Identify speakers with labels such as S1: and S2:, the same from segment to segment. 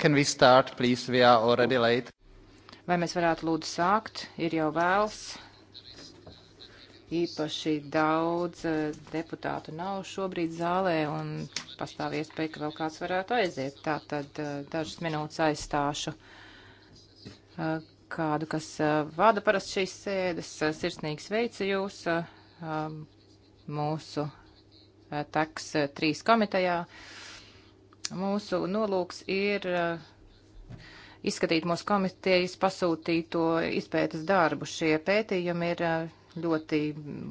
S1: Can we start, please? We are
S2: already late. Vai mēs varētu lūdzu sākt? Ir jau vēls. Īpaši daudz eh, deputātu nav šobrīd zālē un pastāv iespēja, ka vēl kāds varētu aiziet. Tātad eh, dažas minūtes aizstāšu eh, kādu, kas vada parasti šīs sēdes. Sirsnīgi sveicu jūs mūsu teks trīs komitejā. Uh, Mūsu nolūks ir eh, izskatīt mūsu komitejas pasūtīto izpētes darbu. Šie pētījumi ir eh, ļoti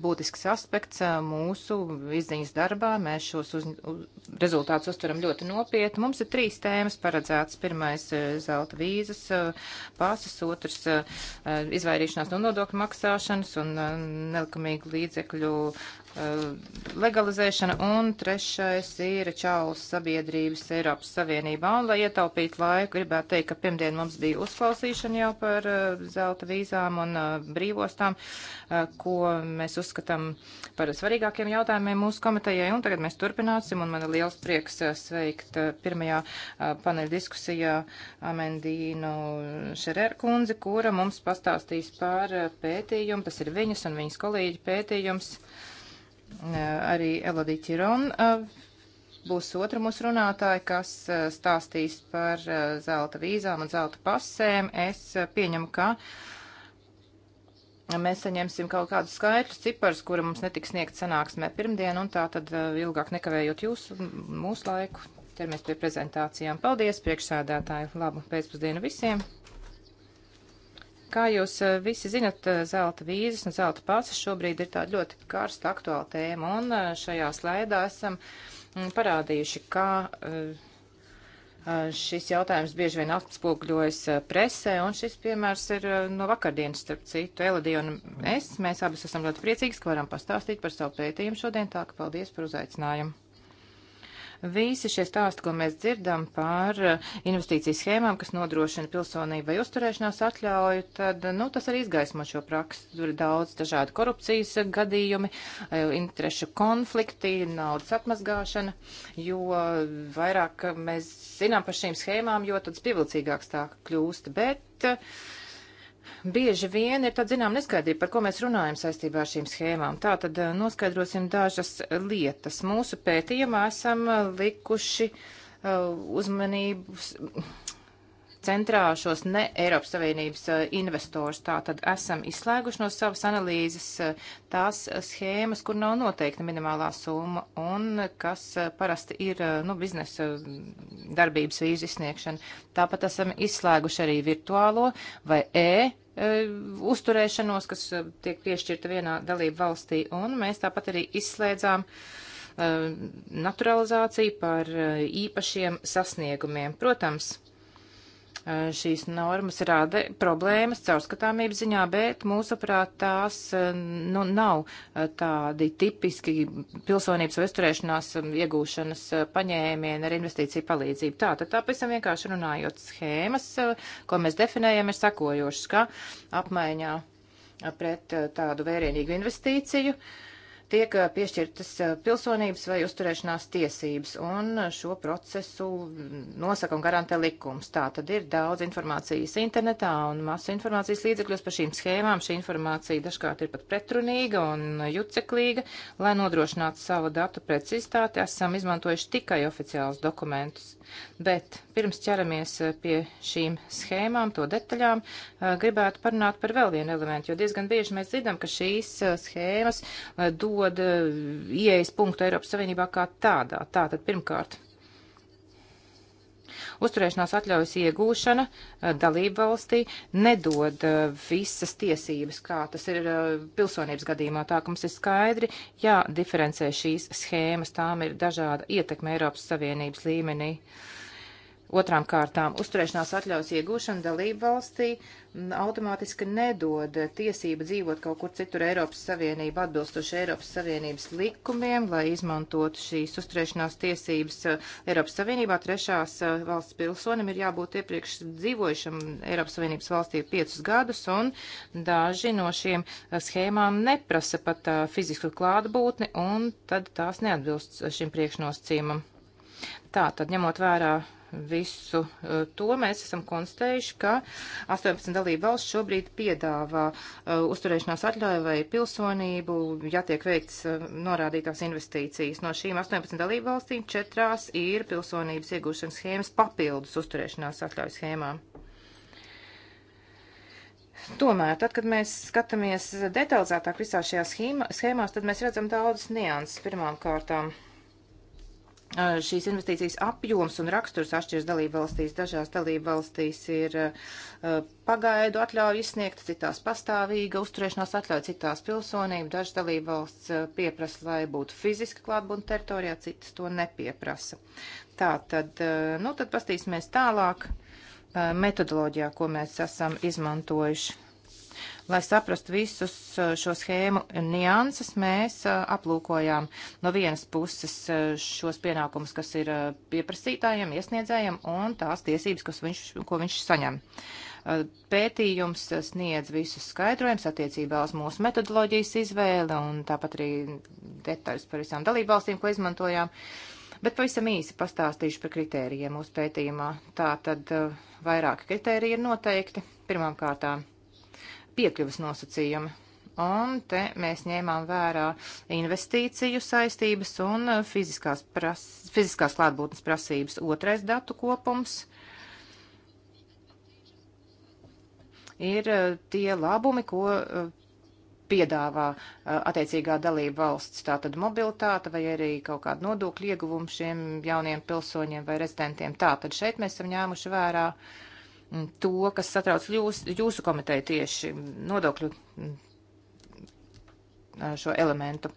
S2: būtisks aspekts eh, mūsu izziņas darbā. Mēs šos uz, uz, rezultātus uztveram ļoti nopietni. Mums ir trīs tēmas paredzētas. Pirmais - zelta vīzas, pāses, otrs - izvairīšanās no nodokļu maksāšanas un nelikumīgu līdzekļu Eh, legalizēšana, un trešais ir Čauls sabiedrības Eiropas Savienībā. Un, lai ietaupītu laiku, gribētu teikt, ka pirmdien mums bija uzklausīšana jau par eh, zelta vīzām un eh, brīvostām, ko mēs uzskatām par svarīgākiem jautājumiem mūsu komitejai, un tagad mēs turpināsim, un man ir liels prieks sveikt pirmajā paneļa diskusijā Amendīnu Šererkundzi, kura mums pastāstīs par pētījumu, tas ir viņas un viņas kolēģi pētījums. Uh, arī Elodija Čirona būs otra mūsu runātāja, kas stāstīs par zelta vīzām un zelta pasēm. Es pieņemu, ka mēs saņemsim kaut kādus skaitļus, cipars, kura mums netiks sniegt sanāksmē pirmdien, un tā tad ilgāk nekavējot jūsu mūsu laiku, ķeramies pie prezentācijām. Paldies, priekšsēdētāji, labu pēcpusdienu visiem! Kā jūs eh, visi zinat, eh, zelta vīzes un zelta pasas šobrīd ir tāda ļoti karsta aktuāla tēma, un eh, šajā slaidā esam mm, parādījuši, kā šis jautājums bieži vien atspūgļojas presē, un šis piemērs ir no vakardienas, starp citu, Elodija un es. Mēs abas esam ļoti priecīgas, ka varam pastāstīt par savu pētījumu šodien, tā ka paldies par uzaicinājumu. Visi šie stāsti, ko mēs dzirdam par eh, investīciju schēmām, kas nodrošina pilsonību vai uzturēšanās atļauju, tad, nu, tas arī izgaismo šo praksi. Tur ir daudz dažādu korupcijas gadījumi, eh, interešu konflikti, naudas apmazgāšana, jo vairāk mēs zinām par šīm schēmām, jo tad spievilcīgāks tā kļūst. Bet, uh, bieži vien ir tāda zinām neskaidrība, par ko mēs runājam saistībā ar šīm schēmām. Tā tad eh, noskaidrosim dažas lietas. Mūsu pētījumā esam eh, likuši eh, uzmanību, centrā šos ne Eiropas Savienības eh, investors. Tātad esam izslēguši no savas analīzes eh, tās eh, schēmas, kur nav noteikta minimālā summa un kas parasti ir nu, biznesa mm, darbības vīzu izsniegšana. Tāpat esam izslēguši arī virtuālo vai e uzturēšanos, kas tiek piešķirta vienā dalību valstī, un mēs tāpat arī izslēdzām uh, naturalizāciju par uh, īpašiem sasniegumiem. Protams, šīs normas rada problēmas caurskatāmības ziņā, bet mūsuprāt tās nu, nav tādi tipiski pilsonības vai uzturēšanās iegūšanas paņēmieni ar investīciju palīdzību. Tā, tad tā pavisam vienkārši runājot schēmas, ko mēs definējam, ir sakojošas, ka apmaiņā pret tādu vērienīgu investīciju. Uh, tiek eh, piešķirtas eh, pilsonības vai uzturēšanās tiesības, un šo procesu nosaka un garantē likums. Tā tad ir daudz informācijas internetā un masu informācijas līdzekļos par šīm schēmām. Šī informācija dažkārt ir pat pretrunīga un juceklīga. Lai nodrošinātu savu datu precizitāti, esam izmantojuši tikai oficiālus dokumentus. Bet pirms ķeramies eh, pie šīm schēmām, to detaļām, gribētu parunāt par vēl vienu elementu, jo diezgan bieži mēs dzirdam, ka šīs schēmas dod dod e, ieejas punktu Eiropas Savienībā kā tādā. Tātad pirmkārt. Uzturēšanās atļaujas iegūšana e, dalību valstī nedod e, visas tiesības, kā tas ir pilsonības gadījumā. Tā ka mums ir skaidri jādiferencē šīs schēmas, tām ir dažāda ietekme Eiropas Savienības līmenī. Uh, Otrām kārtām uzturēšanās atļaus iegūšana dalību valstī automātiski nedod tiesību dzīvot kaut kur citur Eiropas Savienība atbilstoši Eiropas Savienības likumiem, lai izmantotu šīs uzturēšanās tiesības uh, Eiropas Savienībā. Trešās uh, valsts pilsonim ir jābūt iepriekš dzīvojušam Eiropas Savienības valstī piecus gadus, un daži no šiem uh, schēmām neprasa pat fizisku klātbūtni, un tad tās neatbilst šim priekšnosacījumam. Tā tad, ņemot vērā visu e, to mēs esam konstatējuši, ka 18 dalību valsts šobrīd piedāvā uh, uzturēšanās atļauju vai pilsonību, ja tiek veikts uh, norādītās investīcijas. No šīm 18 dalību valstīm četrās ir pilsonības iegūšanas schēmas papildus uzturēšanās atļauju schēmām. Tomēr, tad, kad mēs skatāmies detalizētāk visā šajā schēmās, tad mēs redzam daudzas nianses pirmām kārtām. Uh, šīs investīcijas apjoms un raksturs atšķiras dalību valstīs. Dažās dalību valstīs ir pagaidu atļauja izsniegta, citās pastāvīga uzturēšanās atļauja, citās pilsonība. Dažas dalību valsts pieprasa, lai būtu fiziski klātbūtne teritorijā, citas to nepieprasa. Tā tad, nu tad pastīsimies tālāk metodoloģijā, ko mēs esam izmantojuši. Lai saprastu visus šo schēmu nianses, mēs aplūkojām no vienas puses šos pienākumus, kas ir pieprasītājiem, iesniedzējiem un tās tiesības, viņš, ko viņš saņem. Pētījums sniedz visus skaidrojumus attiecībā uz mūsu metodoloģijas izvēli un tāpat arī detaļas par visām dalībvalstīm, ko izmantojām. Bet pavisam īsi pastāstīšu par kritērijiem mūsu pētījumā. Tā tad vairāki kritēriji ir noteikti. Pirmām kārtām piekļuvas nosacījumi. Un te mēs ņēmām vērā investīciju saistības un uh, fiziskās, pras, fiziskās klātbūtnes prasības. Otrais datu kopums ir uh, tie labumi, ko uh, piedāvā attiecīgā dalība valsts, tātad mobilitāte vai arī kaut kādu nodokļu ieguvumu šiem jauniem pilsoņiem vai rezidentiem. Tātad šeit mēs esam ņēmuši vērā uh, to, kas satrauc jūs, jūsu komiteju tieši nodokļu mm, šo elementu.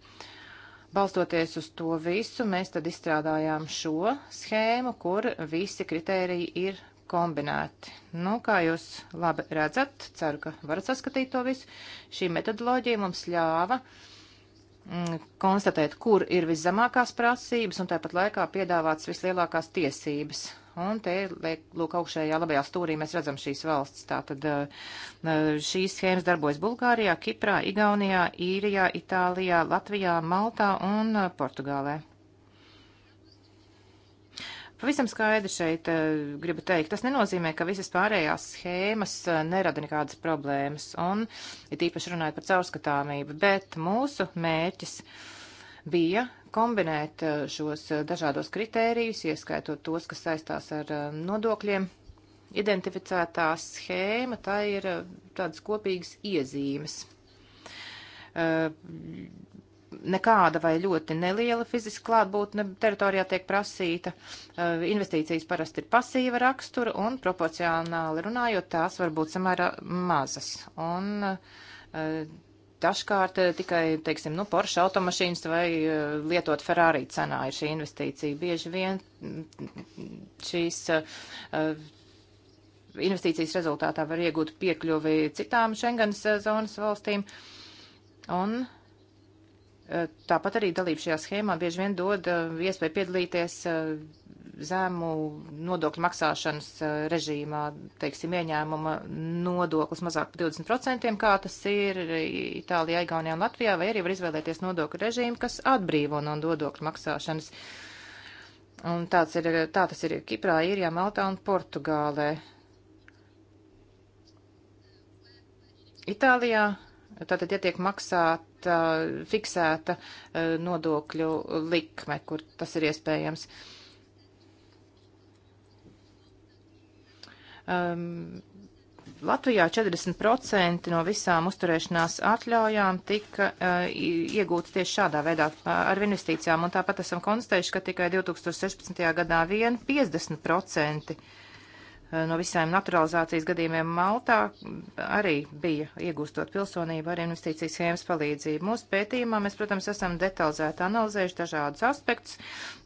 S2: Balstoties uz to visu, mēs tad izstrādājām šo schēmu, kur visi kritēriji ir kombinēti. Nu, kā jūs labi redzat, ceru, ka varat saskatīt to visu, šī metodoloģija mums ļāva mm, konstatēt, kur ir viszemākās prasības un tāpat laikā piedāvāts vislielākās tiesības Un te, lūk, augšējā labajā stūrī mēs redzam šīs valsts. Tātad uh, uh, šīs schēmas darbojas Bulgārijā, Kiprā, Igaunijā, Īrijā, Itālijā, Latvijā, Maltā un uh, Portugālē. Pavisam skaidri šeit gribu teikt, tas nenozīmē, ka visas pārējās schēmas nerada nekādas problēmas, un ir ja tīpaši runājot par caurskatāmību, bet mūsu mērķis bija kombinēt eh, šos eh, dažādos kritērijus, ieskaitot tos, kas saistās ar eh, nodokļiem. Identificētā schēma tā ir tādas kopīgas iezīmes. Nekāda vai ļoti neliela fiziska klātbūtne teritorijā tiek prasīta. Investīcijas parasti ir pasīva rakstura un proporcionāli runājot, tās var būt samērā mazas. Un Dažkārt eh, tikai, teiksim, nu, Porsche automašīnas vai eh, lietot Ferrari cenā ir šī investīcija. Bieži vien mm, šīs eh, investīcijas rezultātā var iegūt piekļuvi citām Schengenas zonas valstīm. Un Tāpat arī dalība šajā schēmā bieži vien dod uh, iespēju piedalīties uh, zemu nodokļu maksāšanas uh, režīmā, teiksim, ieņēmuma nodoklis mazāk par 20%, kā tas ir Itālijā, Igaunijā un Latvijā, vai arī var izvēlēties nodokļu režīmu, kas atbrīvo no nodokļu maksāšanas. Un tāds ir, tā tas ir Kiprā, Īrijā, Maltā un Portugālē. Itālijā, tātad, ja tiek maksāt noteikta uh, fiksēta uh, nodokļu likme, kur tas ir iespējams. Um, Latvijā 40% no visām uzturēšanās atļaujām tika uh, iegūtas tieši šādā veidā uh, ar investīcijām, un tāpat esam konstatējuši, ka tikai 2016. gadā vien 50% Eh, no visiem naturalizācijas gadījumiem Maltā arī bija iegūstot pilsonību ar investīciju schēmas palīdzību. Mūsu pētījumā mēs, protams, esam detalizēti analizējuši dažādus aspektus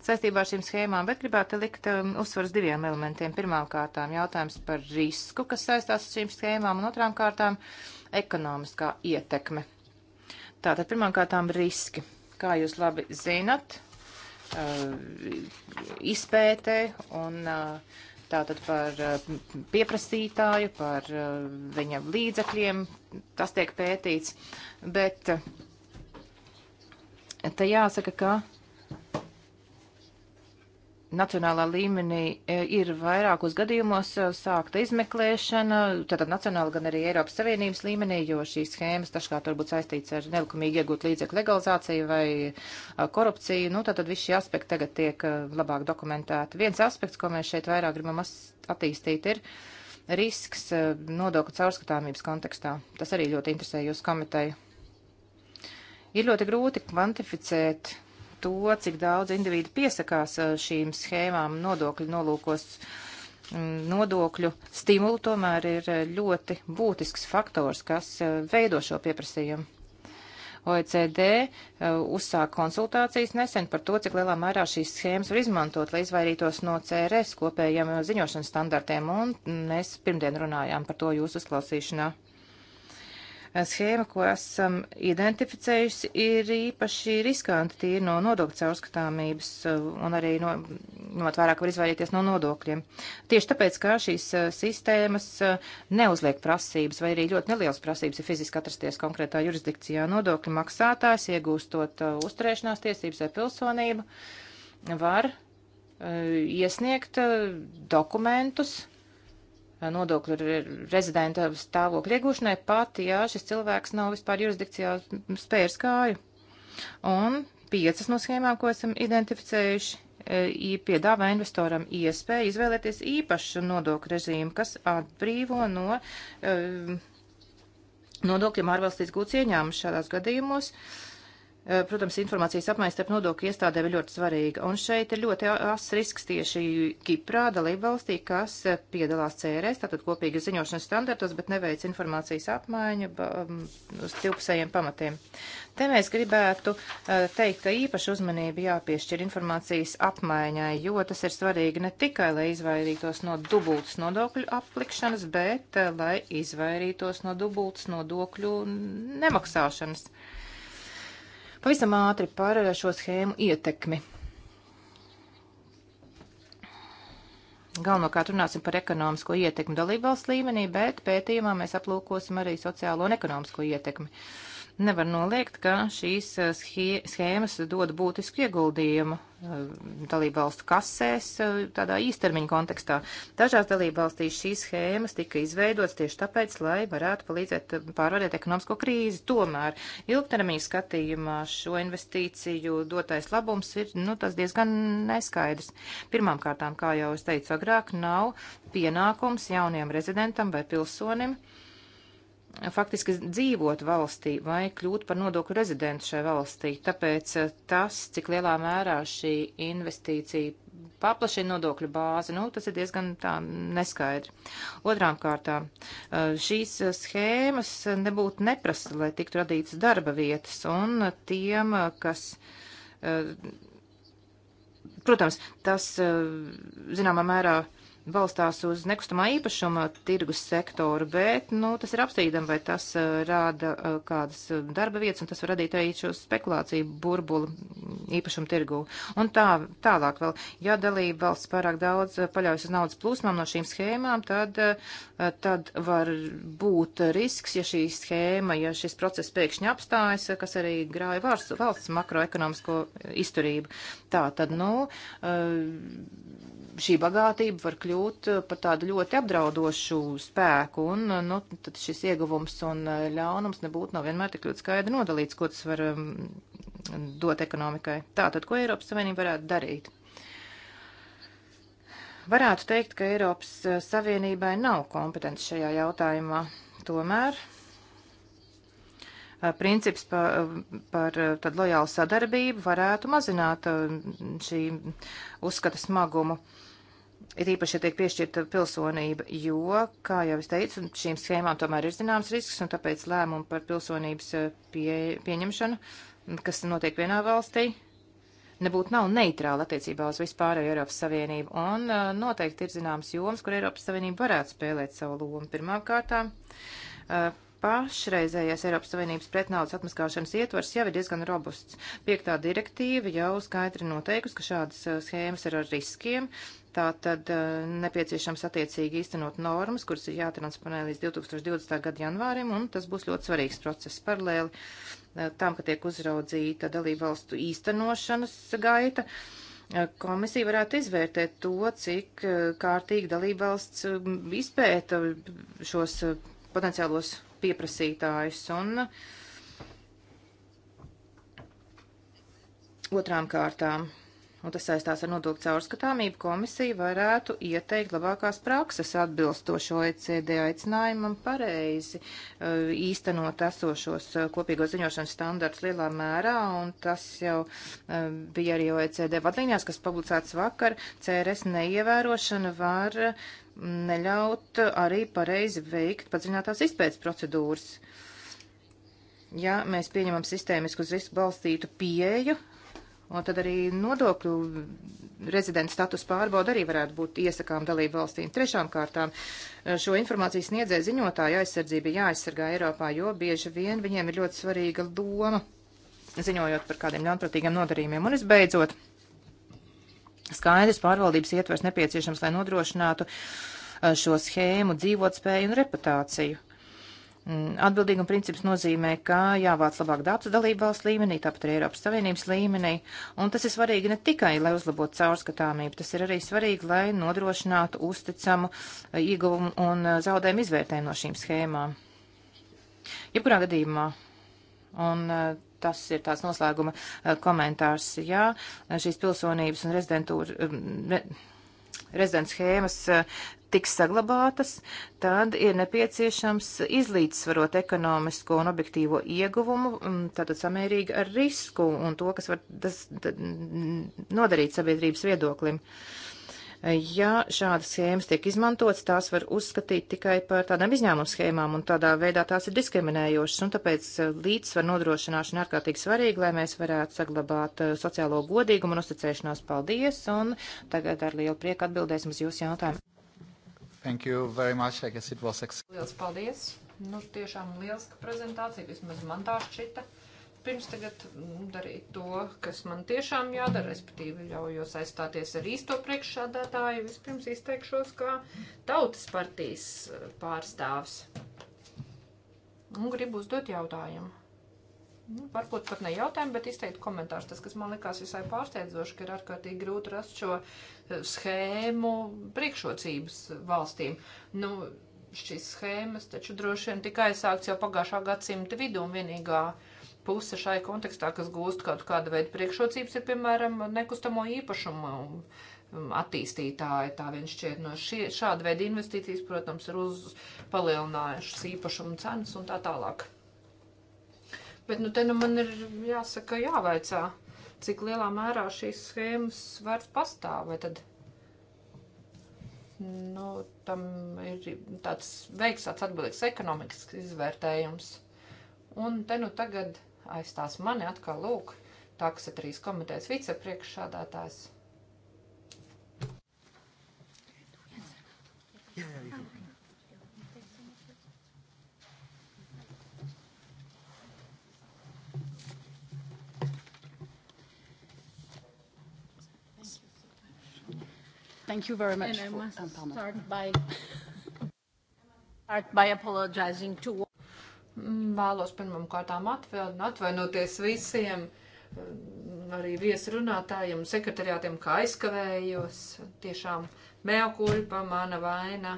S2: saistībā ar šīm schēmām, bet gribētu likt um, uzsvars diviem elementiem. Pirmām kārtām jautājums par risku, kas saistās ar šīm schēmām, un otrām kārtām ekonomiskā ietekme. Tātad pirmām kārtām riski. Kā jūs labi zinat, uh, eh, izpētē un uh, tātad par eh, pieprasītāju, par eh, viņa līdzekļiem, tas tiek pētīts, bet eh, te jāsaka, ka nacionālā līmenī e, ir vairākos gadījumos e, sākta izmeklēšana, tātad nacionāla gan arī Eiropas Savienības līmenī, jo šīs schēmas taškārt varbūt saistīts ar nelikumīgi iegūt līdzekļu legalizāciju vai e, korupciju. Nu, tātad visi šie aspekti tagad tiek labāk dokumentēti. Viens aspekts, ko mēs šeit vairāk gribam attīstīt, ir risks nodokļu caurskatāmības kontekstā. Tas arī ļoti interesē jūs komiteju. Ir ļoti grūti kvantificēt to, cik daudz individu piesakās šīm schēmām nodokļu nolūkos. Mm, nodokļu stimulu tomēr ir ļoti būtisks faktors, kas veido šo pieprasījumu. OECD uzsāka konsultācijas nesen par to, cik lielā mērā šīs schēmas var izmantot, lai izvairītos no CRS kopējiem ziņošanas standartiem, un mēs pirmdien runājām par to jūsu uzklausīšanā. Eh, schēma, ko esam identificējusi, ir īpaši riskanti tīri no nodokļu caurskatāmības eh, un arī no, ņemot vairāk var izvairīties no nodokļiem. Tieši tāpēc, ka šīs eh, sistēmas neuzliek prasības vai arī ļoti nelielas prasības ir fiziski atrasties konkrētā jurisdikcijā nodokļu maksātājs, iegūstot uzturēšanās tiesības vai pilsonību, var iesniegt dokumentus, nodokļu rezidenta stāvokļa iegūšanai pat, ja šis cilvēks nav vispār jurisdikcijā spērs kāju. Un piecas no schēmām, ko esam identificējuši, e, piedāvā investoram iespēju izvēlēties īpašu nodokļu režīmu, kas atbrīvo no e, nodokļiem ārvalstīs gūts ieņēmums šādās gadījumos. Uh, Eh, protams, informācijas apmaiņa starp nodokļu iestādēm ir ļoti svarīga. Un šeit ir ļoti asas risks tieši Kiprā dalībvalstī, kas eh, piedalās CRS, tātad kopīgi ziņošanas standartos, bet neveic informācijas apmaiņu um, uz tilpsējiem pamatiem. Te mēs gribētu eh, teikt, ka īpaši uzmanība jāpiešķir informācijas apmaiņai, jo tas ir svarīgi ne tikai, lai izvairītos no dubultas nodokļu aplikšanas, bet lai izvairītos no dubultas nodokļu nemaksāšanas. Pavisam ātri par eh, šo schēmu ietekmi. Galvenokārt runāsim par ekonomisko ietekmi dalībvalsts līmenī, bet pētījumā mēs aplūkosim arī sociālo un ekonomisko ietekmi. Uh, Nevar noliegt, ka šīs eh, schēmas dod būtisku ieguldījumu eh, dalībvalstu kasēs eh, tādā īstermiņa kontekstā. Dažās dalībvalstīs šīs schēmas tika izveidotas tieši tāpēc, lai varētu palīdzēt pārvarēt ekonomisko krīzi. Tomēr ilgtermiņa skatījumā šo investīciju dotais labums ir, nu, tas diezgan neskaidrs. Pirmām kārtām, kā jau es teicu agrāk, nav pienākums jauniem rezidentam vai pilsonim faktiski dzīvot valstī vai kļūt par nodokļu rezidentu šai valstī. Tāpēc eh, tas, cik lielā mērā šī investīcija paplašina nodokļu bāzi, nu, tas ir diezgan tā neskaidri. Otrām kārtām, eh, šīs schēmas nebūtu neprasa, lai tiktu radītas darba vietas un tiem, eh, kas Protams, tas zināmā mērā balstās uz nekustamā īpašuma tirgus sektoru, bet, nu, tas ir apstrīdam, vai tas rāda kādas darba vietas, un tas var radīt arī šo spekulāciju burbulu īpašumu tirgu. Un tā, tālāk vēl, ja dalība valsts pārāk daudz paļaujas uz naudas plūsmām no šīm schēmām, tad, tad var būt risks, ja šī schēma, ja šis process pēkšņi apstājas, kas arī grāja valsts, valsts makroekonomisko izturību. Tā tad, nu, eh, šī bagātība var kļūt eh, par tādu ļoti apdraudošu spēku, un, eh, nu, tad šis ieguvums un ļaunums nebūtu nav vienmēr tik ļoti skaidri nodalīts, ko tas var mm, dot ekonomikai. Tā tad, ko Eiropas Savienība varētu darīt? Varētu teikt, ka Eiropas Savienībai nav kompetence šajā jautājumā. Tomēr Eh, princips eh, par, par eh, tad lojālu sadarbību varētu mazināt šī uzskata smagumu. Ir īpaši, ja tiek piešķirta pilsonība, jo, kā jau es teicu, šīm schēmām tomēr ir zināms risks, un tāpēc lēmumu par pilsonības pie, pieņemšanu, kas notiek vienā valstī, nebūtu nav neitrāla attiecībā uz vispārējo Eiropas Savienību, un noteikti ir zināms joms, kur Eiropas Savienība varētu spēlēt savu lomu. Pirmkārtām, pašreizējais Eiropas Savienības pretnaudas atmaskāšanas ietvars jau ir diezgan robusts. Piektā direktīva jau skaidri noteikusi, ka šādas uh, schēmas ir ar riskiem. Tā tad uh, nepieciešams attiecīgi īstenot normas, kuras ir jātransponē līdz 2020. gada janvārim, un tas būs ļoti svarīgs process paralēli uh, tam, ka tiek uzraudzīta dalību valstu īstenošanas gaita komisija varētu izvērtēt to, cik kārtīgi dalībvalsts um, izpēta šos potenciālos pieprasītājus. Un otrām kārtām un tas saistās ar nodokļu caurskatāmību, komisija varētu ieteikt labākās prakses atbilstošo ECD aicinājumam pareizi uh, īstenot esošos uh, kopīgo ziņošanas standartus lielā mērā, un tas jau uh, bija arī OECD vadlīnijās, kas publicēts vakar. CRS neievērošana var mm, neļaut arī pareizi veikt padziļinātās izpētes procedūras. Ja mēs pieņemam sistēmisku uz risku balstītu pieeju, Un tad arī nodokļu rezidentu status pārbauda arī varētu būt iesakām dalību valstīm. Trešām kārtām eh, šo informāciju sniedzēja ziņotāja aizsardzība jāaizsargā Eiropā, jo bieži vien viņiem ir ļoti svarīga loma ziņojot par kādiem ļaunprātīgiem nodarījumiem. Un visbeidzot, skaidrs pārvaldības ietvers nepieciešams, lai nodrošinātu eh, šo schēmu dzīvotspēju un reputāciju. Mm, atbildīguma princips nozīmē, ka jāvāc labāk datus dalību valsts līmenī, tāpat arī Eiropas Savienības līmenī, un tas ir svarīgi ne tikai, lai uzlabotu caurskatāmību, tas ir arī svarīgi, lai nodrošinātu uzticamu eh, ieguvumu un eh, zaudējumu izvērtējumu no šīm schēmām. Jebkurā gadījumā, un eh, tas ir tās noslēguma komentārs, jā, šīs pilsonības un rezidentūra. Mm, re, Rezidents schēmas tiks saglabātas, tad ir nepieciešams izlīdzsvarot ekonomisko un objektīvo ieguvumu, mm, tātad samērīgi ar risku un to, kas var tas, mm, nodarīt sabiedrības viedoklim. Ja šādas schēmas tiek izmantotas, tās var uzskatīt tikai par tādām izņēmumu schēmām, un tādā veidā tās ir diskriminējošas, un tāpēc eh, līdzsvar nodrošināšana ārkārtīgi svarīga, lai mēs varētu saglabāt eh, sociālo godīgumu un uzticēšanos. Paldies, un tagad ar lielu prieku atbildēsim uz jūsu jautājumu. Thank you very much. I guess it was
S1: Liels paldies. Nu, tiešām lielska prezentācija, vismaz man tā šķita. Pirms tagad mm, darīt to, kas man tiešām jādara, respektīvi ļaujos aizstāties ar īsto priekšsādātāju. Vispirms izteikšos kā tautas partijas eh, pārstāvs. Un gribu uzdot jautājumu nu, varbūt pat ne jautājumu, bet izteikt komentārus. Tas, kas man likās visai pārsteidzoši, ka ir ārkārtīgi grūti rast šo eh, schēmu priekšrocības valstīm. Nu, šīs schēmas taču droši vien tika aizsākts jau pagājušā gadsimta vidū un vienīgā puse šai kontekstā, kas gūst kaut kādu veidu priekšrocības, ir, piemēram, nekustamo īpašumu um, attīstītāji. Tā viņš šķiet no šie, šāda veida investīcijas, protams, ir uz palielinājušas īpašumu cenas un tā tālāk. Bet nu te nu man ir jāsaka, jāvaicā, cik lielā mērā šīs schēmas vairs pastāv. Vai tad nu, tam ir tāds veiks, tāds atbildīgs ekonomikas izvērtējums. Un te nu tagad aizstās mani atkal lūk, taksa trīs komitejas vicepriekšsādātājs.
S3: Jā, jā, jā.
S2: Thank you very much. And I must for, um, start by, start by
S1: apologizing to Vēlos pirmam kārtām atvainoties visiem, mm, arī viesrunātājiem, sekretariātiem, kā aizkavējos. Tiešām mēlkuļpa, mana vaina.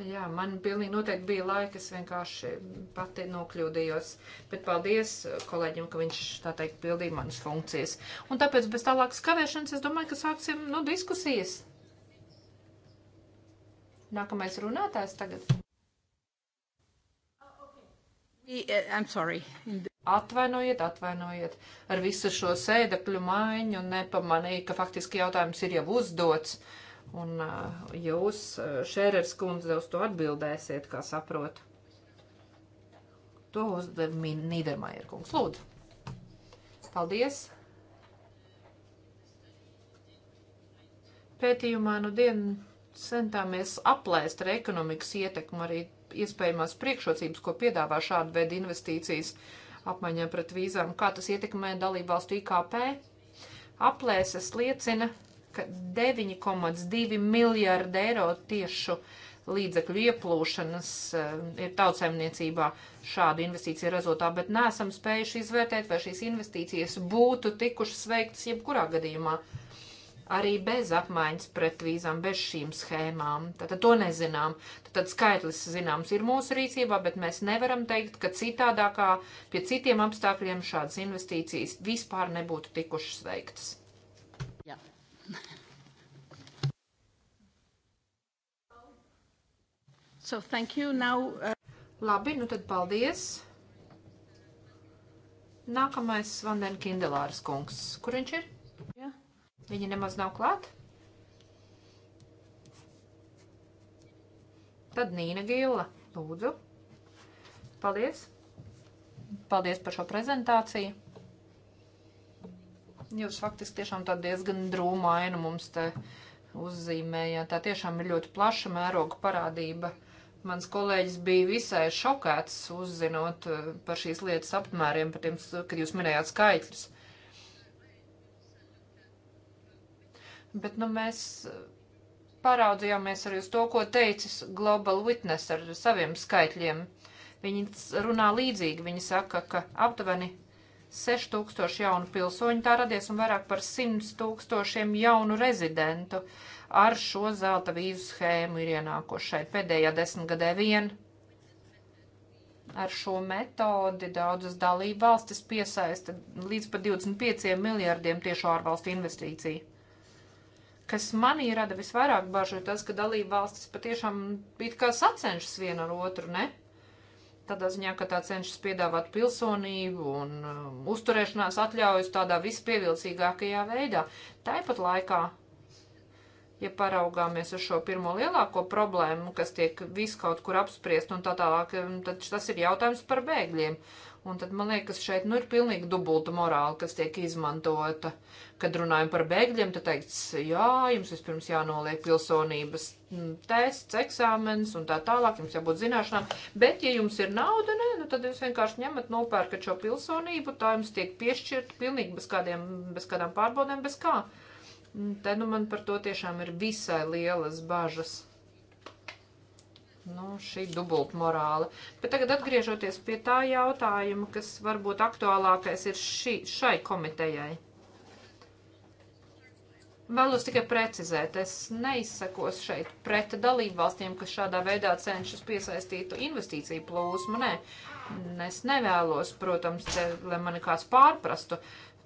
S1: Jā, man pilnīgi noteikti bija laika, es vienkārši pati nokļūdījos, bet paldies uh, kolēģim, ka viņš tā teikt pildīja manas funkcijas. Un tāpēc bez tālākas kavēšanas es domāju, ka sāksim no nu, diskusijas. Nākamais runātājs tagad. Uh, I'm sorry. Atvainojiet, atvainojiet. Ar visu šo sēdekļu maiņu nepamanīju, ka faktiski jautājums ir jau uzdots. Uh, Un jūs, Šērers kundze, uz to atbildēsiet, kā saprotu. To uzdev Nīdermajer kungs. Lūdzu. Paldies. Pētījumā nu dienu centāmies aplēst ar ekonomikas ietekmu arī iespējamās priekšrocības, ko piedāvā šāda veida investīcijas apmaiņā pret vīzām, kā tas ietekmē dalībvalstu IKP. Aplēses liecina, ka 9,2 miljārdi eiro tiešu līdzekļu ieplūšanas eh, ir tautsēmniecībā šādu investīciju rezultātā, bet nesam spējuši izvērtēt, vai šīs investīcijas būtu tikušas veiktas jebkurā gadījumā. Arī bez apmaiņas pret vīzām, bez šīm schēmām. Tātad to nezinām. Tad skaitlis, zināms, ir mūsu rīcībā, bet mēs nevaram teikt, ka citādākā pie citiem apstākļiem šādas investīcijas vispār nebūtu tikušas veiktas. So thank you. Now, uh... Labi, nu tad paldies. Nākamais Vanden Kindelārs kungs. Kur viņš ir? Jā. Yeah. Viņa nemaz nav klāt. Tad Nīna Gila. Lūdzu. Paldies. Paldies par šo prezentāciju. Jūs faktiski tiešām tā diezgan drūma aina mums te uzzīmējāt. Tā tiešām ir ļoti plaša mēroga parādība. Mans kolēģis bija visai šokēts uzzinot eh, par šīs lietas apmēriem, par tiem, kad jūs minējāt skaitļus. Bet, nu, mēs eh, paraudzījāmies arī uz to, ko teicis Global Witness ar saviem skaitļiem. Viņi runā līdzīgi, viņi saka, ka aptuveni 0,5% 6000 jaunu pilsoņu tā radies un vairāk par 100 tūkstošiem jaunu rezidentu ar šo zelta vīzu schēmu ir ienākušai pēdējā desmitgadē vien. Ar šo metodi daudzas dalība valstis piesaista līdz pat 25 miljardiem tiešu ārvalstu investīciju. Kas manī rada visvairāk bažu ir tas, ka dalība valstis patiešām it kā sacenšas viena ar otru, ne? tādā ziņā, ka tā cenšas piedāvāt pilsonību un um, uzturēšanās atļaujas tādā vispievilcīgākajā veidā. Tāpat laikā, ja paraugāmies uz šo pirmo lielāko problēmu, kas tiek viskaut kur apspriest un tā tālāk, um, tad tas ir jautājums par bēgļiem. Un tad man liekas, šeit nu, ir pilnīgi dubulta morāla, kas tiek izmantota. Kad runājam par bēgļiem, tad teikts, jā, jums vispirms jānoliek pilsonības mm, tests, eksāmens un tā tālāk, jums jābūt zināšanām. Bet, ja jums ir nauda, nē, nu, tad jūs vienkārši ņemat, nopērkat šo pilsonību, tā jums tiek piešķirta pilnīgi bez, kādiem, bez kādām pārbaudēm, bez kā. Mm, te nu man par to tiešām ir visai lielas bažas nu, šī dubulta morāla. Bet tagad atgriežoties pie tā jautājuma, kas varbūt aktuālākais ir šī, šai komitejai. Vēlos tikai precizēt, es neizsakos šeit pret dalību valstīm, kas šādā veidā cenšas piesaistīt investīciju plūsmu. Nē, es nevēlos, protams, te, lai mani kāds pārprastu.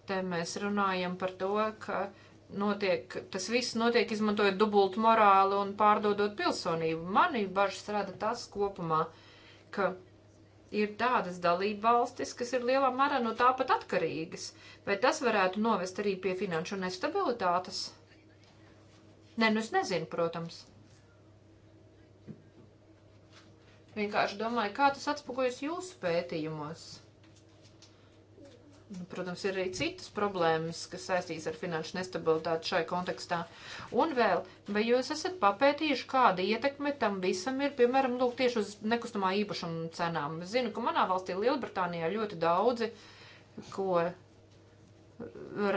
S1: Te mēs runājam par to, ka uh, notiek, tas viss notiek izmantojot dubultu morālu un pārdodot pilsonību. Mani bažas rada tas kopumā, ka ir tādas dalība valstis, kas ir lielā mērā no tā pat atkarīgas. Vai tas varētu novest arī pie finanšu nestabilitātes? Nē, ne, nu es nezinu, protams. Vienkārši domāju, kā tas atspoguļas jūsu pētījumos. Nu, protams, ir arī citas problēmas, kas saistīs ar finanšu nestabilitāti šai kontekstā. Un vēl, vai jūs esat papētījuši, kāda ietekme tam visam ir, piemēram, lūk, tieši uz nekustamā īpašuma cenām? Es zinu, ka manā valstī Lielbritānijā ļoti daudzi, ko uh,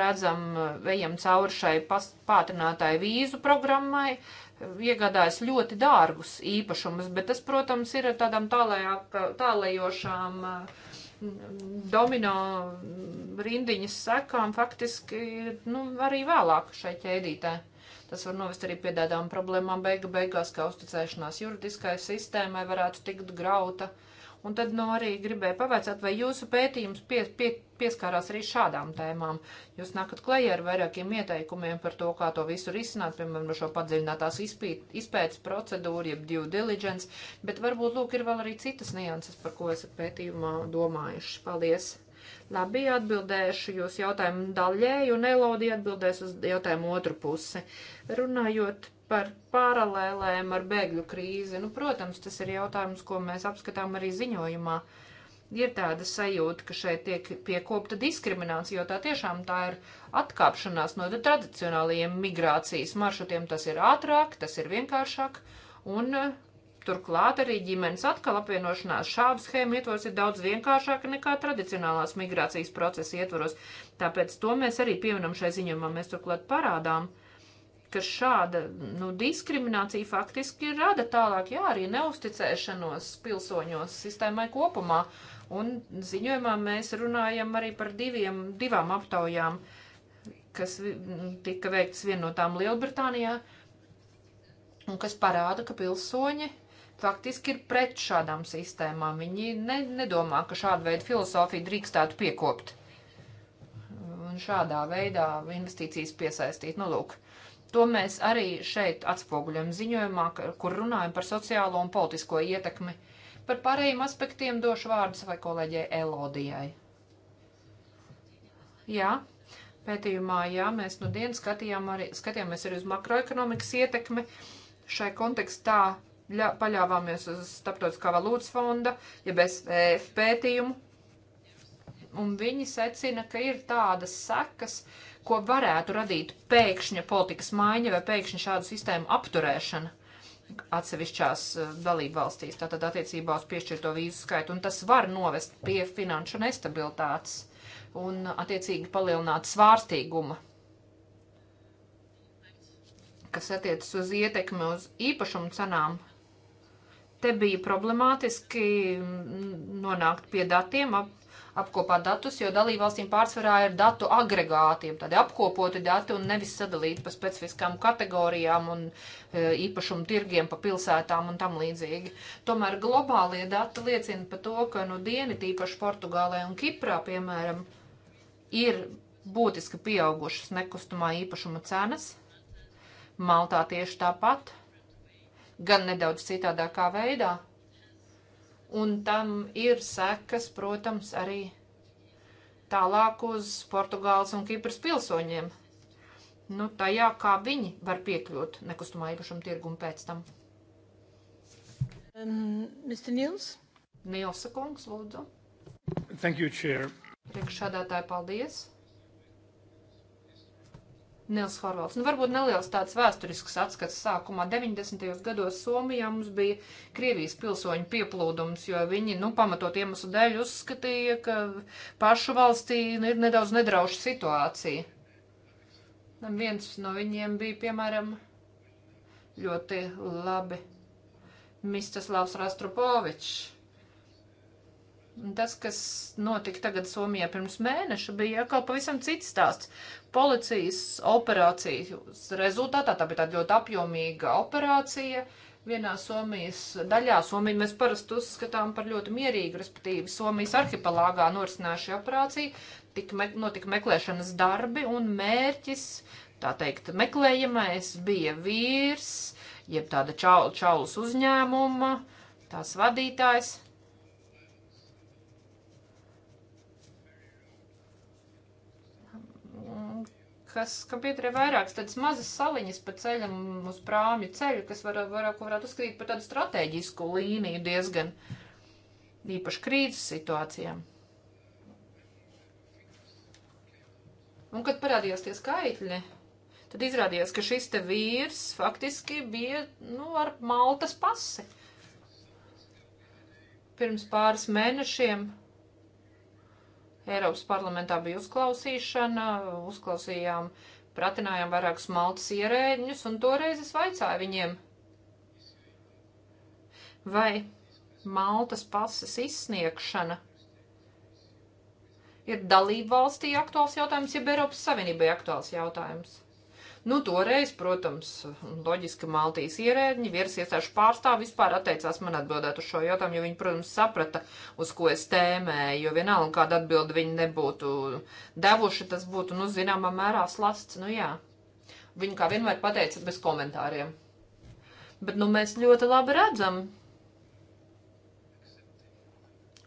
S1: redzam, uh, ejam cauri šai pātrinātāju vīzu programmai, iegādājas ļoti dārgus īpašumus, bet tas, protams, ir tādām tālējošām. Uh, domino rindiņas sekām faktiski ir nu, arī vēlāk šai ķēdītē. Tas var novest arī pie tādām problēmām beiga beigās, ka uzticēšanās juridiskai sistēmai varētu tikt grauta. Uh, Un tad nu, arī gribēju pavaicāt, vai jūsu pētījums pie, pie, pieskārās arī šādām tēmām. Jūs nākat klajā ar vairākiem ieteikumiem par to, kā to visu risināt, piemēram, šo padziļinātās izpīt, izpētes procedūru, jeb due diligence, bet varbūt, lūk, ir vēl arī citas nianses, par ko esat pētījumā domājuši. Paldies! Labi, atbildēšu jūs jautājumu daļēju, un Elodija atbildēs uz jautājumu otru pusi. Runājot par paralēlēm ar bēgļu krīzi. Nu, protams, tas ir jautājums, ko mēs apskatām arī ziņojumā. Ir tāda sajūta, ka šeit tiek piekopta diskriminācija, jo tā tiešām tā ir atkāpšanās no tradicionālajiem migrācijas maršrutiem. Tas ir ātrāk, tas ir vienkāršāk un eh, Turklāt arī ģimenes atkal apvienošanās šādu schēmu ietvaros ir daudz vienkāršāka nekā tradicionālās migrācijas procesa ietvaros, tāpēc to mēs arī pieminam šai ziņumā, mēs turklāt parādām, ka šāda nu, diskriminācija faktiski rada tālāk jā, arī neusticēšanos pilsoņos sistēmai kopumā. Un ziņojumā mēs runājam arī par diviem, divām aptaujām, kas tika veikts vienotām no Lielbritānijā, un kas parāda, ka pilsoņi faktiski ir pret šādām sistēmām. Viņi ne, nedomā, ka šāda veida filozofija drīkstētu piekopt un šādā veidā investīcijas piesaistīt. Nu, lūk, uh, To mēs arī šeit atspoguļam ziņojumā, kur runājam par sociālo un politisko ietekmi. Par pārējiem aspektiem došu vārdus vai kolēģei Elodijai. Jā, pētījumā, jā, mēs nu dienu skatījām arī, skatījāmies arī uz makroekonomikas ietekmi. Šai kontekstā ļa, paļāvāmies uz Starptautiskā valūtas fonda, jeb SVF pētījumu. Un viņi secina, ka ir tādas sekas, uh, ko varētu radīt pēkšņa politikas maiņa vai pēkšņa šādu sistēmu apturēšana atsevišķās eh, dalību valstīs, tātad attiecībā uz piešķirto vīzu skaitu, un tas var novest pie finanšu nestabilitātes un attiecīgi palielināt svārstīguma, kas attiecas uz ietekmi uz īpašumu cenām. Te bija problemātiski mm, nonākt pie datiem, ap, apkopāt datus, jo dalībvalstīm pārsvarā ir datu agregātiem, tādi apkopoti dati un nevis sadalīti pa specifiskām kategorijām un e, īpašumu tirgiem pa pilsētām un tam līdzīgi. Tomēr globālie dati liecina par to, ka nu dieni tīpaši Portugālē un Kiprā, piemēram, ir būtiski pieaugušas nekustamā īpašuma cenas. Maltā tieši tāpat, gan nedaudz citādākā veidā un tam ir sekas, protams, arī tālāk uz Portugāles un Kipras pilsoņiem. Nu, tajā, kā viņi var piekļūt nekustamā īpašuma tirgumu pēc tam. Um, Mr. Nils? Nilsa kungs, lūdzu. Thank you, Chair. Priekšādātāji, paldies. Nils Horvalds. Nu, varbūt neliels tāds vēsturisks atskats sākumā. 90. gados Somijā mums bija Krievijas pilsoņu pieplūdums, jo viņi, nu, pamatot iemeslu dēļ uzskatīja, ka pašu valstī ir nedaudz nedrauša situācija. Un viens no viņiem bija, piemēram, ļoti labi Mistaslavs Rastropovičs. Tas, kas notika tagad Somijā pirms mēneša, bija atkal pavisam cits stāsts policijas operācijas rezultātā. Tā bija tāda ļoti apjomīga operācija. Vienā Somijas daļā Somiju mēs parasti uzskatām par ļoti mierīgu, respektīvi Somijas arhipelāgā norisināja šī operācija, tika me, notika meklēšanas darbi un mērķis, tā teikt, meklējamais bija vīrs, jeb tāda čau, čaulas uzņēmuma, tās vadītājs, kas, kam pieturē vairākas tādas mazas saliņas pa ceļam uz prāmju ceļu, kas var, var, ko varētu uzskatīt par tādu strateģisku līniju diezgan īpaši krīzes situācijām. Un, kad parādījās tie skaitļi, tad izrādījās, ka šis te vīrs faktiski bija, nu, ar Maltas pasi. Pirms pāris mēnešiem Eiropas parlamentā bija uzklausīšana, uzklausījām, pratinājām vairākus maltas ierēģņus, un toreiz es vaicāju viņiem, vai maltas pasas izsniegšana ir dalību valstī aktuāls jautājums, jeb Eiropas Savienībai aktuāls jautājums. Nu, toreiz, protams, loģiski Maltijas ierēdņi, vieras iestāžu pārstāvi vispār atteicās man atbildēt uz šo jautājumu, jo viņi, protams, saprata, uz ko es tēmēju, jo vienalga kāda atbildi viņi nebūtu devuši, tas būtu, nu, zināmā mērā slasts, nu jā. Viņi kā vienmēr pateica bez komentāriem. Bet, nu, mēs ļoti labi redzam,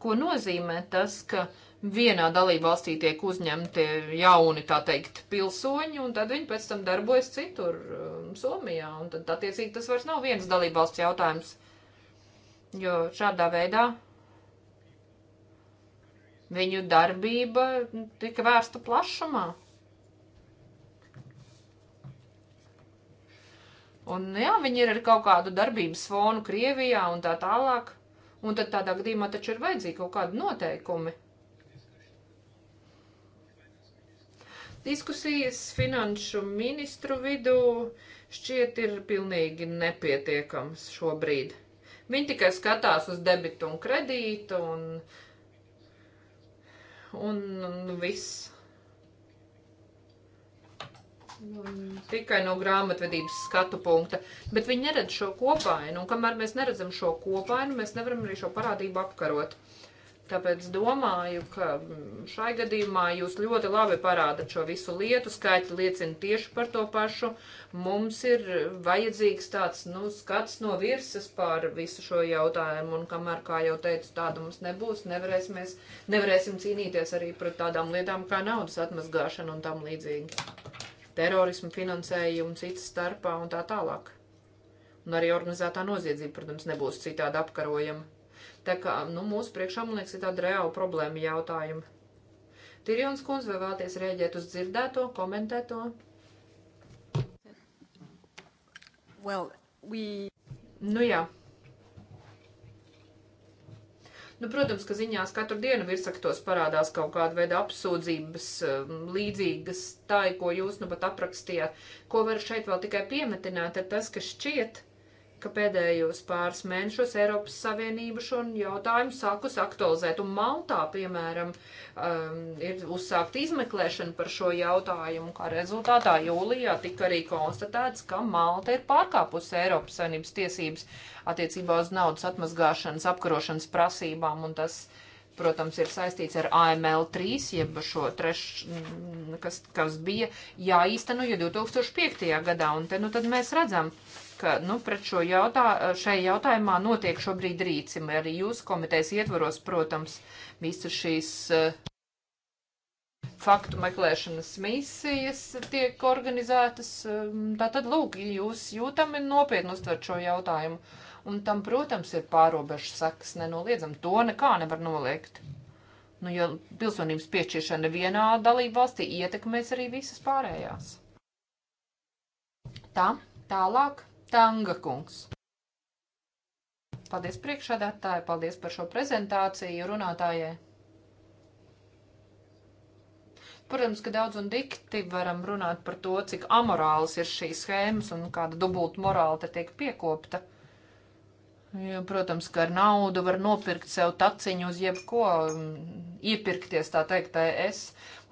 S1: ko nozīmē tas, ka vienā dalībvalstī tiek uzņemti jauni, tā teikt, pilsoņi, un tad viņi pēc tam darbojas citur, um, Somijā, un tad, attiecīgi, tas vairs nav viens dalībvalsts jautājums, jo šādā veidā viņu darbība tika vērsta plašumā. Un jā, viņi ir ar kaut kādu darbības fonu Krievijā un tā tālāk, un tad tādā gadījumā taču ir vajadzīgi kaut kādi noteikumi. Diskusijas finanšu ministru vidū šķiet ir pilnīgi nepietiekams šobrīd. Viņi tikai skatās uz debitu un kredītu un, un, un viss. Tikai no grāmatvedības skatu punkta. Bet viņi neredz šo kopainu, un kamēr mēs neredzam šo kopainu, mēs nevaram arī šo parādību apkarot. Tāpēc domāju, ka mm, šai gadījumā jūs ļoti labi parādat šo visu lietu, skaitļi liecina tieši par to pašu. Mums ir vajadzīgs tāds, nu, skats no virsas pār visu šo jautājumu, un kamēr, kā jau teicu, tāda mums nebūs, nevarēsimies, nevarēsim cīnīties arī pret tādām lietām kā naudas atmazgāšana un tam līdzīgi. Terorismu finansējumu citas starpā un tā tālāk. Un arī organizētā noziedzība, protams, nebūs citādi apkarojama. Tā kā, nu, mūsu priekšā, man liekas, ir tāda reāla problēma jautājuma. Tirjons kundze, vai vēlaties rēģēt uz dzirdēto, komentēto? Well, we... Nu jā. Nu, protams, ka ziņās katru dienu virsaktos parādās kaut kāda veida apsūdzības um, līdzīgas tai, ko jūs nu pat aprakstījāt. Ko var šeit vēl tikai piemetināt, ir tas, ka šķiet, ka ka pēdējos pāris mēnešos Eiropas Savienība šo jautājumu sākus aktualizēt. Un Maltā, piemēram, um, ir uzsākta izmeklēšana par šo jautājumu, kā rezultātā jūlijā tika arī konstatēts, ka Malta ir pārkāpusi Eiropas Savienības tiesības attiecībā uz naudas atmazgāšanas, apkarošanas prasībām, un tas, protams, ir saistīts ar AML3, jeb šo treš, kas, kas bija jāīsteno jau 2005. gadā, un te nu tad mēs redzam, uh, ka nu, pret šo jautā, šai jautājumā notiek šobrīd rīcim, arī jūsu komitejas ietvaros, protams, visas šīs eh, faktu meklēšanas misijas tiek organizētas. Ehm, tātad, lūk, jūs jūtami nopietni uztvert šo jautājumu. Un tam, protams, ir pārobežu sekas, nenoliedzam, to nekā nevar noliegt. Nu, jo pilsonības piešķiršana vienā dalību valstī ietekmēs arī visas pārējās. Tā, tālāk. Tanga kungs. Paldies priekšādātāji, paldies par šo prezentāciju runātājai. Protams, ka daudz un dikti varam runāt par to, cik amorāls ir šīs schēmas un kāda dubulta morāla te tiek piekopta. Jo, protams, ka ar naudu var nopirkt sev taciņu uz jebko, mm, iepirkties tā teikt, es.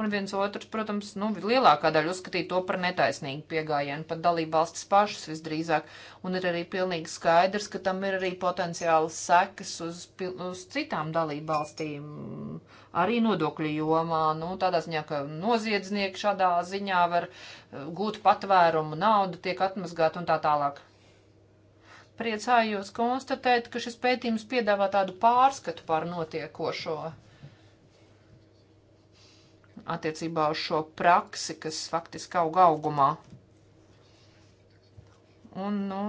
S1: Un viens otrs, protams, nu, lielākā daļa uzskatīja to par netaisnīgu piegājienu, pat dalību valstis pašas visdrīzāk. Un ir arī pilnīgi skaidrs, ka tam ir arī potenciāls sekas uz, uz citām dalību valstīm, mm, arī nodokļu jomā. Nu, tādā ziņā, ka noziedznieki šādā ziņā var mm, gūt patvērumu, nauda tiek atmazgāta un tā tālāk. Priecājos konstatēt, ka šis pētījums piedāvā tādu pārskatu par notiekošo attiecībā uz šo praksi, kas faktiski aug augumā. Un, nu,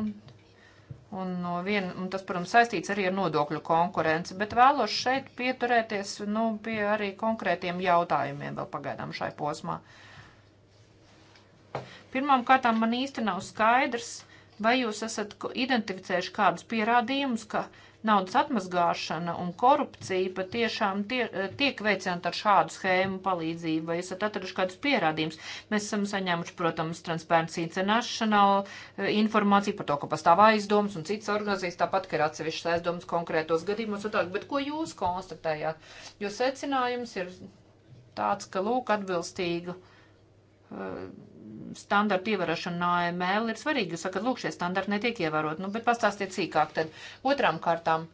S1: Un, no vien, un tas, protams, saistīts arī ar nodokļu konkurenci, bet vēlos šeit pieturēties nu, pie arī konkrētiem jautājumiem vēl pagaidām šai posmā. Pirmām kārtām man īsti nav skaidrs, Vai jūs esat identificējuši kādus pierādījumus, ka naudas atmazgāšana un korupcija patiešām tie, eh, tiek veicināta ar šādu schēmu palīdzību, vai esat atraduši kādus pierādījumus. Mēs esam saņēmuši, protams, Transparency International eh, informāciju par to, ka pastāv aizdomas un citas organizācijas, tāpat, ka ir atsevišķas aizdomas konkrētos gadījumos, atāk, bet ko jūs konstatējāt? Jo secinājums ir tāds, ka lūk atbilstīga. Uh, standartu ievērošana AML ir svarīga. Jūs sakat, lūk, šie standarti netiek ievērot. Nu, bet pastāstiet sīkāk tad. Otrām kārtām.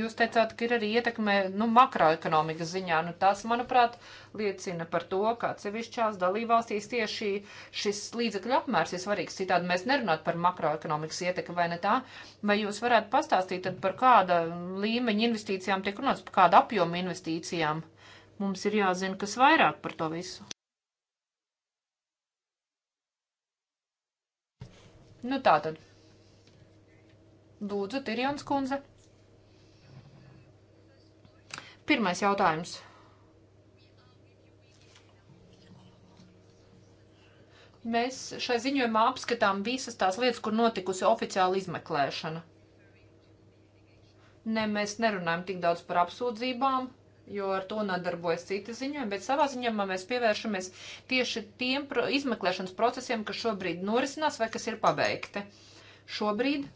S1: Jūs teicāt, ka ir arī ietekme nu, makroekonomikas ziņā. Nu, tas, manuprāt, liecina par to, ka atsevišķās dalībvalstīs tieši šis līdzekļu apmērs ir svarīgs. Citādi mēs nerunātu par makroekonomikas ietekmi vai ne tā. Vai jūs varētu pastāstīt par kāda līmeņa investīcijām tiek runāts, par kādu apjomu investīcijām? Mums ir jāzina, kas vairāk par to visu. Nu tā tad. Lūdzu, Tirjons kundze. Pirmais jautājums. Mēs šai ziņojumā apskatām visas tās lietas, kur notikusi oficiāla izmeklēšana. Ne, mēs nerunājam tik daudz par apsūdzībām, jo ar to nodarbojas citi ziņojumi, bet savā ziņojumā mēs pievēršamies tieši tiem pro izmeklēšanas procesiem, kas šobrīd norisinās vai kas ir pabeigti. Šobrīd,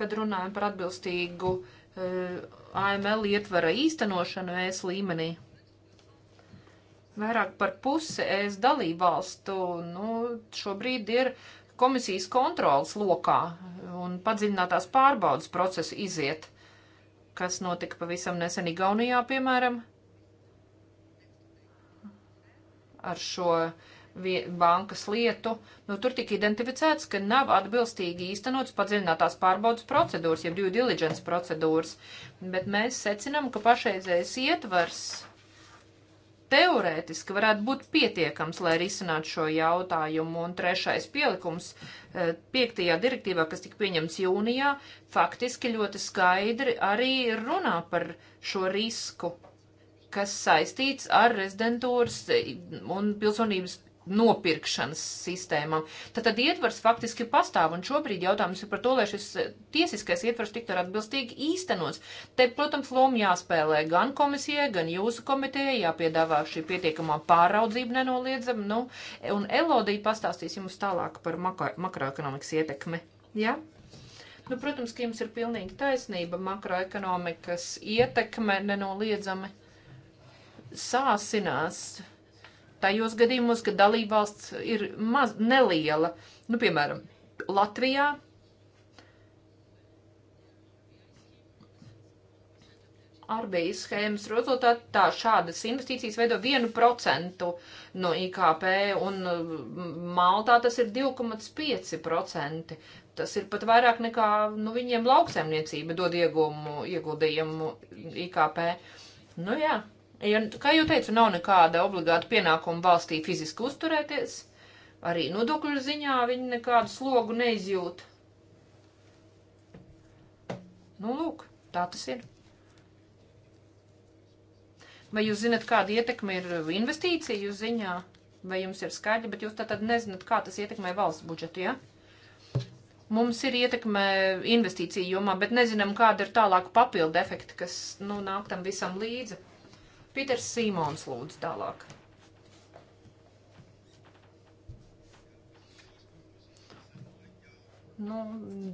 S1: kad runājam par atbilstīgu uh, eh, AML ietvara īstenošanu ES līmenī, vairāk par pusi ES dalību valstu nu, šobrīd ir komisijas kontrolas lokā un padziļinātās pārbaudas procesu iziet kas notika pavisam nesen Igaunijā, piemēram, ar šo bankas lietu, nu, tur tika identificēts, ka nav atbilstīgi īstenots padziļinātās pārbaudas procedūras, jeb due diligence procedūras, bet mēs secinām, ka pašreizējais ietvars teorētiski varētu būt pietiekams, lai risinātu šo jautājumu. Un trešais pielikums eh, piektajā direktīvā, kas tika pieņemts jūnijā, faktiski ļoti skaidri arī runā par šo risku, kas saistīts ar rezidentūras un pilsonības nopirkšanas sistēmām. Tad, tad ietvars faktiski pastāv, un šobrīd jautājums ir par to, lai šis eh, tiesiskais ietvars tiktu atbilstīgi īstenots. Te, protams, lomu jāspēlē gan komisijai, gan jūsu komitejai, jāpiedāvā šī pietiekamā pāraudzība nenoliedzama, nu, un Elodija pastāstīs jums tālāk par makroekonomikas ietekmi. Ja? Nu, protams, ka jums ir pilnīgi taisnība, makroekonomikas ietekme nenoliedzami sāsinās tajos gadījumos, kad dalībvalsts ir maz, neliela, nu, piemēram, Latvijā. Ar bija schēmas rezultātā tā šādas investīcijas veido 1% no IKP, un Maltā tas ir 2,5%. Tas ir pat vairāk nekā nu, viņiem lauksaimniecība dod iegumu, ieguldījumu IKP. Nu jā, Jo, kā jau teicu, nav nekāda obligāta pienākuma valstī fiziski uzturēties. Arī nodokļu ziņā viņi nekādu slogu neizjūt. Nu, lūk, tā tas ir. Vai jūs zinat, kāda ietekme ir investīciju ziņā? Vai jums ir skaidri, bet jūs tā tad nezināt, kā tas ietekmē valsts budžetu, ja? Mums ir ietekme investīciju jomā, bet nezinām, kāda ir tālāk papildu efekti, kas, nu, nāk tam visam līdzi. Pīters Simons lūdzu tālāk. Nu,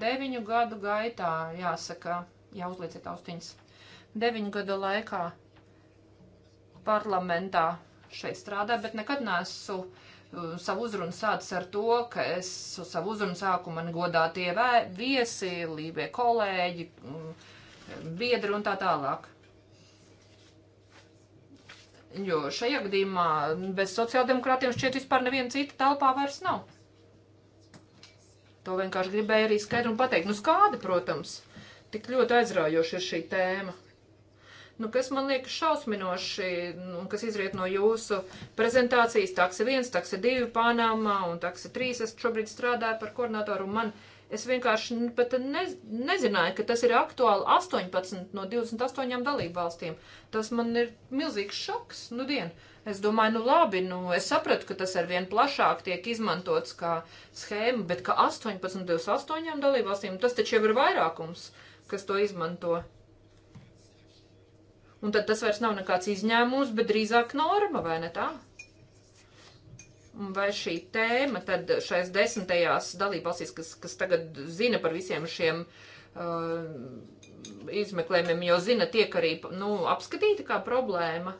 S1: deviņu gadu gaitā, jāsaka, jāuzlieciet austiņas. Deviņu gadu laikā parlamentā šeit strādāju, bet nekad nesu uh, savu uzrunu sācis ar to, ka es savu uzrunu sāku man godā tie viesi, lībie kolēģi, mm, biedri un tā tālāk. Jo šajā gadījumā bez sociāldemokrātiem šķiet vispār neviena cita telpā vairs nav. To vienkārši gribēju arī skaidru un pateikt. Nu, skādi, protams, tik ļoti aizraujoši ir šī tēma. Nu, kas man liekas šausminoši, nu, kas izriet no jūsu prezentācijas, taksi viens, taksi divi Panamā un taksi trīs. Es šobrīd strādāju par koordinatoru un man. Uh, Es vienkārši pat ne, nezināju, ka tas ir aktuāli 18 no 28 dalību valstīm. Tas man ir milzīgs šoks. Nu, dien. Es domāju, nu labi, nu es sapratu, ka tas ar vien plašāk tiek izmantots kā schēma, bet ka 18 no 28 dalību valstīm, tas taču jau ir vairākums, kas to izmanto. Un tad tas vairs nav nekāds izņēmums, bet drīzāk norma, vai ne tā? Vai šī tēma tad šais desmitajās dalībvalstīs, kas, kas tagad zina par visiem šiem uh, izmeklējumiem, jo zina, tiek arī nu, apskatīta kā problēma?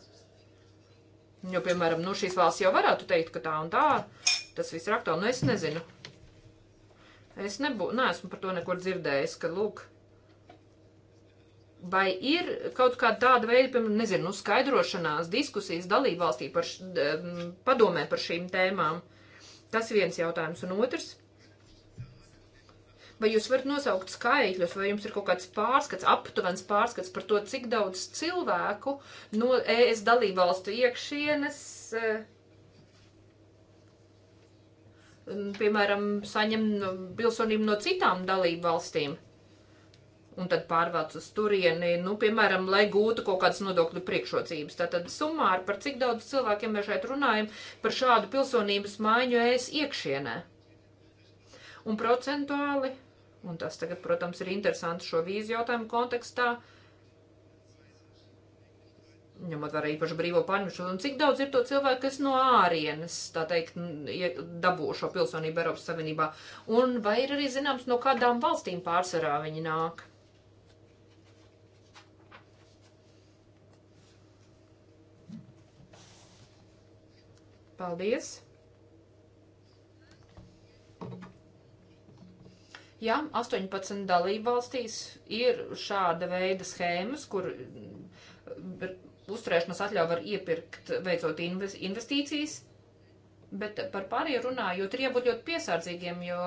S1: Jo, piemēram, nu, šīs valsts jau varētu teikt, ka tā un tā, tas viss ir aktuāli. Nu, es nezinu. Es nebū, neesmu par to nekur dzirdējis, ka, lūk, uh, Vai ir kaut kāda tāda veida, piemēram, nezinu, nu, skaidrošanās, diskusijas dalībvalstī par š, padomē par šīm tēmām? Tas viens jautājums. Un otrs, vai jūs varat nosaukt skaitļus, vai jums ir kaut kāds pārskats, aptuvens pārskats par to, cik daudz cilvēku no ES dalībvalstu iekšienes, e, piemēram, saņem pilsonību no citām dalībvalstīm? un tad pārvāc uz turieni, nu, piemēram, lai gūtu kaut kādas nodokļu priekšrocības. Tātad summāri par cik daudz cilvēkiem mēs šeit runājam par šādu pilsonības maiņu es iekšienē. Un procentuāli, un tas tagad, protams, ir interesanti šo vīzu jautājumu kontekstā, ņemot vērā īpaši brīvo pārņemšanu, un cik daudz ir to cilvēku, kas no ārienes, tā teikt, dabū šo pilsonību Eiropas Savienībā, un vai ir arī zināms, no kādām valstīm pārsvarā viņi nāk. Paldies! Jā, 18 dalībvalstīs ir šāda veida schēmas, kur mm, uzturēšanas atļauju var iepirkt veicot investīcijas, bet par pārējo runājot, ir jābūt ļoti piesardzīgiem, jo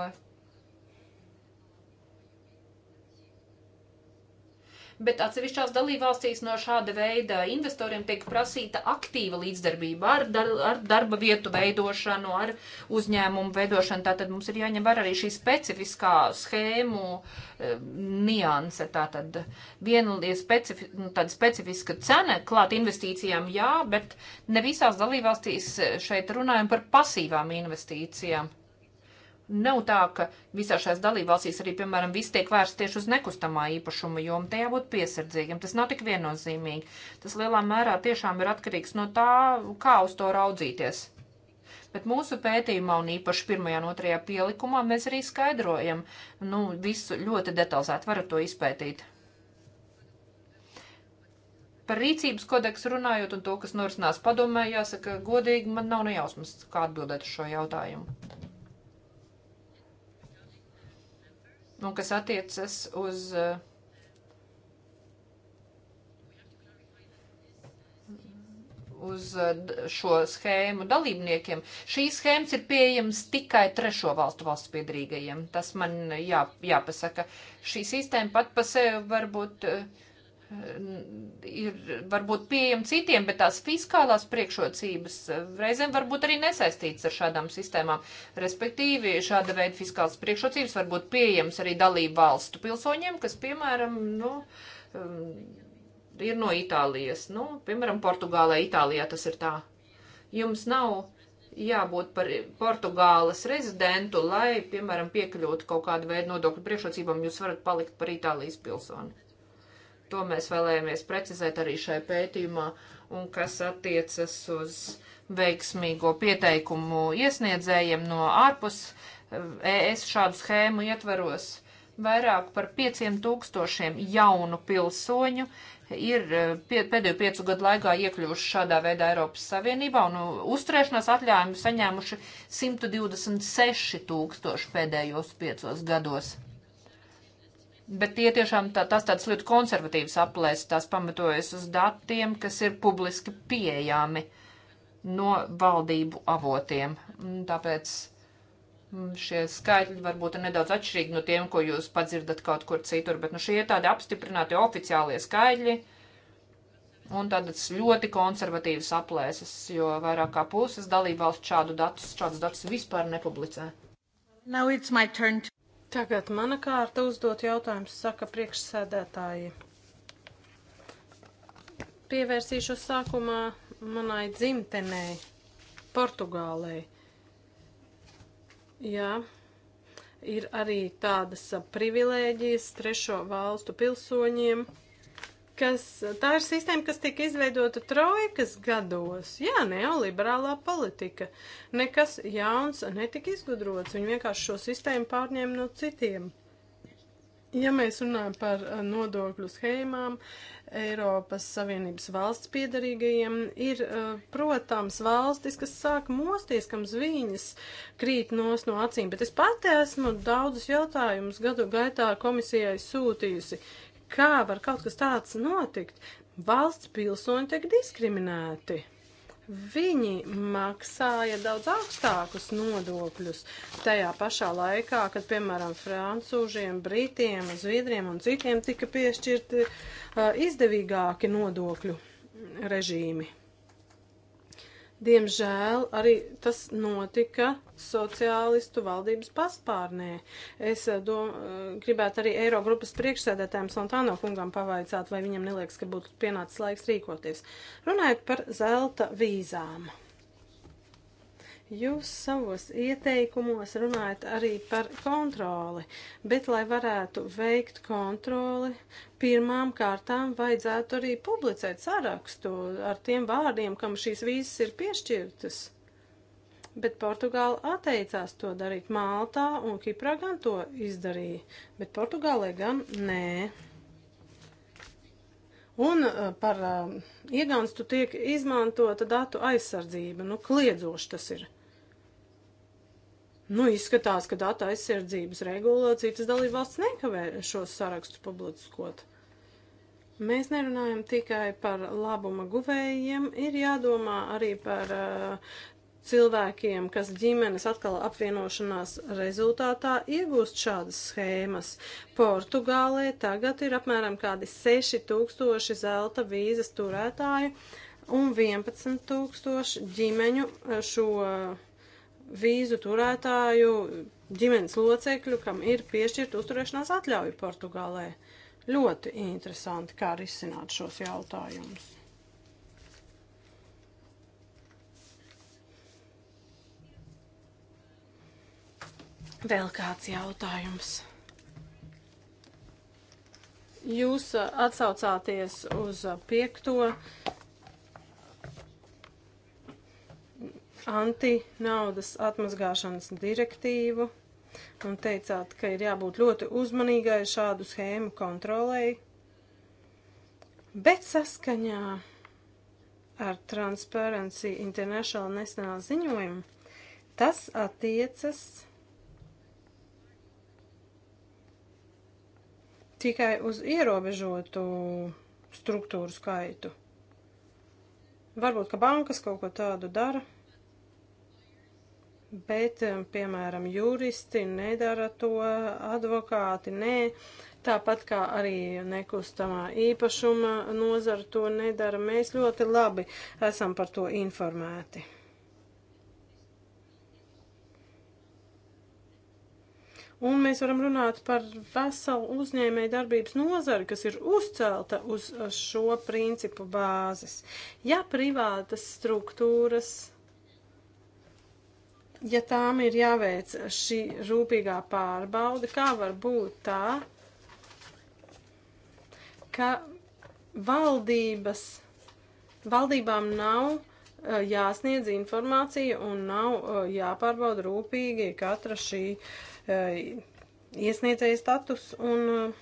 S1: bet atsevišķās dalībvalstīs no šāda veida investoriem tiek prasīta aktīva līdzdarbība ar, dar, ar darba vietu veidošanu, ar uzņēmumu veidošanu. Tātad mums ir jāņem vērā arī šī specifiskā schēmu e, nianse. Tātad viena ir specifi, nu, tāda specifiska cena klāt investīcijām, jā, bet ne visās dalībvalstīs eh, šeit runājam par pasīvām investīcijām nav tā, ka visā šajās dalībvalstīs arī, piemēram, viss tiek vērsts tieši uz nekustamā īpašuma jomu. Te jābūt piesardzīgiem. Tas nav tik viennozīmīgi. Tas lielā mērā tiešām ir atkarīgs no tā, kā uz to raudzīties. Bet mūsu pētījumā, un īpaši pirmajā un otrajā pielikumā, mēs arī skaidrojam nu, visu ļoti detalizēti. Varat to izpētīt. Par rīcības kodeksu runājot un to, kas norisinās padomē, jāsaka, godīgi man nav nejausmas, kā atbildēt uz šo jautājumu. un nu, kas attiecas uz eh, uz eh, šo schēmu dalībniekiem. Šīs schēmas ir pieejamas tikai trešo valstu valsts piedrīgajiem. Tas man jā, jāpasaka. Šī sistēma pat pa sevi varbūt uh, eh, ir varbūt pieejama citiem, bet tās fiskālās priekšrocības e, reizēm varbūt arī nesaistītas ar šādām sistēmām. Respektīvi, šāda veida fiskālas priekšrocības var būt pieejamas arī dalību valstu pilsoņiem, kas, piemēram, nu, um, ir no Itālijas. Nu, piemēram, Portugālē, Itālijā tas ir tā. Jums nav jābūt par Portugāles rezidentu, lai, piemēram, piekļūtu kaut kādu veidu nodokļu priekšrocībām, jūs varat palikt par Itālijas pilsoni. To mēs vēlējāmies precizēt arī šai pētījumā, un kas attiecas uz veiksmīgo pieteikumu iesniedzējiem no ārpus eh, ES šādu schēmu ietvaros. Vairāk par 5000 jaunu pilsoņu ir eh, pie, pēdējo piecu gadu laikā iekļuvuši šādā veidā Eiropas Savienībā, un nu, uzturēšanās atļaujumu saņēmuši 126 tūkstoši pēdējos piecos gados. Bet tie tiešām tā, tās tādas ļoti konservatīvas aplēses, tās pamatojas uz datiem, kas ir publiski pieejami no valdību avotiem. Tāpēc mm, šie skaitļi varbūt ir nedaudz atšķirīgi no tiem, ko jūs padzirdat kaut kur citur, bet nu šie ir tādi apstiprināti oficiālie skaitļi un tādas ļoti konservatīvas aplēses, jo vairāk kā puses dalībvalsts šādu datus, šādus datus vispār nepublicē.
S3: Now it's my turn to Tagad mana kārta uzdot jautājumus, saka priekšsēdētāji. Pievērsīšos sākumā manai dzimtenei, Portugālei. Jā, ir arī tādas privilēģijas trešo valstu pilsoņiem kas, tā ir sistēma, kas tika izveidota trojkas gados. Jā, neoliberālā politika. Nekas jauns netika izgudrots, viņi vienkārši šo sistēmu pārņēma no citiem. Ja mēs runājam par eh, nodokļu schēmām, Eiropas Savienības valsts piedarīgajiem ir, eh, protams, valstis, kas sāk mosties, kam zviņas krīt nos no acīm, bet es pati esmu daudzus jautājumus gadu gaitā komisijai sūtījusi. Kā var kaut kas tāds notikt? Valsts pilsoņi tiek diskriminēti viņi maksāja daudz augstākus nodokļus tajā pašā laikā, kad, piemēram, francūžiem, britiem, zviedriem un citiem tika piešķirti uh, izdevīgāki nodokļu režīmi. Diemžēl arī tas notika sociālistu valdības paspārnē. Es eh, dom, eh, gribētu arī Eirogrupas priekšsēdētājiem Santāno kungam pavaicāt, vai viņam neliekas, ka būtu pienācis laiks rīkoties. Runājot par zelta vīzām. Jūs savos ieteikumos runājat arī par kontroli, bet, lai varētu veikt kontroli, pirmām kārtām vajadzētu arī publicēt sarakstu ar tiem vārdiem, kam šīs vīzas ir piešķirtas. Bet Portugāla atteicās to darīt Maltā, un Kiprā gan to izdarīja, bet Portugālē gan nē. Un uh, par uh, iegānstu tiek izmantota datu aizsardzība. Nu, kliedzoši tas ir. Nu, izskatās, ka data aizsardzības regula citas dalībvalsts nekavē šo sarakstu publiskot. Mēs nerunājam tikai par labuma guvējiem, ir jādomā arī par uh, cilvēkiem, kas ģimenes atkal apvienošanās rezultātā iegūst šādas schēmas. Portugālē tagad ir apmēram kādi 6000 zelta vīzas turētāju un 11000 ģimeņu uh, šo. Uh, vīzu turētāju ģimenes locekļu, kam ir piešķirta uzturēšanās atļauja Portugālē. Ļoti interesanti, kā risināt šos jautājumus. Vēl kāds jautājums. Jūs uh, atsaucāties uz uh, piekto antinaudas atmazgāšanas direktīvu un teicāt, ka ir jābūt ļoti uzmanīgai šādu schēmu kontrolēji. Bet saskaņā ar Transparency International nesenā ziņojumu tas attiecas tikai uz ierobežotu struktūru skaitu. Varbūt, ka bankas kaut ko tādu dara bet, um, piemēram, juristi nedara to, advokāti nē, tāpat kā arī nekustamā īpašuma nozara to nedara. Mēs ļoti labi esam par to informēti. Un mēs varam runāt par veselu uzņēmēju darbības nozari, kas ir uzcelta uz šo principu bāzes. Ja privātas struktūras ja tām ir jāveic šī rūpīgā pārbauda, kā var būt tā, ka valdības, valdībām nav uh, jāsniedz informācija un nav uh, jāpārbauda rūpīgi katra šī uh, iesniedzēja status un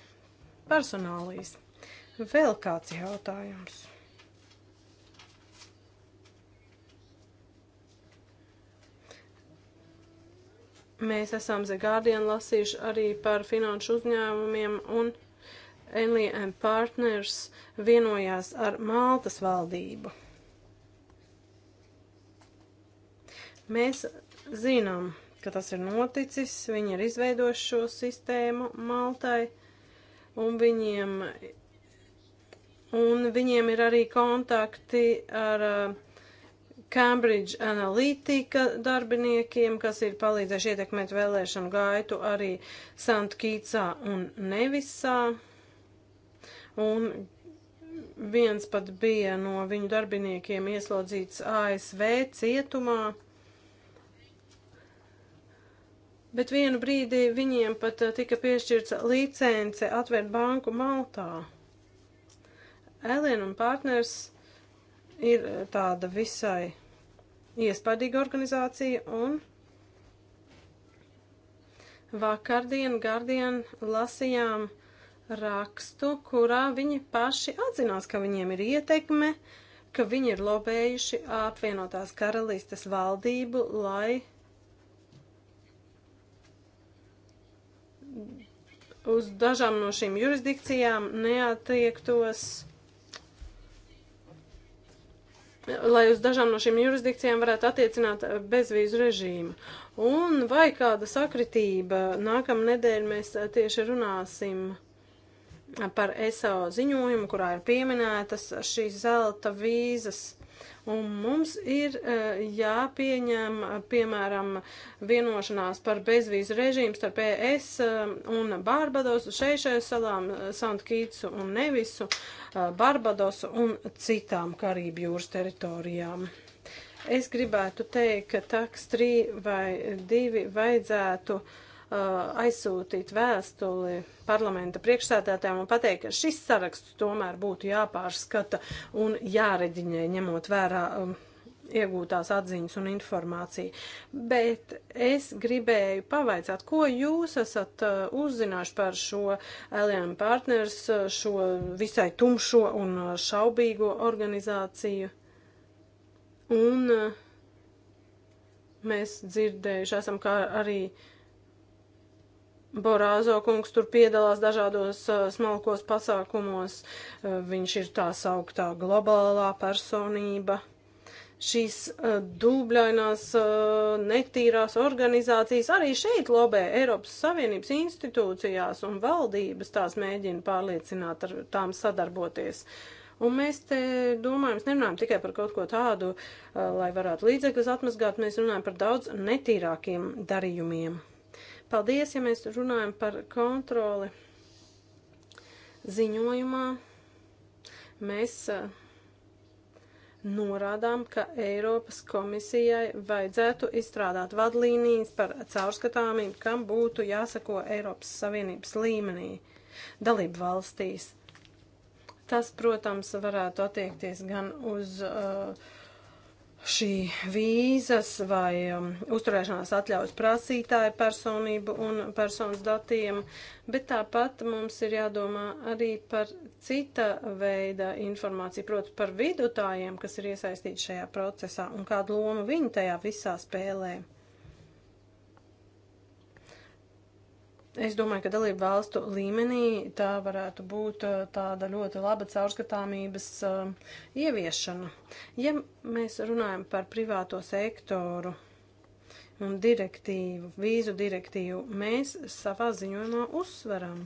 S3: personālijas. Vēl kāds jautājums. Mēs esam The Guardian lasījuši arī par finanšu uzņēmumiem un Enlija Partners vienojās ar Maltas valdību. Mēs zinām, ka tas ir noticis, viņi ir izveidojuši šo sistēmu Maltai, un viņiem, un viņiem ir arī kontakti ar uh, Cambridge Analytica darbiniekiem, kas ir palīdzējuši ietekmēt vēlēšanu gaitu arī Sant Kīcā un Nevisā. Un viens pat bija no viņu darbiniekiem ieslodzīts ASV cietumā. Bet vienu brīdi viņiem pat eh, tika piešķirta licence atvērt banku Maltā. Elena un partners ir eh, tāda visai iespaidīga organizācija un vakardien Guardian lasījām rakstu, kurā viņi paši atzinās, ka viņiem ir ietekme, ka viņi ir lobējuši apvienotās karalistes valdību, lai uz dažām no šīm jurisdikcijām neatiektos lai uz dažām no šīm jurisdikcijām varētu attiecināt eh, bezvīzu režīmu. Un vai kāda sakritība nākamnedēļ mēs eh, tieši runāsim eh, par ESO ziņojumu, kurā ir pieminētas šīs zelta vīzas. Un mums ir eh, jāpieņem, piemēram, vienošanās par bezvīzu režīmu starp ES eh, un Barbadosu, Šeišais salām, eh, Santkītsu un Nevisu, Barbadosu un citām Karību jūras teritorijām. Es gribētu teikt, ka taks 3 vai 2 vajadzētu uh, Uh, aizsūtīt vēstuli parlamenta priekšsēdētājiem un pateikt, ka šis saraksts tomēr būtu jāpārskata un jāreģiņē, ņemot vērā um, iegūtās atziņas un informāciju. Bet es gribēju pavaicāt, ko jūs esat uh, uzzinājuši par šo Alien Partners, uh, šo visai tumšo un šaubīgo organizāciju. Un mēs dzirdējuši esam, kā arī uh, Borāzo kungs tur piedalās dažādos uh, smalkos pasākumos, uh, viņš ir tā sauktā globālā personība. Šīs uh, dubļainās uh, netīrās organizācijas arī šeit lobē Eiropas Savienības institūcijās un valdības tās mēģina pārliecināt ar tām sadarboties. Un mēs te domājam, nerunājam tikai par kaut ko tādu, uh, lai varētu līdzekļus atmazgāt, mēs runājam par daudz netīrākiem darījumiem. Paldies, ja mēs runājam par kontroli ziņojumā. Mēs eh, norādām, ka Eiropas komisijai vajadzētu izstrādāt vadlīnijas par caurskatāmību, kam būtu jāsako Eiropas Savienības līmenī dalību valstīs. Tas, protams, varētu attiekties gan uz uh, šī vīzas vai um, uzturēšanās atļaujas prasītāja personību un personas datiem, bet tāpat mums ir jādomā arī par cita veida informāciju, proti par vidutājiem, kas ir iesaistīti šajā procesā un kādu lomu viņi tajā visā spēlē. Es domāju, ka dalību valstu līmenī tā varētu būt uh, tāda ļoti laba caurskatāmības uh, ieviešana. Ja mēs runājam par privāto sektoru un direktīvu, vīzu direktīvu, mēs savā ziņojumā uzsveram.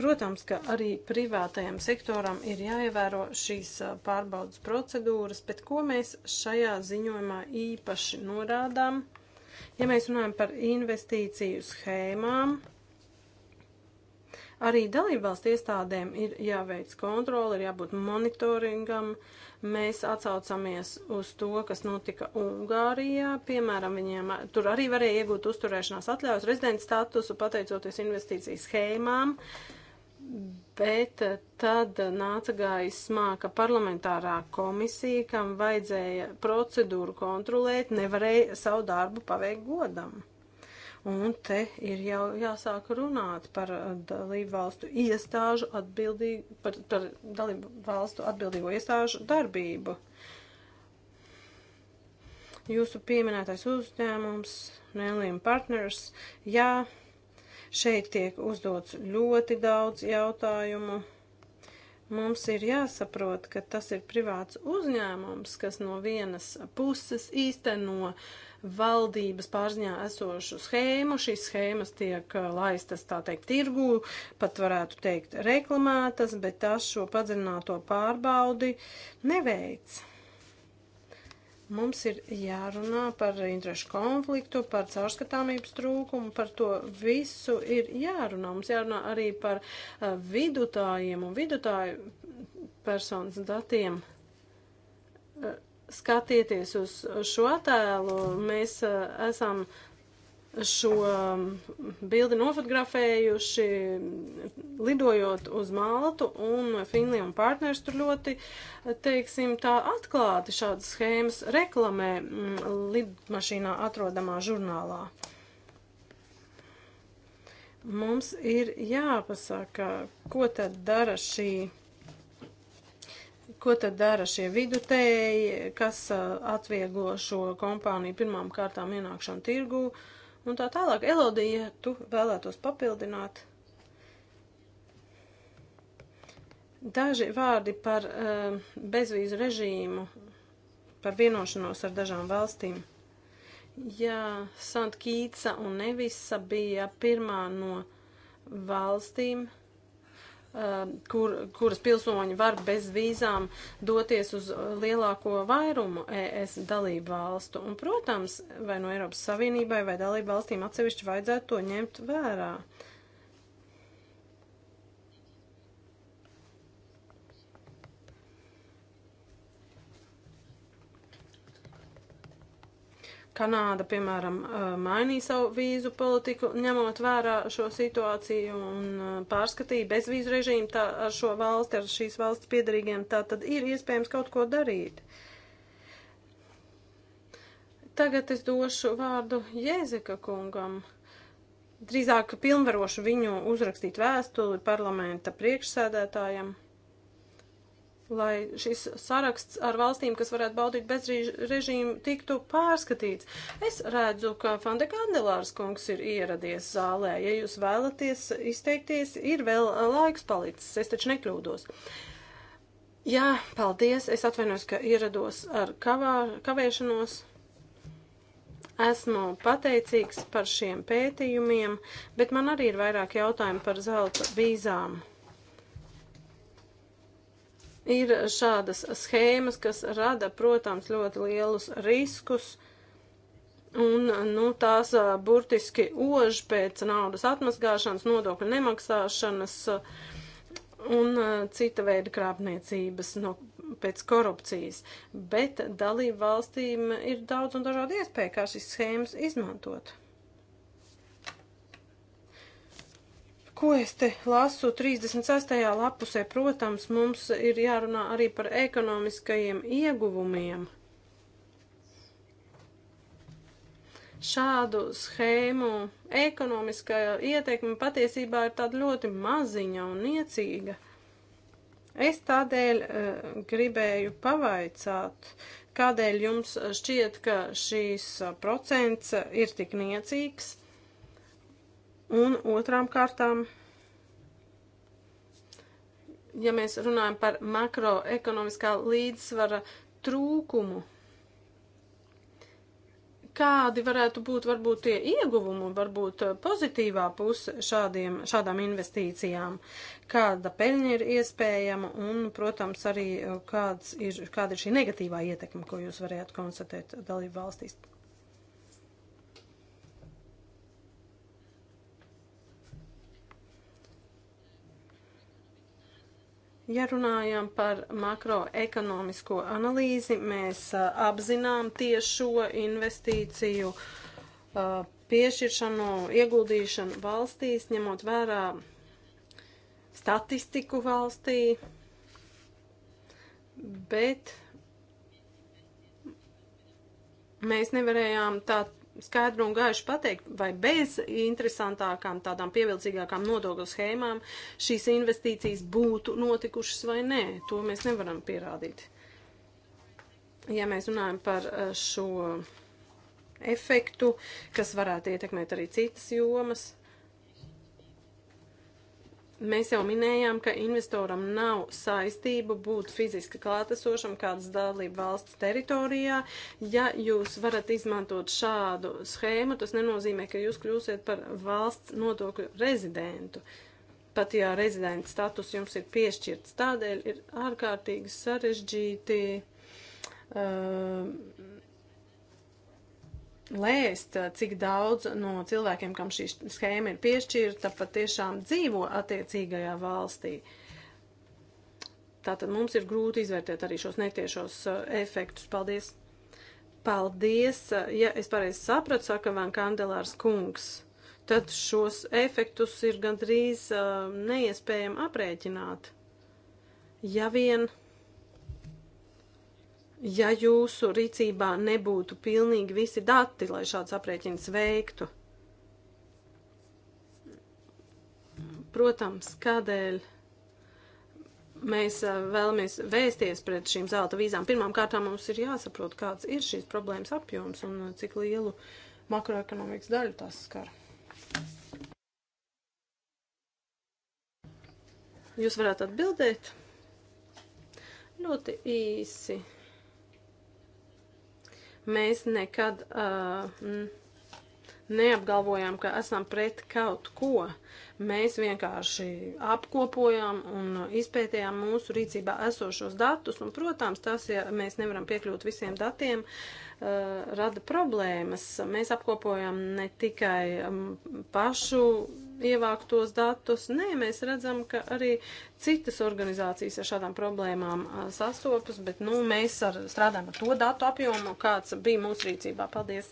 S3: Protams, ka arī privātajam sektoram ir jāievēro šīs uh, pārbaudas procedūras, bet ko mēs šajā ziņojumā īpaši norādām? Ja mēs runājam par investīciju schēmām, arī dalībvalstu iestādēm ir jāveic kontroli, ir jābūt monitoringam. Mēs atsaucamies uz to, kas notika Ungārijā. Piemēram, viņiem tur arī varēja iegūt uzturēšanās atļaujas, rezidents statusu pateicoties investīciju schēmām. Uh, Bet eh, tad nāca gaismā, ka parlamentārā komisija, kam vajadzēja procedūru kontrolēt, nevarēja savu darbu paveikt godam. Un te ir jau jāsāk runāt par eh, dalību valstu iestāžu atbildību, par, par dalību valstu atbildīgo iestāžu darbību. Jūsu pieminētais uzņēmums, Nelīna partners, jā. Ja Šeit tiek uzdots ļoti daudz jautājumu. Mums ir jāsaprot, ka tas ir privāts uzņēmums, kas no vienas puses īsteno valdības pārziņā esošu schēmu. Šīs schēmas tiek uh, laistas, tā teikt, tirgū, pat varētu teikt, reklamētas, bet tas šo padziļināto pārbaudi neveic. Mums ir jārunā par interešu konfliktu, par caurskatāmības trūkumu, par to visu ir jārunā. Mums jārunā arī par uh, vidutājiem un vidutāju personas datiem. Uh, skatieties uz šo attēlu, mēs uh, esam uh, šo um, bildi nofotografējuši, lidojot uz Maltu, un Finlija un partners tur ļoti, teiksim, tā atklāti šādas schēmas reklamē mm, lidmašīnā atrodamā žurnālā. Mums ir jāpasaka, ko tad dara šī ko tad dara šie vidutēji, kas uh, atvieglo šo kompāniju pirmām kārtām ienākšanu tirgū, uh, un tā tālāk. Elodija, tu vēlētos papildināt. Daži vārdi par uh, bezvīzu režīmu, par vienošanos ar dažām valstīm. Jā, Santkīca un Nevisa bija pirmā no valstīm, uh, Um, kur, kuras pilsoņi var bez vīzām doties uz uh, lielāko vairumu ES dalību valstu. Un, protams, vai no Eiropas Savienībai vai dalību valstīm atsevišķi vajadzētu to ņemt vērā. Uh, Kanāda, piemēram, uh, mainīja savu vīzu politiku, ņemot vērā šo situāciju un uh, pārskatīja bezvīzu režīmu tā, ar šo valsti, ar šīs valsts piedarīgiem, tā tad ir iespējams kaut ko darīt. Tagad es došu vārdu Jēzeka kungam. Drīzāk pilnvarošu viņu uzrakstīt vēstuli parlamenta priekšsēdētājiem lai šis saraksts ar valstīm, kas varētu baudīt bezrežīmu, tiktu pārskatīts. Es redzu, ka Fande Kandelārs kungs ir ieradies zālē. Ja jūs vēlaties izteikties, ir vēl laiks palicis, es taču nekļūdos. Jā, paldies, es atvainojos, ka ierados ar kavā, kavēšanos. Esmu pateicīgs par šiem pētījumiem, bet man arī ir vairāk jautājumu par zelta vīzām. Ir šādas schēmas, kas rada, protams, ļoti lielus riskus. Un, nu, tās burtiski ož pēc naudas atmazgāšanas, nodokļu nemaksāšanas un cita veida krāpniecības no, nu, pēc korupcijas. Bet dalību valstīm ir daudz un dažādi iespēja, kā šīs schēmas izmantot. Ko es te lasu 36. lapusē? Protams, mums ir jārunā arī par ekonomiskajiem ieguvumiem. Šādu schēmu ekonomiskā ieteikuma patiesībā ir tāda ļoti maziņa un niecīga. Es tādēļ uh, gribēju pavaicāt, kādēļ jums šķiet, ka šīs eh, procents ir tik niecīgs Un otrām kārtām, ja mēs runājam par makroekonomiskā līdzsvara trūkumu, kādi varētu būt varbūt tie ieguvumi, varbūt eh, pozitīvā puse šādiem, šādām investīcijām, kāda peļņa ir iespējama un, protams, arī eh, kāds ir, kāda ir šī negatīvā ietekme, ko jūs varētu konstatēt dalību valstīs. Ja runājam par makroekonomisko analīzi, mēs apzinām tiešo investīciju piešķiršanu, ieguldīšanu valstīs, ņemot vērā statistiku valstī, bet mēs nevarējām tā skaidru un gaišu pateikt, vai bez interesantākām, tādām pievilcīgākām nodokļu schēmām šīs investīcijas būtu notikušas vai nē. To mēs nevaram pierādīt. Ja mēs runājam par eh, šo efektu, kas varētu ietekmēt arī citas jomas, Mēs jau minējām, ka investoram nav saistību būt fiziski klātesošam kādas dalība valsts teritorijā. Ja jūs varat izmantot šādu schēmu, tas nenozīmē, ka jūs kļūsiet par valsts nodokļu rezidentu. Pat ja rezidenta status jums ir piešķirts, tādēļ ir ārkārtīgi sarežģīti. Uh, lēst, eh, cik daudz no cilvēkiem, kam šī schēma ir piešķirta, patiešām dzīvo attiecīgajā valstī. Tātad mums ir grūti izvērtēt arī šos netiešos eh, efektus. Paldies! Paldies! Ja es pareizi sapratu, saka Van Kandelārs kungs, tad šos efektus ir gandrīz uh, neiespējami aprēķināt. Ja vien ja jūsu rīcībā nebūtu pilnīgi visi dati, lai šāds aprēķins veiktu. Protams, kādēļ mēs eh, vēlamies vēsties pret šīm zelta vīzām. Pirmām kārtām mums ir jāsaprot, kāds ir šīs problēmas apjoms un eh, cik lielu makroekonomikas daļu tas skar. Jūs varētu atbildēt ļoti īsi. Mēs nekad uh, neapgalvojām, ka esam pret kaut ko. Mēs vienkārši apkopojām un izpētējām mūsu rīcībā esošos datus, un, protams, tas, ja mēs nevaram piekļūt visiem datiem, uh, Eh, rada problēmas. Mēs apkopojam ne tikai mm, pašu ievāktos datus, nē, mēs redzam, ka arī citas organizācijas ar šādām problēmām eh, sastopas, bet nu, mēs ar, strādājam ar to datu apjomu, kāds bija mūsu rīcībā. Paldies!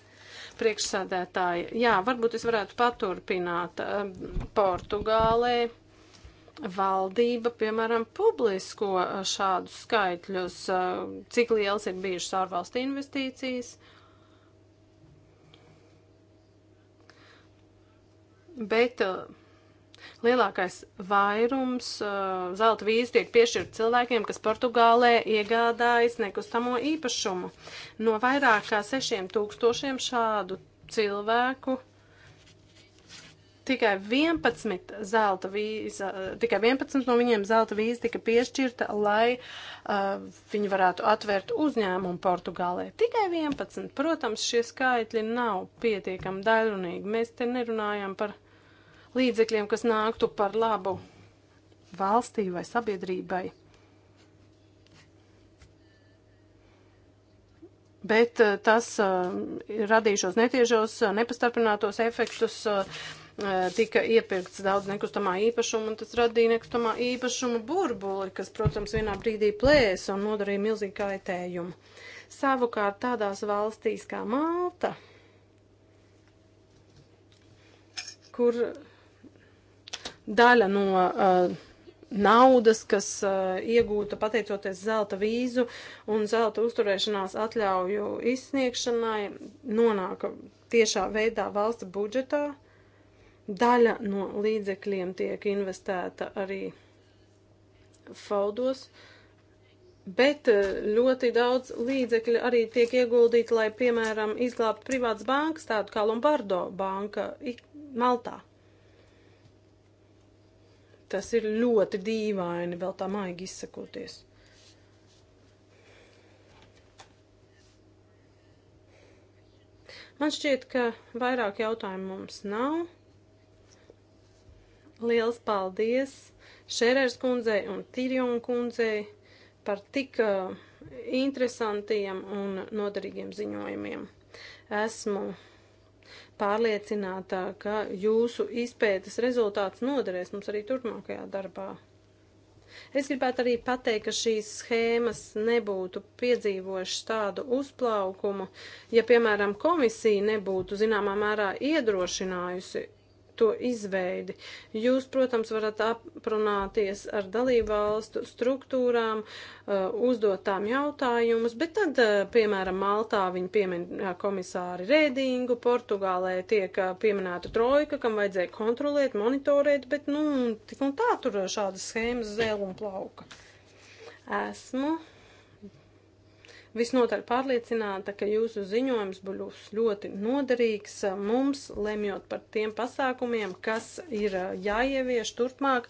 S3: Priekšsādētāji, jā, varbūt es varētu paturpināt eh, Portugālē valdība, piemēram, publisko šādus skaitļus, cik liels ir bijušas ārvalstu investīcijas. Bet lielākais vairums zelta vīzu tiek piešķirt cilvēkiem, kas Portugālē iegādājas nekustamo īpašumu. No vairāk kā sešiem tūkstošiem šādu cilvēku Tikai 11, zelta vīza, tikai 11 no viņiem zelta vīza tika piešķirta, lai uh, viņi varētu atvērt uzņēmumu Portugālē. Tikai 11. Protams, šie skaitļi nav pietiekami daļrunīgi. Mēs te nerunājam par līdzekļiem, kas nāktu par labu valstī vai sabiedrībai. bet uh, tas uh, radīšos netiešos uh, nepastarpinātos efektus uh, tika iepirkts daudz nekustamā īpašuma, un tas radīja nekustamā īpašuma burbuli, kas, protams, vienā brīdī plēsa un nodarīja milzīgu kaitējumu. Savukārt tādās valstīs kā Malta, kur daļa no uh, naudas, kas uh, iegūta pateicoties zelta vīzu un zelta uzturēšanās atļauju izsniegšanai, nonāka tiešā veidā valsts budžetā. Daļa no līdzekļiem tiek investēta arī faldos, bet eh, ļoti daudz līdzekļu arī tiek ieguldīti, lai, piemēram, izglābtu privātas bankas, tādu kā Lombardo banka Maltā. Tas ir ļoti dīvaini, vēl tā maigi izsakoties. Man šķiet, ka vairāk jautājumu mums nav. Liels paldies Šerers kundzei un Tirjona kundzei par tik uh, interesantiem un noderīgiem ziņojumiem. Esmu pārliecinātā, ka jūsu izpētes rezultāts noderēs mums arī turpmākajā darbā. Es gribētu arī pateikt, ka šīs schēmas nebūtu piedzīvojušas tādu uzplaukumu, ja, piemēram, komisija nebūtu zināmā mērā iedrošinājusi to izveidi. Jūs, protams, varat aprunāties ar dalībvalstu struktūrām, uh, uzdot tām jautājumus, bet tad, uh, piemēram, Maltā viņi piemin uh, komisāri Rēdingu, Portugālē tiek pieminēta trojka, kam vajadzēja kontrolēt, monitorēt, bet, nu, tik un tā tur šādas schēmas zēl un plauka. Esmu visnotaļ pārliecināta, ka jūsu ziņojums būs ļoti noderīgs mums, lemjot par tiem pasākumiem, kas ir jāievieš turpmāk,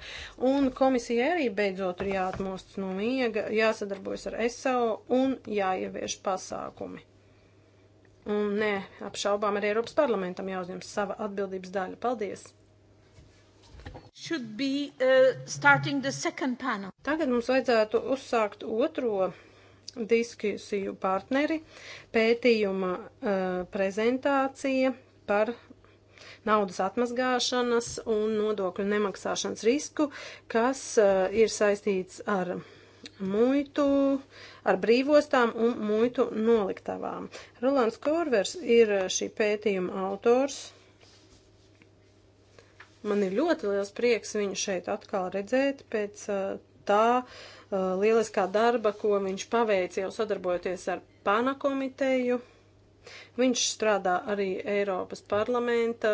S3: un komisija arī beidzot ir jāatmostas no miega, jāsadarbojas ar SAO un jāievieš pasākumi. Un nē, apšaubām arī Eiropas parlamentam jāuzņem sava atbildības daļa. Paldies! Be, uh, Tagad mums vajadzētu uzsākt otro diskusiju partneri, pētījuma uh, prezentācija par naudas atmazgāšanas un nodokļu nemaksāšanas risku, kas uh, ir saistīts ar muitu, ar brīvostām un muitu noliktavām. Rolands Korvers ir uh, šī pētījuma autors. Man ir ļoti liels prieks viņu šeit atkal redzēt pēc uh, tā uh, Uh, lieliskā darba, ko viņš paveica jau sadarbojoties ar PANA komiteju. Viņš strādā arī Eiropas parlamenta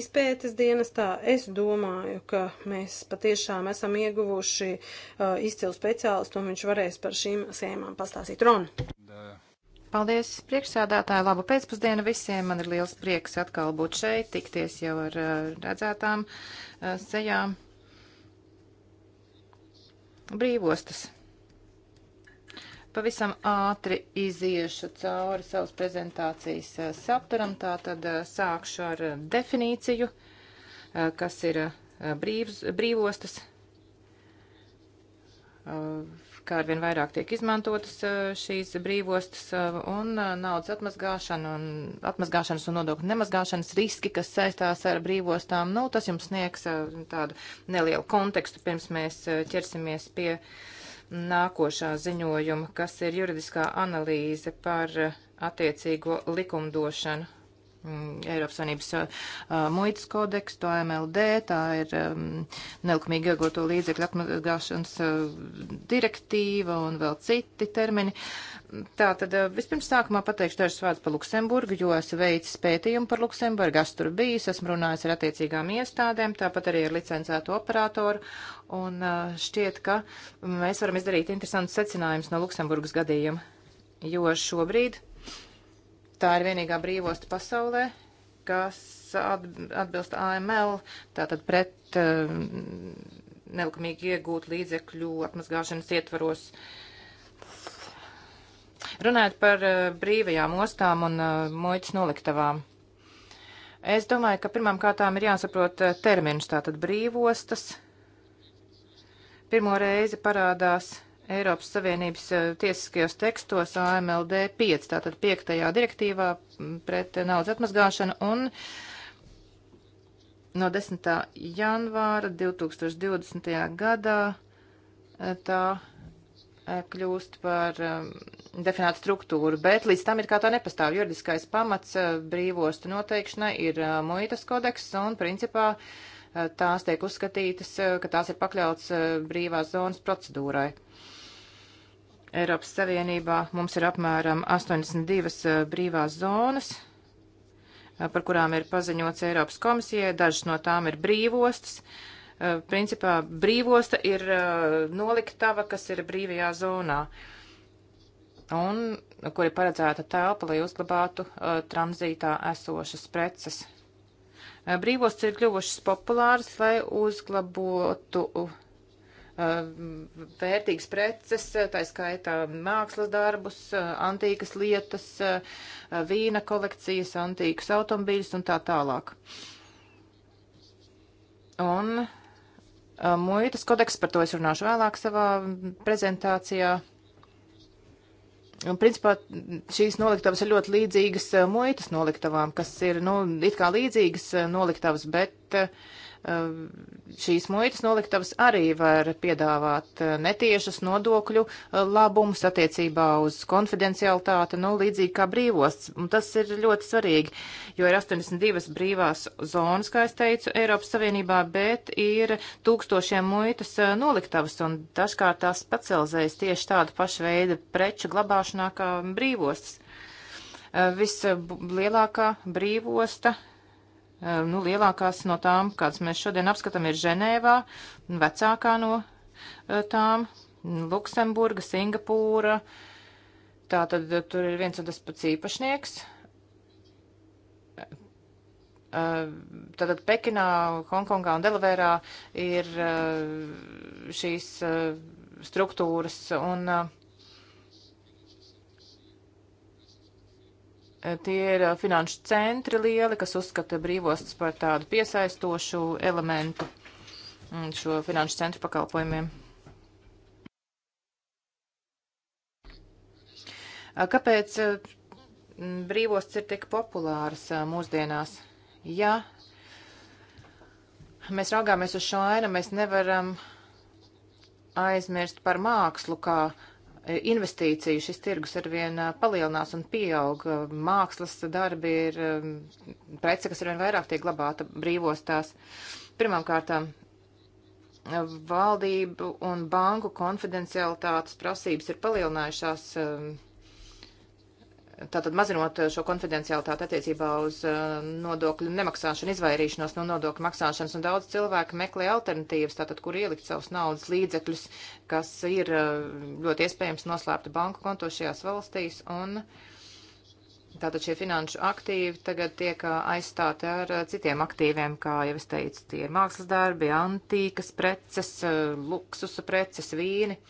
S3: izpētes dienestā. Es domāju, ka mēs patiešām esam ieguvuši uh, izcilu speciālistu, un viņš varēs par šīm sēmām pastāstīt. Ron!
S2: Paldies, priekšsādātāji! Labu pēcpusdienu visiem! Man ir liels prieks atkal būt šeit, tikties jau ar uh, redzētām uh, sejām. Uh, brīvostas. Pavisam ātri iziešu cauri savas prezentācijas eh, sapturam, tā tad eh, sākšu ar eh, definīciju, kas ir brīvs, brīvostas ka arvien vairāk tiek izmantotas šīs brīvostas un naudas atmazgāšana un atmazgāšanas un nodokļu nemazgāšanas riski, kas saistās ar brīvostām. Nu, tas jums sniegs tādu nelielu kontekstu, pirms mēs ķersimies pie nākošā ziņojuma, kas ir juridiskā analīze par attiecīgo likumdošanu. Mm, Eiropas Savienības uh, uh muitas kodekstu, AMLD, tā ir um, nelikumīgi iegūto līdzekļu atmazgāšanas uh, direktīva un vēl citi termini. Tā tad uh, vispirms sākumā pateikšu dažus vārdus par Luksemburgu, jo esmu veicis pētījumu par Luksemburgu, esmu tur bijis, esmu runājis ar attiecīgām iestādēm, tāpat arī ar licencētu operatoru, un uh, šķiet, ka mēs varam izdarīt interesantus secinājumus no Luksemburgas gadījuma, jo šobrīd Tā ir vienīgā brīvosta pasaulē, kas atbilst AML, tātad pret uh, nelikumīgi iegūt līdzekļu atmazgāšanas ietvaros. Runājot par uh, brīvajām ostām un uh, muitas noliktavām. Es domāju, ka pirmām kārtām ir jāsaprot terminus, tātad brīvostas. Pirmo reizi parādās Eiropas Savienības eh, tiesiskajos tekstos AMLD 5, tātad 5. direktīvā pret eh, naudas atmazgāšanu un no 10. janvāra 2020. gadā eh, tā kļūst par definētu struktūru, bet līdz tam ir kā tā nepastāv. Juridiskais pamats brīvostu noteikšanai ir muitas kodeks un principā tās tiek uzskatītas, ka tās ir pakļauts brīvās zonas procedūrai. Eiropas Savienībā mums ir apmēram 82 eh, brīvās zonas, eh, par kurām ir paziņots Eiropas komisijai. Dažas no tām ir brīvostas. Eh, principā brīvosta ir noliktava, kas ir brīvajā zonā un kur ir paredzēta telpa, lai uzglabātu tranzītā esošas preces. Brīvosts ir kļuvušas populāras, lai uzglabotu uh, vērtīgas preces, tā skaitā mākslas darbus, antīkas lietas, vīna kolekcijas, antīkas automobīļus un tā tālāk. Un muitas kodeks, par to es runāšu vēlāk savā prezentācijā. Un, principā, šīs noliktavas ir ļoti līdzīgas muitas noliktavām, kas ir, nu, it kā līdzīgas noliktavas, bet uh, Ehm, šīs muitas noliktavas arī var piedāvāt eh, netiešas nodokļu eh, labumus attiecībā uz konfidencialitāti, nu, līdzīgi kā brīvosts. Un tas ir ļoti svarīgi, jo ir 82 brīvās zonas, kā es teicu, Eiropas Savienībā, bet ir tūkstošiem muitas eh, noliktavas, un dažkārt tās specializējas tieši tādu pašu veidu preču glabāšanā kā brīvostas. Vislielākā brīvosta Eh, nu, lielākās no tām, kādas mēs šodien apskatām, ir Ženēvā, vecākā no eh, tām - Luksemburga, Singapūra. Tā tad eh, tur ir viens un tas pats īpašnieks. Tātad Pekinā, Hongkongā un Delavērā ir šīs struktūras un uh, Eh, tie ir eh, finanšu centri lieli, kas uzskata brīvostas par tādu piesaistošu elementu mm, šo finanšu centru pakalpojumiem. Eh, kāpēc brīvostas ir tik populāras mūsdienās? Ja mēs raugāmies uz šo ainu, mēs nevaram aizmirst par mākslu kā investīciju šis tirgus arvien palielinās un pieaug. Mākslas darbi ir prece, kas arvien vairāk tiek glabāta brīvos tās. Pirmkārt, valdību un banku konfidencialitātes prasības ir palielinājušās tātad mazinot šo konfidencialitāti attiecībā uz uh, nodokļu nemaksāšanu, izvairīšanos no nodokļu maksāšanas, un daudz cilvēku meklē alternatīvas, tātad, kur ielikt savus naudas līdzekļus, kas ir uh, ļoti iespējams noslēpti banku konto šajās valstīs, un tātad šie finanšu aktīvi tagad tiek uh, aizstāti ar citiem aktīviem, kā jau es teicu, tie ir mākslas darbi, antīkas preces, luksusa preces, vīni,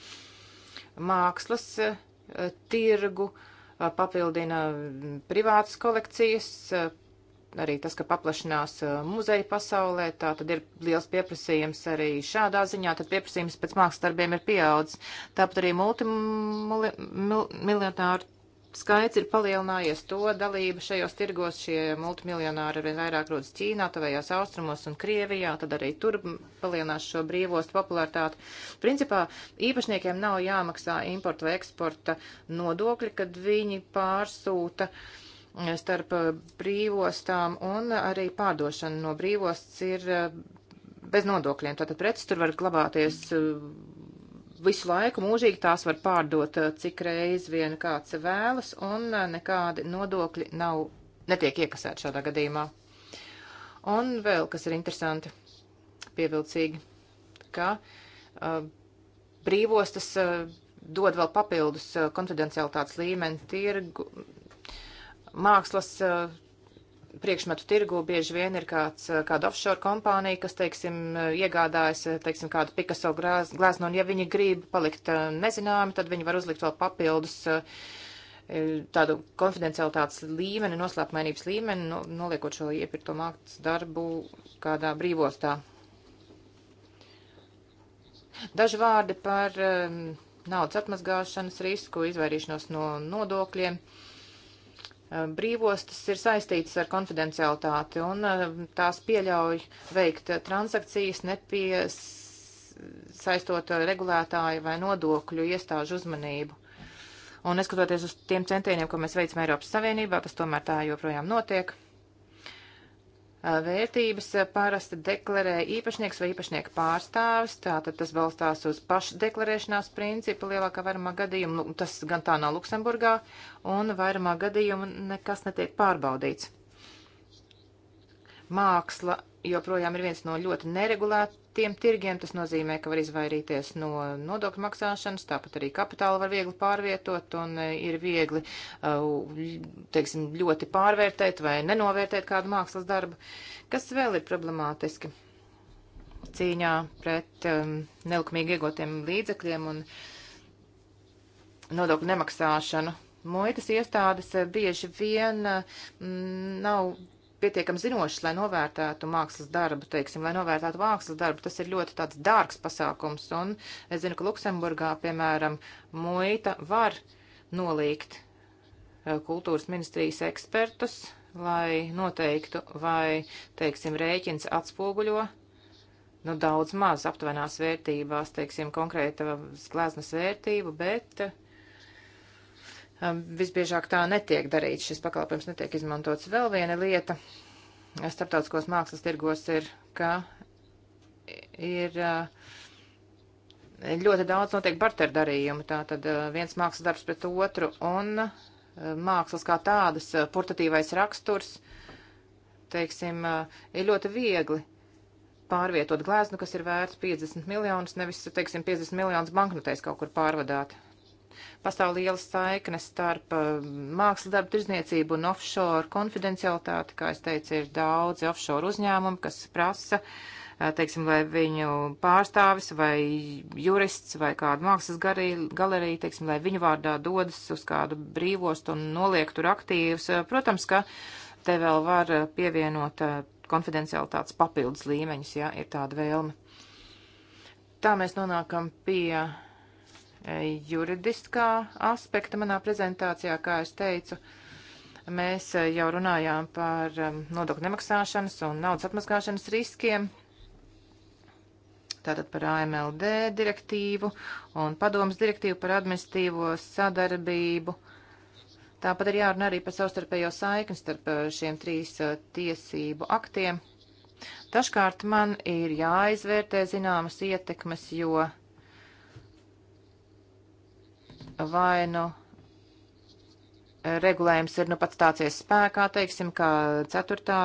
S2: mākslas tirgu, uh, papildina privātas kolekcijas, arī tas, ka paplašinās muzeja pasaulē, tā tad ir liels pieprasījums arī šādā ziņā, tad pieprasījums pēc mākslas darbiem ir pieaudzis. Tāpat arī multimiljonāru skaits ir palielinājies to dalība šajos tirgos. Šie multimiljonāri arvien vairāk rodas Ķīnā, tuvējās austrumos un Krievijā, tad arī tur palielinās šo brīvostu popularitāti. Principā īpašniekiem nav jāmaksā importa vai eksporta nodokļi, kad viņi pārsūta eh, starp eh, brīvostām un arī pārdošana no brīvosts ir eh, bez nodokļiem. Tātad preces tur var glabāties visu laiku mūžīgi tās var pārdot, eh, cik reiz vien kāds vēlas, un eh, nekādi nodokļi nav, netiek iekasēti šādā gadījumā. Un vēl, kas ir interesanti, pievilcīgi, ka uh, brīvostas uh, dod vēl papildus uh, konfidencialitātes līmeni tirgu, mākslas uh, priekšmetu tirgu bieži vien ir kāds, eh, kāda offshore kompānija, kas, teiksim, eh, iegādājas, eh, teiksim, kādu Picasso glāznu, un ja viņi grib palikt nezināmi, tad viņi var uzlikt vēl papildus tādu konfidencialitātes līmeni, noslēpmainības līmeni, no, noliekot šo iepirkto mākslas darbu kādā brīvostā. Daži vārdi par um, naudas atmazgāšanas risku, izvairīšanos no nodokļiem. Uh, Um, brīvostas ir saistītas ar konfidencialitāti un um, tās pieļauj veikt transakcijas nepies saistot uh, regulētāju vai nodokļu iestāžu uzmanību. Un neskatoties uz tiem centieniem, ko mēs veicam Eiropas Savienībā, tas tomēr tā joprojām notiek vērtības parasti deklarē īpašnieks vai īpašnieka pārstāvis, tātad tas balstās uz pašdeklarēšanās principu lielākā vairumā gadījumu, nu, tas gan tā nav Luksemburgā, un vairumā gadījumu nekas netiek pārbaudīts. Māksla joprojām ir viens no ļoti neregulēt, citiem tirgiem. Tas nozīmē, ka var izvairīties no nodokļu maksāšanas, tāpat arī kapitālu var viegli pārvietot un e, ir viegli, e, teiksim, ļoti pārvērtēt vai nenovērtēt kādu mākslas darbu. Kas vēl ir problemātiski? Cīņā pret um, nelikumīgi iegūtiem līdzekļiem un nodokļu nemaksāšanu. Muitas iestādes bieži vien mm, nav pietiekami zinošs, lai novērtētu mākslas darbu, teiksim, lai novērtētu mākslas darbu, tas ir ļoti tāds dārgs pasākums, un es zinu, ka Luksemburgā, piemēram, muita var nolīgt eh, kultūras ministrijas ekspertus, lai noteiktu, vai, teiksim, rēķins atspoguļo nu, daudz maz aptuvenās vērtībās, teiksim, konkrēta gleznas vērtību, bet uh, Visbiežāk tā netiek darīts, šis pakalpojums netiek izmantots. Vēl viena lieta starptautiskos mākslas tirgos ir, ka ir ļoti daudz notiek barter darījumu, tā tad viens mākslas darbs pret otru un mākslas kā tādas portatīvais raksturs, teiksim, ir ļoti viegli pārvietot glēznu, kas ir vērts 50 miljonus, nevis, teiksim, 50 miljonus banknotēs kaut kur pārvadāt. Pastāv liela saikne starp eh, mākslas darbu tirzniecību un offshore konfidencialitāti. Kā es teicu, ir daudzi offshore uzņēmumi, kas prasa, eh, teiksim, lai viņu pārstāvis vai jurists vai kāda mākslas galerija, teiksim, lai viņu vārdā dodas uz kādu brīvostu un noliek tur aktīvus. Eh, protams, ka te vēl var pievienot konfidencialitātes papildus līmeņus, ja ir tāda vēlme. Tā mēs nonākam pie juridiskā aspekta manā prezentācijā, kā es teicu. Mēs jau runājām par um, nodokļu nemaksāšanas un naudas atmaskāšanas riskiem, tātad par AMLD direktīvu un padomas direktīvu par administīvo sadarbību. Tāpat ir jārunā arī par savstarpējo saikni starp uh, šiem trīs uh, tiesību aktiem. Dažkārt man ir jāizvērtē zināmas ietekmes, jo vai nu e, regulējums ir nu pats stācies spēkā, teiksim, kā ceturtā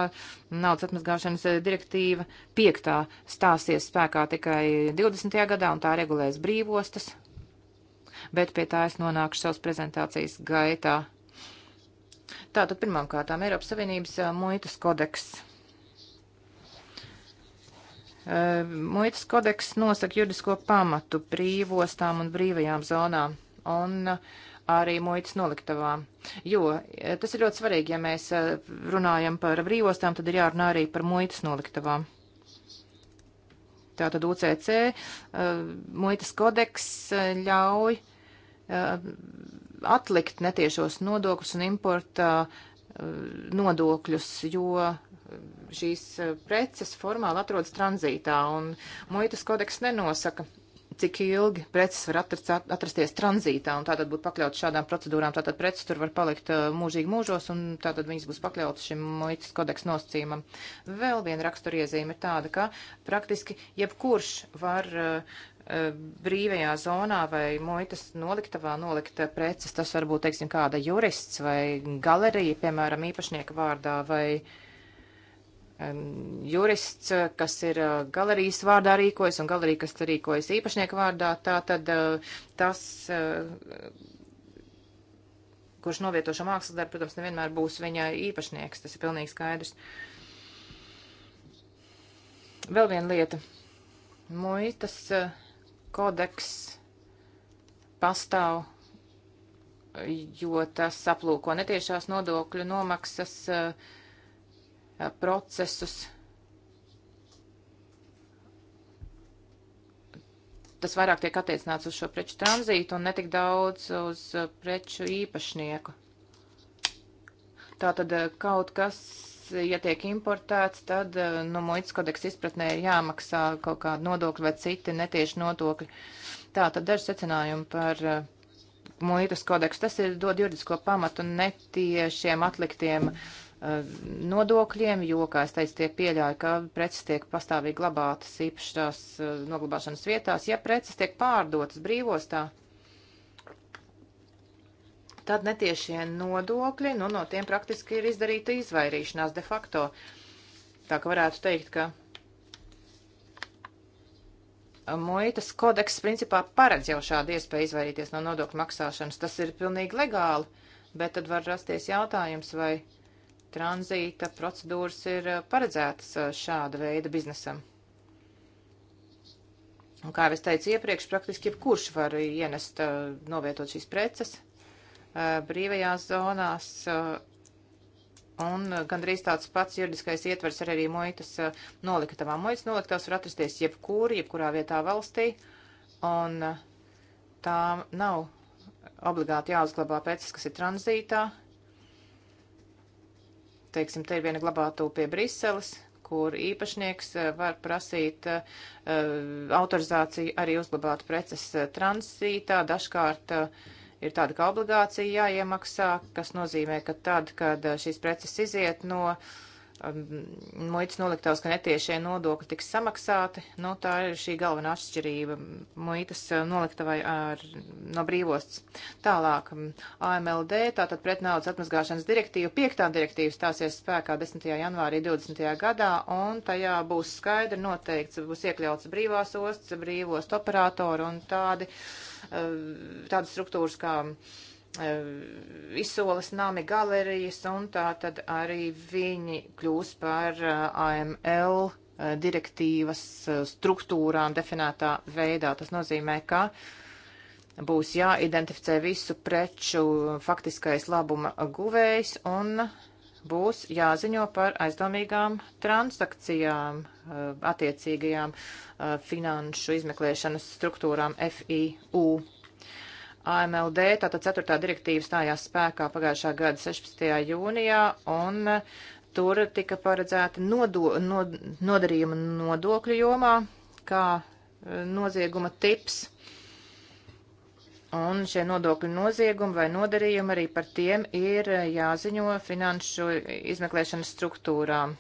S2: naudas atmazgāšanas e, direktīva, piektā stāsies spēkā tikai 20. gadā un tā regulēs brīvostas, bet pie tā es nonākšu savas prezentācijas gaitā. Tātad pirmām kārtām Eiropas Savienības e, muitas kodeks. Muitas kodeks nosaka juridisko pamatu brīvostām un brīvajām zonām un arī muitas noliktavām. Jo e, tas ir ļoti svarīgi, ja mēs e, runājam par brīvostām, tad ir jārunā arī par muitas noliktavām. Tātad UCC e, muitas kodeks ļauj atlikt netiešos nodokļus un importa nodokļus, jo šīs preces formāli atrodas tranzītā, un muitas kodeks nenosaka cik ilgi preces var atrast, atrasties tranzītā un tātad būt pakļauts šādām procedūrām. Tātad preces tur var palikt uh, mūžīgi mūžos un tātad viņas būs pakļautas šim muitas kodeks nosacījumam. Vēl viena raksturiezīme ir tāda, ka praktiski jebkurš var uh, uh brīvajā zonā vai muitas noliktavā nolikt uh, preces. Tas var būt, teiksim, kāda jurists vai galerija, piemēram, īpašnieka vārdā vai uh, jurists, eh, kas ir eh, galerijas vārdā rīkojas un galerija, kas rīkojas īpašnieku vārdā, tā tad eh, tas, kurš novieto šo mākslas darbu, protams, nevienmēr būs viņa īpašnieks, tas ir pilnīgi skaidrs. Vēl viena lieta. Muitas kodeks pastāv jo tas aplūko netiešās nodokļu nomaksas uh, Eh, procesus. Tas vairāk tiek attiecināts uz šo preču tranzītu un netik daudz uz eh, preču īpašnieku. Tātad eh, kaut kas, ja tiek importēts, tad nu, muitas kodeks izpratnē ir jāmaksā kaut kāda nodokļa vai citi netieši nodokļi. Tātad daži secinājumi par muitas kodeksu. Tas ir dod juridisko pamatu netiešiem atliktiem uh, nodokļiem, jo, kā es teicu, tie pieļauj, ka preces tiek pastāvīgi glabātas īpašās eh, noglabāšanas vietās. Ja preces tiek pārdotas brīvostā, tad netiešie nodokļi, nu, no tiem praktiski ir izdarīta izvairīšanās de facto. Tā ka varētu teikt, ka muitas kodeks principā paredz jau šādu iespēju izvairīties no nodokļu maksāšanas. Tas ir pilnīgi legāli, bet tad var rasties jautājums, vai tranzīta procedūras ir eh, paredzētas eh, šāda veida biznesam. Un, kā jau es teicu iepriekš, praktiski jebkurš var ienest, eh, novietot šīs preces brīvajās zonās. Un gandrīz tāds pats juridiskais ietvers ir arī muitas noliktavā. Muitas noliktavas var atrasties jebkur, jebkurā vietā valstī, un tām nav obligāti jāuzglabā preces, kas ir tranzītā, teiksim, te ir viena glabātuva pie Briseles, kur īpašnieks eh, var prasīt uh, autorizāciju arī uzglabāt preces eh, transītā. Dažkārt uh, ir tāda kā obligācija jāiemaksā, kas nozīmē, ka tad, kad šīs preces iziet no uh, muitas noliktavas, ka netiešie nodokļi tiks samaksāti. Nu, tā ir šī galvenā atšķirība muitas eh, noliktavai ar, no brīvosts. Tālāk, AMLD, tātad pretnaudas atmazgāšanas direktīva, piektā direktīva stāsies spēkā 10. janvārī 20. gadā, un tajā būs skaidri noteikts, būs iekļauts brīvās ostas, brīvost operātori un tādi, eh, tādas struktūras kā. Uh, Eh, izsoles nami galerijas, un tā tad arī viņi kļūs par eh, AML eh, direktīvas struktūrām definētā veidā. Tas nozīmē, ka būs jāidentificē visu preču faktiskais labuma guvējs un būs jāziņo par aizdomīgām transakcijām attiecīgajām finanšu izmeklēšanas struktūrām FIU. AMLD, tātad 4. direktīva stājās spēkā pagājušā gada 16. jūnijā, un tur tika paredzēta nodo, nod, nodarījuma nodokļu jomā kā e, nozieguma tips. Un šie nodokļu noziegumi vai nodarījumi arī par tiem ir e, jāziņo finanšu izmeklēšanas struktūrām.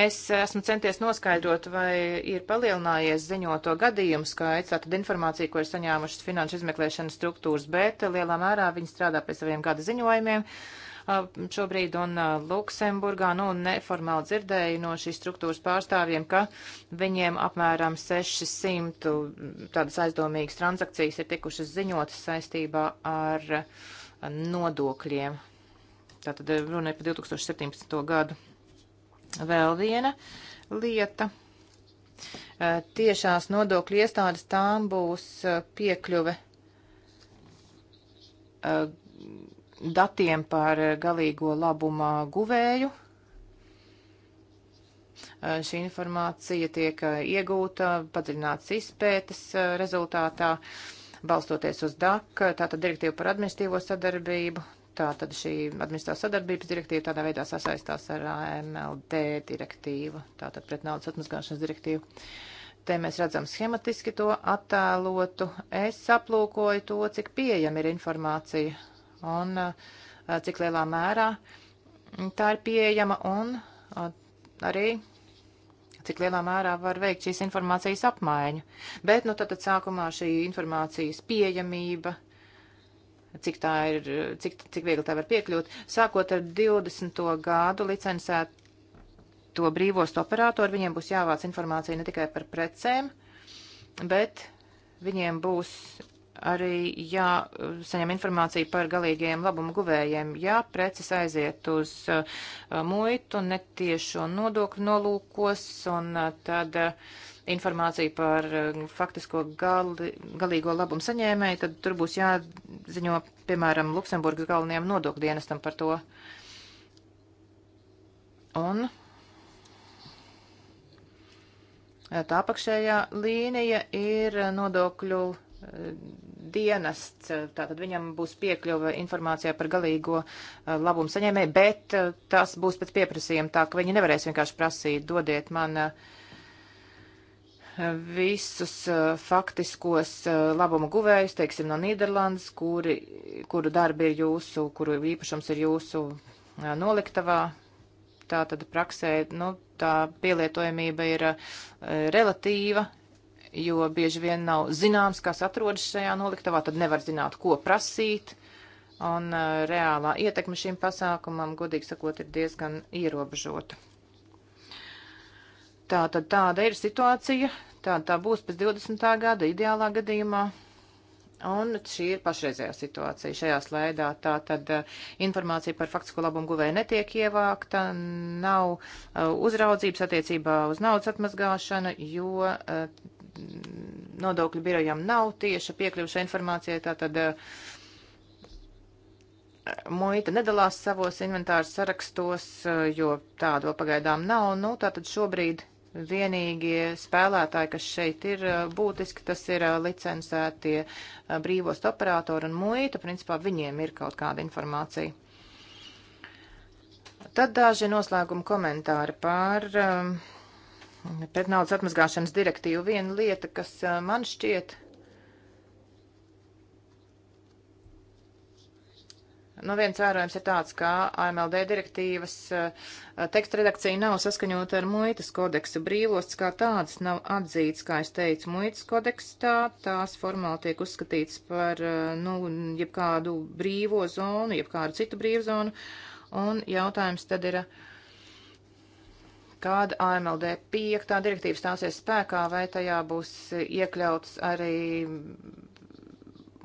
S2: Es esmu centies noskaidrot, vai ir palielinājies ziņoto gadījumu skaits, tātad informācija, ko ir saņēmušas finanšu izmeklēšanas struktūras, bet lielā mērā viņi strādā pie saviem gada ziņojumiem. Šobrīd un Luksemburgā, nu, neformāli dzirdēju no šīs struktūras pārstāvjiem, ka viņiem apmēram 600 tādas aizdomīgas transakcijas ir tikušas ziņotas saistībā ar nodokļiem. Tātad e, runa ir par 2017. gadu. Vēl viena lieta. Eh, tiešās nodokļu iestādes tām būs eh, piekļuve eh, datiem par galīgo labuma guvēju. Šī informācija tiek iegūta padziļināts izpētes rezultātā, balstoties uz DAK, tātad direktīvu par administīvo sadarbību. Tā tad šī administrācijas sadarbības direktīva tādā veidā sasaistās ar AMLD direktīvu, tātad pret naudas atmazgāšanas direktīvu. Te mēs redzam schematiski to attēlotu. Es aplūkoju to, cik pieejama ir informācija un cik lielā mērā tā ir pieejama un arī cik lielā mērā var veikt šīs informācijas apmaiņu. Bet, nu, tad, tad sākumā šī informācijas pieejamība cik, tā ir, cik, cik viegli tā var piekļūt. Sākot ar 20. gadu licencēt to brīvostu operatoru, viņiem būs jāvāc informācija ne tikai par precēm, bet viņiem būs arī jāsaņem informācija par galīgajiem labumu guvējiem. Ja preces aiziet uz uh, muitu netiešo nodokļu nolūkos, un uh, tad uh, informāciju par eh, faktisko gali, galīgo labumu saņēmēju, tad tur būs jāziņo, piemēram, Luksemburgas galvenajam nodokdienestam par to. Un eh, tā apakšējā līnija ir nodokļu eh, dienests, tātad viņam būs piekļuva informācijā par galīgo labumu saņēmēju, bet tas būs pēc pieprasījuma, tā ka viņi nevarēs vienkārši prasīt, dodiet man uh, visus uh, faktiskos uh, eh, labuma guvējus, teiksim, no Nīderlandes, kuri, kuru darbi ir jūsu, kuru īpašums ir jūsu uh, noliktavā. Tā tad praksē, nu, tā pielietojamība ir relatīva, jo bieži vien nav zināms, kas atrodas šajā noliktavā, tad nevar zināt, ko prasīt. Un reālā ietekme šim pasākumam, godīgi sakot, ir diezgan ierobežota. Tā tad tāda ir situācija, tā, tā būs pēc 20. gada ideālā gadījumā. Un šī ir pašreizējā situācija šajā slaidā. Tā tad eh, informācija par faktisko labumu guvēju netiek ievākta, nav eh, uzraudzības attiecībā uz naudas atmazgāšanu, jo eh, nodokļu birojām nav tieša piekļuvuša informācija. Tā tad muita nedalās savos inventāru sarakstos, jo tādu pagaidām nav. Nu, tā tad šobrīd Vienīgie spēlētāji, kas šeit ir uh, būtiski, tas ir uh, licencētie uh, brīvost operatori un muita. Principā viņiem ir kaut kāda informācija. Tad daži noslēguma komentāri par um, pretnaudas atmazgāšanas direktīvu. Viena lieta, kas man šķiet Nu, viens vērojums ir tāds, ka AMLD direktīvas eh, teksta redakcija nav saskaņota ar muitas kodeksu. Brīvosts kā tāds nav atzīts, kā es teicu, muitas kodekstā. Tās formāli tiek uzskatīts par, eh, nu, jebkādu brīvo zonu, jebkādu citu brīvu zonu. Un jautājums tad ir kāda AMLD 5. direktīva stāsies spēkā, vai tajā būs iekļauts arī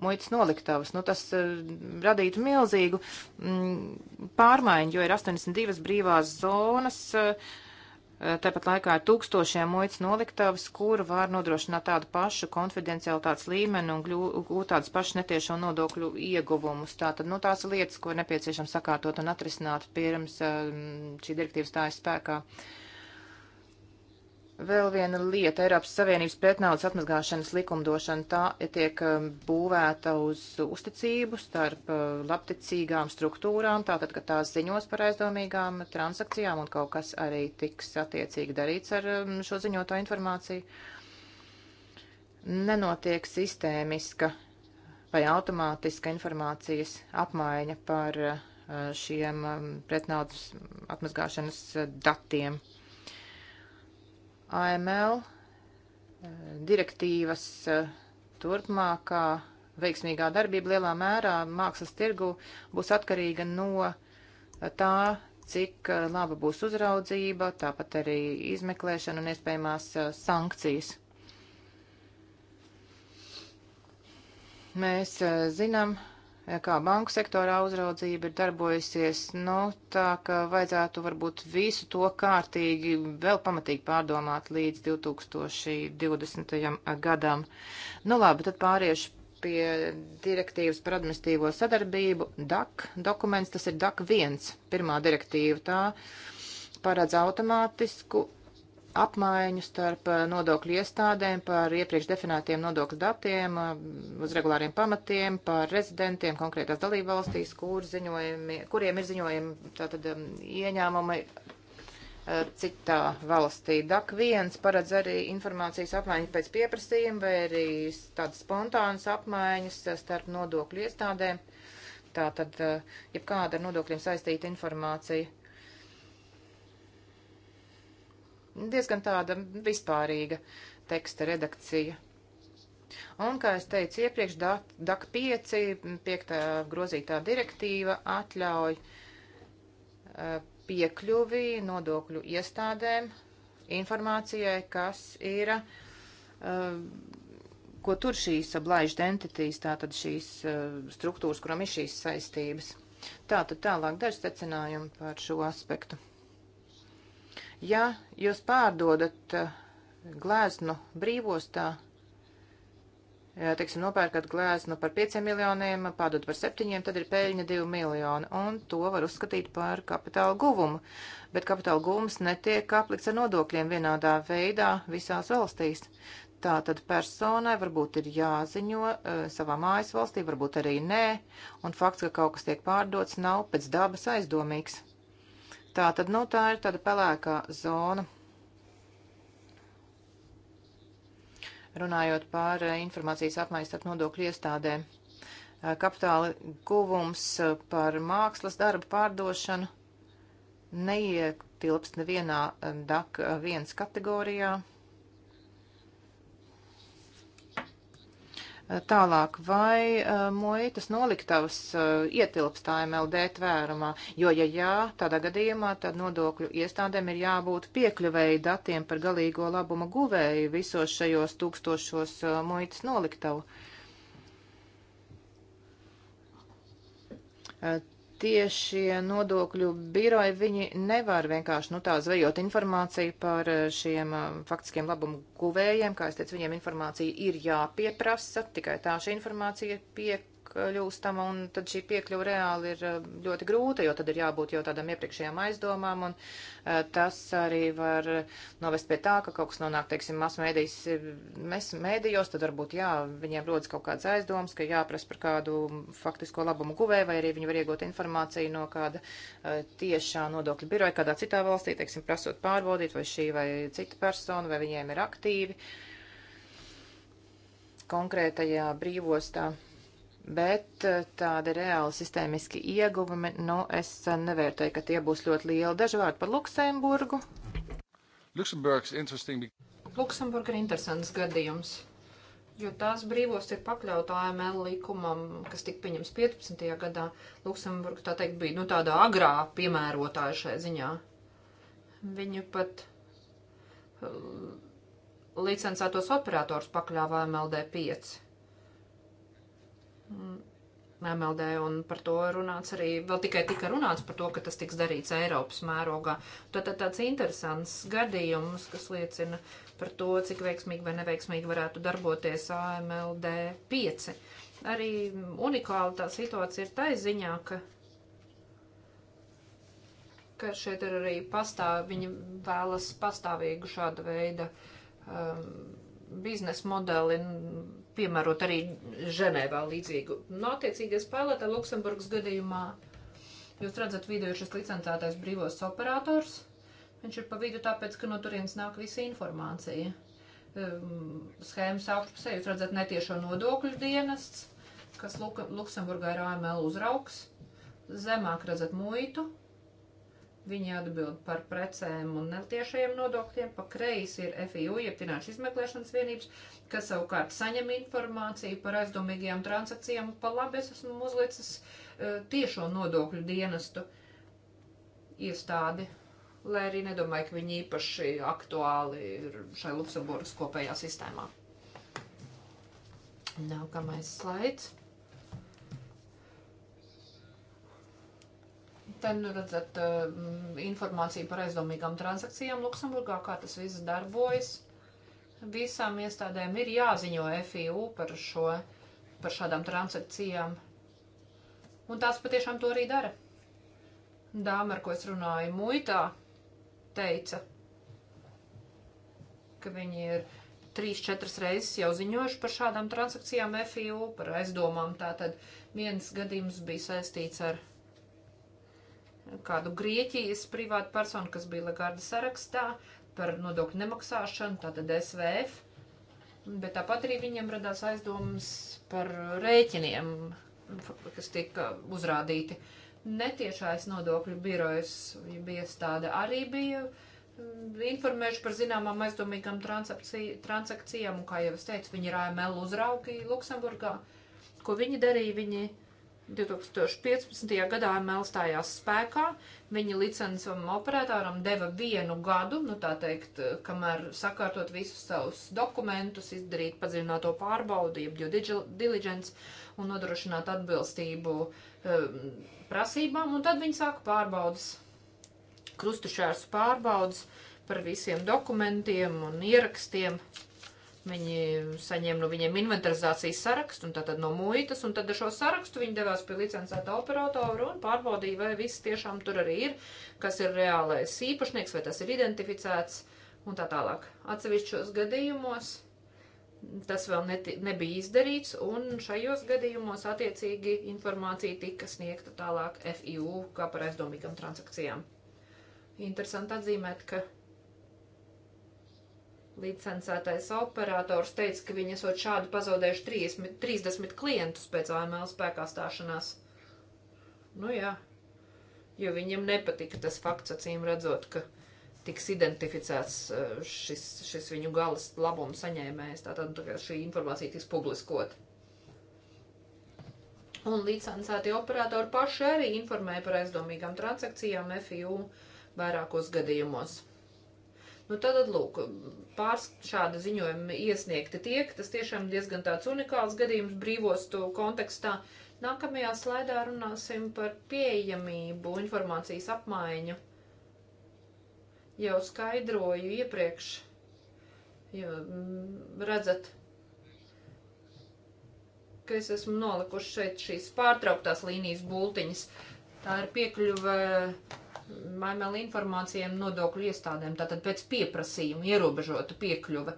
S2: muitas noliktavas. Nu, tas eh, radītu milzīgu mm, pārmaiņu, jo ir 82 brīvās zonas. Eh, tāpat laikā ir tūkstošiem muitas noliktavas, kuru var nodrošināt tādu pašu konfidencialitātes līmeni un gūt tādus pašus netiešo nodokļu ieguvumus. Tātad, nu, tās ir lietas, ko nepieciešams sakārtot un atrisināt pirms eh, šī direktīva stājas spēkā. Uh, Vēl viena lieta - Eiropas Savienības pretnaudas atmazgāšanas likumdošana. Tā tiek um, būvēta uz uzticību starp uh, labticīgām struktūrām, tātad, ka tās ziņos par aizdomīgām transakcijām un kaut kas arī tiks attiecīgi darīts ar um, šo ziņoto informāciju. Nenotiek sistēmiska vai automātiska informācijas apmaiņa par uh, šiem um, pretnaudas atmazgāšanas datiem. AML eh, direktīvas eh, turpmākā veiksmīgā darbība lielā mērā mākslas tirgu būs atkarīga no eh, tā, cik laba būs uzraudzība, tāpat arī izmeklēšana un iespējamās sankcijas. Mēs zinām, kā banku sektorā uzraudzība ir darbojusies, nu, tā ka vajadzētu varbūt visu to kārtīgi vēl pamatīgi pārdomāt līdz 2020. gadam. Nu, labi, tad pāriešu pie direktīvas par administīvo sadarbību, DAC dokuments, tas ir DAC 1, pirmā direktīva, tā paredz automātisku apmaiņu starp eh, nodokļu iestādēm par iepriekš definētiem nodokļu datiem eh, uz regulāriem pamatiem, par rezidentiem konkrētās dalībvalstīs, kur kuriem ir ziņojumi tātad ieņēmumi eh, citā valstī. DAK 1 paredz arī informācijas apmaiņu pēc pieprasījuma vai arī tādas spontānas apmaiņas starp nodokļu iestādēm. Tātad, ja kāda ar nodokļiem saistīta informācija diezgan tāda vispārīga teksta redakcija. Un, kā es teicu iepriekš, DAC 5, 5. grozītā direktīva atļauj eh, piekļuvi nodokļu iestādēm informācijai, kas ir, eh, ko tur šīs blaižd entitīs, tātad šīs eh, struktūras, kuram ir šīs saistības. Tātad tālāk daži secinājumi par šo aspektu. Ja jūs pārdodat eh, glēznu brīvostā, teiksim, nopērkat glēznu par 5 miljoniem, pārdot par 7, tad ir peļņa 2 miljoni, un to var uzskatīt par kapitāla guvumu. Bet kapitāla guvums netiek aplikts ar nodokļiem vienādā veidā visās valstīs. Tātad personai varbūt ir jāziņo uh, savā mājas valstī, varbūt arī nē, un fakts, ka kaut kas tiek pārdots, nav pēc dabas aizdomīgs. Tā tad, nu, tā ir tāda pelēkā zona. Runājot par eh, informācijas apmaiņu starp nodokļu iestādēm, eh, kapitāla guvums eh, par mākslas darbu pārdošanu neietilpst nevienā DAC 1 kategorijā. Tālāk, vai uh, muitas noliktavas uh, ietilpst AMLD tvērumā? Jo, ja jā, tādā gadījumā tad nodokļu iestādēm ir jābūt piekļuvēji datiem par galīgo labuma guvēju visos šajos tūkstošos uh, muitas noliktavu. Uh, tiešie nodokļu biroji, viņi nevar vienkārši, nu tā, zvejot informāciju par eh, šiem eh, faktiskiem labumu guvējiem. Kā es teicu, viņiem informācija ir jāpieprasa, tikai tā šī informācija ir pie, piekļūstama, un tad šī piekļuva reāli ir eh, ļoti grūta, jo tad ir jābūt jau tādam iepriekšējām aizdomām, un eh, tas arī var novest pie tā, ka kaut kas nonāk, teiksim, masmēdījos, eh, mēdījos, tad varbūt jā, viņiem rodas kaut kādas aizdomas, ka jāprasa par kādu faktisko labumu guvēju, vai arī viņi var iegūt informāciju no kāda tiešā nodokļa biroja kādā citā valstī, teiksim, prasot pārbaudīt, vai šī vai cita persona, vai viņiem ir aktīvi konkrētajā brīvostā bet eh, tādi reāli sistēmiski ieguvumi, nu, es eh, nevērtēju, ka tie būs ļoti lieli. Daži vārdi par Luksemburgu.
S1: Luksemburga ir interesants gadījums, jo tās brīvos ir pakļauta AML likumam, kas tika pieņems 15. gadā. Luksemburga, tā teikt, bija, nu, tādā agrā piemērotāja šai ziņā. Viņu pat eh, licencētos operators pakļāva MLD 5. MLD, un par to runāts arī, vēl tikai tika runāts par to, ka tas tiks darīts Eiropas mērogā. Tad tā, tāds interesants gadījums, kas liecina par to, cik veiksmīgi vai neveiksmīgi varētu darboties AMLD 5. Arī unikāla tā situācija ir tai ziņā, ka ka šeit ir arī pastāv, viņi vēlas pastāvīgu šāda veida um, biznesa modeli piemērot arī Ženēvā līdzīgu. No nu, attiecīgais spēlētā Luksemburgas gadījumā jūs redzat video ir šis licencētais brīvos operators. Viņš ir pa vidu tāpēc, ka no turienes nāk visa informācija. Um, schēmas apusē jūs redzat netiešo nodokļu dienests, kas Luk Luksemburgā ir AML uzrauks. Zemāk redzat muitu, Viņi atbild par precēm un netiešajiem nodokļiem. Pa kreisi ir FIU, jeb finanšu izmeklēšanas vienības, kas savukārt saņem informāciju par aizdomīgajām transakcijām. Pa labi es esmu uzlicis uh, tiešo nodokļu dienestu iestādi, lai arī nedomāju, ka viņi īpaši aktuāli ir šai Luksemburgas kopējā sistēmā. Nākamais slaids. Te nu redzat mm, informāciju par aizdomīgām transakcijām Luksemburgā, kā tas viss darbojas. Visām iestādēm ir jāziņo FIU par šo, par šādām transakcijām. Un tās patiešām to arī dara. Dāma, ar ko es runāju muitā, teica, ka viņi ir trīs, četras reizes jau ziņojuši par šādām transakcijām FIU, par aizdomām. Tātad viens gadījums bija saistīts ar kādu Grieķijas privātu personu, kas bija Lagarda sarakstā par nodokļu nemaksāšanu, tātad SVF. Bet tāpat arī viņiem radās aizdomas par rēķiniem, kas tika uzrādīti. Netiešais nodokļu birojas iestāde arī bija mm, informējuši par zināmām aizdomīgām transakcijām, un, kā jau es teicu, viņi ir AML uzraugi Luksemburgā. Ko viņi darīja? Viņi 2015. gadā ML stājās spēkā, viņa licencam operatoram deva vienu gadu, nu tā teikt, kamēr sakārtot visus savus dokumentus, izdarīt padziļināto pārbaudi, jeb due diligence un nodrošināt atbilstību um, prasībām, un tad viņi sāka pārbaudas, krustušērs pārbaudas par visiem dokumentiem un ierakstiem. Viņi saņēma no viņiem inventarizācijas sarakstu, un tātad no muitas, un tad ar šo sarakstu viņi devās pie licencēta operatora un pārbaudīja, vai viss tiešām tur arī ir, kas ir reālais īpašnieks, vai tas ir identificēts, un tā tālāk. Atsevišķos gadījumos tas vēl neti, nebija izdarīts, un šajos gadījumos attiecīgi informācija tika sniegta tālāk FIU kā par aizdomīgām transakcijām. Interesanti atzīmēt, ka licencētais operators teica, ka viņi esot šādi pazaudējuši 30, 30 klientus pēc AML spēkā stāšanās. Nu jā, jo viņiem nepatika tas fakts, acīm redzot, ka tiks identificēts eh, šis, šis viņu galas labuma saņēmējs. Tātad nu, tā šī informācija tiks publiskot. Un licencēti operatori paši arī informēja par aizdomīgām transakcijām FIU vairākos gadījumos. Nu, tad, lūk, pāris šādi ziņojumi iesniegti tiek. Tas tiešām diezgan tāds unikāls gadījums brīvostu kontekstā. Nākamajā slaidā runāsim par pieejamību, informācijas apmaiņu. Jau skaidroju iepriekš, jo mm, redzat, ka es esmu nolikuši šeit šīs pārtrauktās līnijas būtiņas. Tā ir piekļuve mail informācijām nodokļu iestādēm, tātad pēc pieprasījuma ierobežotu piekļuve.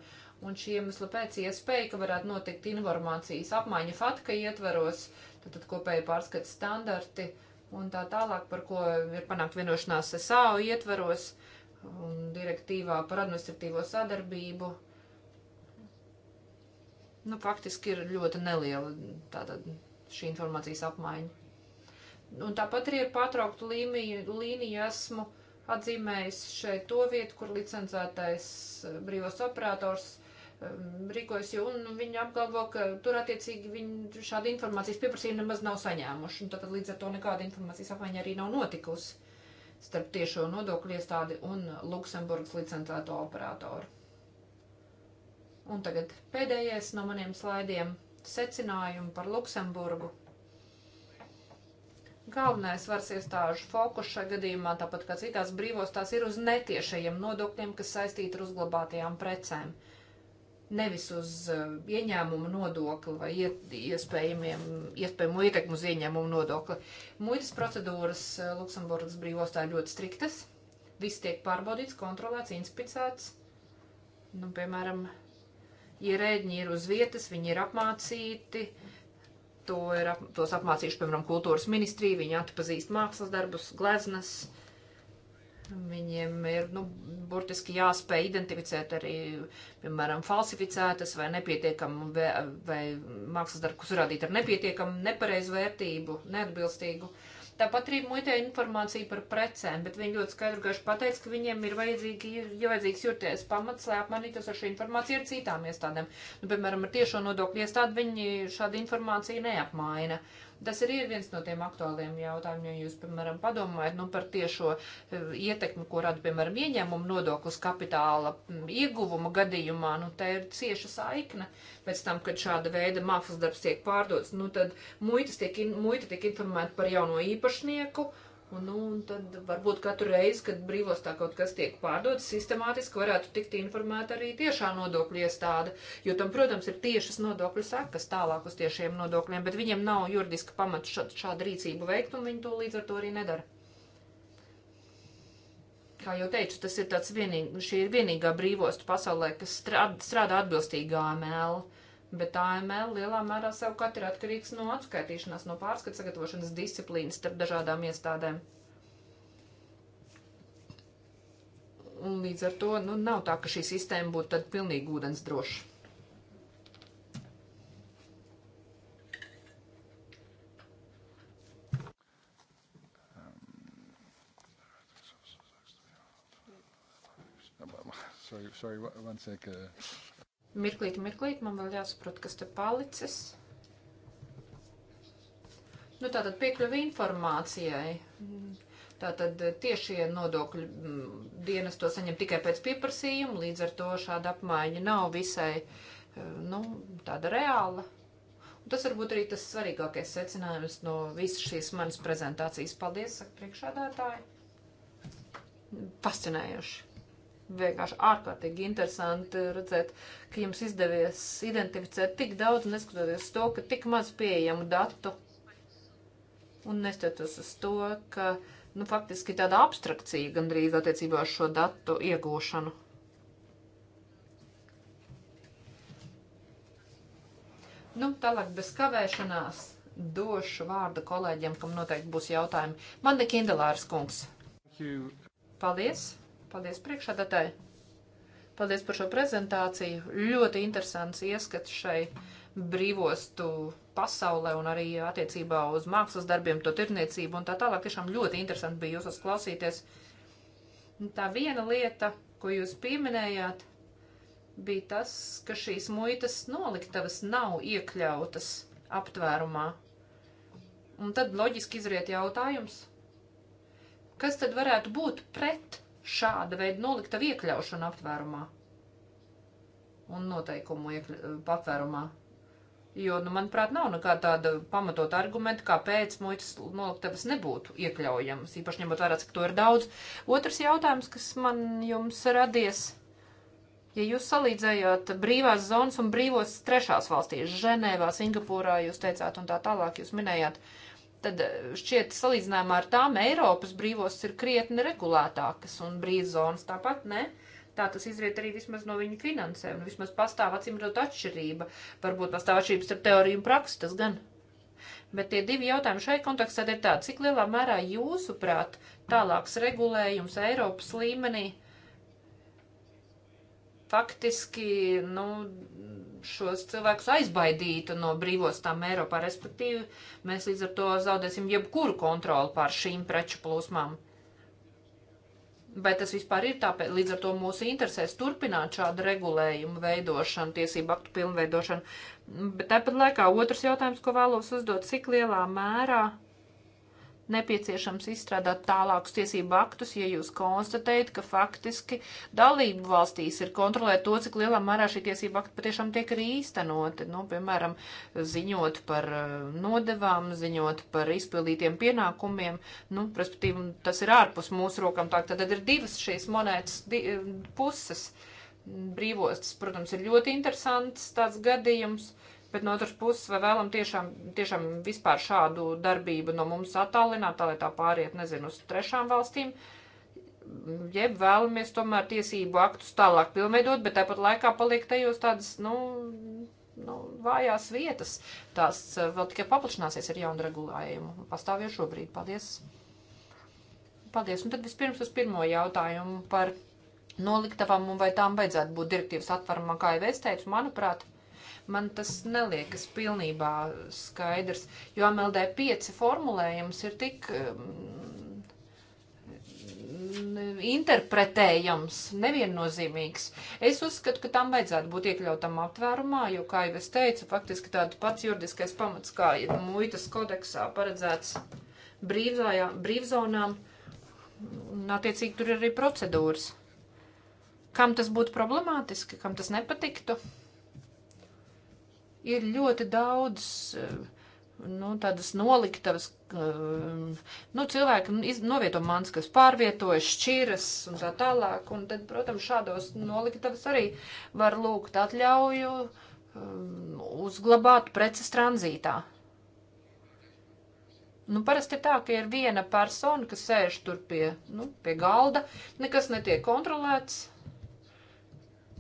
S1: Un šī iemesla pēc iespēja, ka varētu notikt informācijas apmaiņa fatka ietveros, tātad kopēji pārskata standarti un tā tālāk, par ko ir panākt vienošanās SAO ietveros un direktīvā par administratīvo sadarbību. Nu, faktiski ir ļoti neliela tātad šī informācijas apmaiņa. Un tāpat arī ar pārtrauktu līniju, līniju esmu atzīmējis šeit to vietu, kur licencētais eh, brīvos operators ehm, rīkojas, un viņi apgalvo, ka tur attiecīgi viņi šādu informācijas pieprasījumu nemaz nav saņēmuši, un tad līdz ar to nekāda informācijas apmaiņa arī nav notikusi starp tiešo nodokļu iestādi un Luksemburgas licencēto operatoru. Un tagad pēdējais no maniem slaidiem - secinājumi par Luksemburgu. Galvenais varas iestāžu fokus šajā gadījumā, tāpat kā citās brīvos, tās ir uz netiešajiem nodokļiem, kas saistīti ar uzglabātajām precēm. Nevis uz eh, ieņēmumu nodokli vai iespējamo ietekmu uz ieņēmumu nodokli. Muitas procedūras eh, Luksemburgas brīvos tā ir ļoti striktas. Viss tiek pārbaudīts, kontrolēts, inspicēts. Nu, piemēram, ierēģi ir uz vietas, viņi ir apmācīti. Uh, to ir, ap, tos apmācījuši, piemēram, kultūras ministrija, viņi atpazīst mākslas darbus, gleznas. Viņiem ir, nu, burtiski jāspēj identificēt arī, piemēram, falsificētas vai nepietiekam, vai, vai mākslas darbus radīt ar nepietiekam, nepareizu vērtību, neatbilstīgu. Uh, Tāpat arī muitē informācija par precēm, bet viņi ļoti skaidri gaiši pateica, ka viņiem ir vajadzīgi, ir vajadzīgs jūties pamats, lai apmanītos ar šo informāciju ar citām iestādēm. Nu, piemēram, ar tiešo nodokļu iestādi viņi šādu informāciju neapmaina. Uh, Tas arī ir viens no tiem aktuāliem jautājumiem, ja jūs, piemēram, padomājat nu, par tiešo e, ietekmi, ko rada, piemēram, ieņēmuma nodoklis kapitāla ieguvuma gadījumā. Nu, tā ir cieša saikne pēc tam, kad šāda veida mākslas darbs tiek pārdots. Nu, tad muitas tiek, muita tiek informēta par jauno īpašnieku. Uh, Un, nu, un tad varbūt katru reizi, kad brīvos tā kaut kas tiek pārdots, sistemātiski varētu tikt informēta arī tiešā nodokļu iestāde, jo tam, protams, ir tiešas nodokļu sekas tālāk uz tiešiem nodokļiem, bet viņiem nav juridiska pamata šādu, šādu rīcību veikt, un viņi to līdz ar to arī nedara. Kā jau teicu, tas ir tāds vienīg, šī ir vienīgā brīvosta pasaulē, kas strādā, strādā atbilstīgā mēlā bet AML lielā mērā savukārt ir atkarīgs no atskaitīšanās, no pārskatu sagatavošanas disciplīnas starp dažādām iestādēm. Un līdz ar to nu, nav tā, ka šī sistēma būtu tad pilnīgi ūdens droša.
S2: Um, sorry, sorry, one sec. Uh,
S1: Mirklīt, mirklīt, man vēl jāsaprot, kas te palicis. Nu, tātad piekļuvi informācijai. Tātad tiešie nodokļu mm, dienas to saņem tikai pēc pieprasījuma, līdz ar to šāda apmaiņa nav visai, eh, nu, tāda reāla. Un tas varbūt arī tas svarīgākais secinājums no visas šīs manas prezentācijas. Paldies, saka priekšādātāji. Fascinējoši vienkārši ārkārtīgi interesanti redzēt, ka jums izdevies identificēt tik daudz, neskatoties to, ka tik maz pieejamu datu. Un neskatoties uz to, ka, nu, faktiski tāda abstrakcija gandrīz attiecībā uz šo datu iegūšanu. Nu, tālāk bez kavēšanās došu vārdu kolēģiem, kam noteikti būs jautājumi. Man ir Kindelārs kungs. Paldies! Paldies priekšādātāji. Paldies par šo prezentāciju. Ļoti interesants ieskats šai brīvostu pasaulē un arī attiecībā uz mākslas darbiem, to tirniecību un tā tālāk. Tiešām ļoti interesanti bija jūs klausīties. Tā viena lieta, ko jūs pieminējāt, bija tas, ka šīs muitas noliktavas nav iekļautas aptvērumā. Un tad loģiski izriet jautājums, kas tad varētu būt pret šāda veida noliktava iekļaušana aptvērumā un noteikumu patvērumā. Jo, nu, manuprāt, nav nekāda tāda pamatot argumenta, kāpēc muitas noliktavas nebūtu iekļaujamas, īpaši ņemot vērā, cik to ir daudz. Otrs jautājums, kas man jums radies, ja jūs salīdzējāt brīvās zonas un brīvos trešās valstīs, Ženēvā, Singapūrā, jūs teicāt un tā tālāk, jūs minējāt, uh, tad eh, šķiet salīdzinājumā ar tām Eiropas brīvos ir krietni regulētākas un brīvzonas tāpat, ne? Tā tas izriet arī vismaz no viņu finansēm, un vismaz pastāv acīmrot atšķirība. Varbūt pastāv atšķirības starp teoriju un praksi, tas gan. Bet tie divi jautājumi šai kontekstā ir tādi, cik lielā mērā jūsuprāt tālāks regulējums Eiropas līmenī faktiski nu, šos cilvēkus aizbaidītu no brīvostām Eiropā, respektīvi mēs līdz ar to zaudēsim jebkuru kontroli pār šīm preču plūsmām. Vai tas vispār ir tāpēc, līdz ar to mūsu interesēs turpināt šādu regulējumu veidošanu, tiesību aktu pilnveidošanu? Bet tāpat laikā otrs jautājums, ko vēlos uzdot, cik lielā mērā uh, nepieciešams izstrādāt tālākus tiesību aktus, ja jūs konstatējat, ka faktiski dalību valstīs ir kontrolēt to, cik lielā mērā šī tiesība akta patiešām tiek arī īstenoti. Nu, piemēram, ziņot par eh, nodevām, ziņot par izpildītiem pienākumiem, nu, respektīvi, tas ir ārpus mūsu rokām. Tā tad ir divas šīs monētas di eh, puses. Brīvostas, protams, ir ļoti interesants tāds gadījums. Uh, bet no otras puses, vai vēlam tiešām, tiešām vispār šādu darbību no mums attālināt, tā lai tā pāriet, nezinu, uz trešām valstīm, jeb vēlamies tomēr tiesību aktus tālāk pilnveidot, bet tāpat laikā paliek tajos tādas, nu, nu vājās vietas, tās eh, vēl tikai paplašināsies ar jaunu regulējumu, pastāv jau šobrīd. Paldies! Paldies! Un tad vispirms uz pirmo jautājumu par noliktavām un vai tām vajadzētu būt direktīvas atvarumā, kā jau es teicu, manuprāt, man tas neliekas pilnībā skaidrs, jo MLD5 formulējums ir tik mm, interpretējams, neviennozīmīgs. Es uzskatu, ka tam vajadzētu būt iekļautam aptvērumā, jo, kā jau es teicu, faktiski tāds pats juridiskais pamats, kā ir muitas kodeksā paredzēts brīvzājā, brīvzonām, un attiecīgi tur ir arī procedūras. Kam tas būtu problemātiski, kam tas nepatiktu? ir ļoti daudz eh, nu, tādas noliktavas, eh, nu, cilvēki nu, novieto mans, kas pārvietojas, šķiras un tā tālāk. Un tad, protams, šādos noliktavas arī var lūgt atļauju um, uzglabāt preces tranzītā. Nu, parasti ir tā, ka ir viena persona, kas sēž tur pie, nu, pie galda, nekas netiek kontrolēts,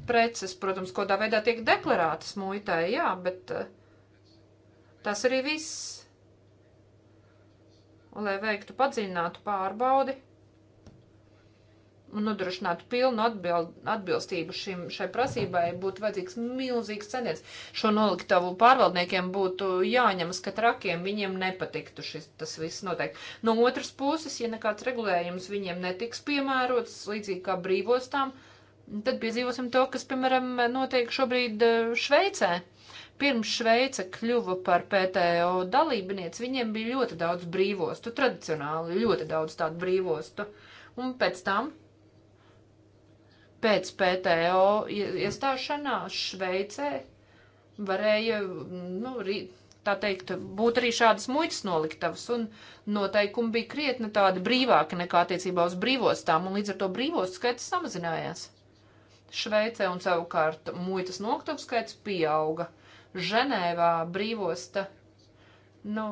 S1: preces, protams, kādā veidā tiek deklarētas muitē, jā, bet eh, tas arī viss. Un, lai veiktu padziļinātu pārbaudi un nodrošinātu pilnu atbild, atbilstību šim, šai prasībai, būtu vajadzīgs milzīgs ceniets. Šo noliktavu pārvaldniekiem būtu jāņemas, ka trakiem viņiem nepatiktu šis, tas viss noteikti. No otras puses, ja nekāds regulējums viņiem netiks piemērots, līdzīgi kā brīvostām, tām, tad piedzīvosim to, kas, piemēram, notiek šobrīd eh, Šveicē. Pirms Šveice kļuva par PTO dalībnieci, viņiem bija ļoti daudz brīvostu, tradicionāli ļoti daudz tādu brīvostu. Un pēc tam, pēc PTO iestāšanās Šveicē, varēja, nu, tā teikt, būt arī šādas muitas noliktavas, un noteikumi bija krietni tādi brīvāki nekā attiecībā uz brīvostām, un līdz ar to brīvostu skaits samazinājās. Šveicē un savukārt muitas nokļuvu skaits pieauga. Ženēvā brīvosta nu,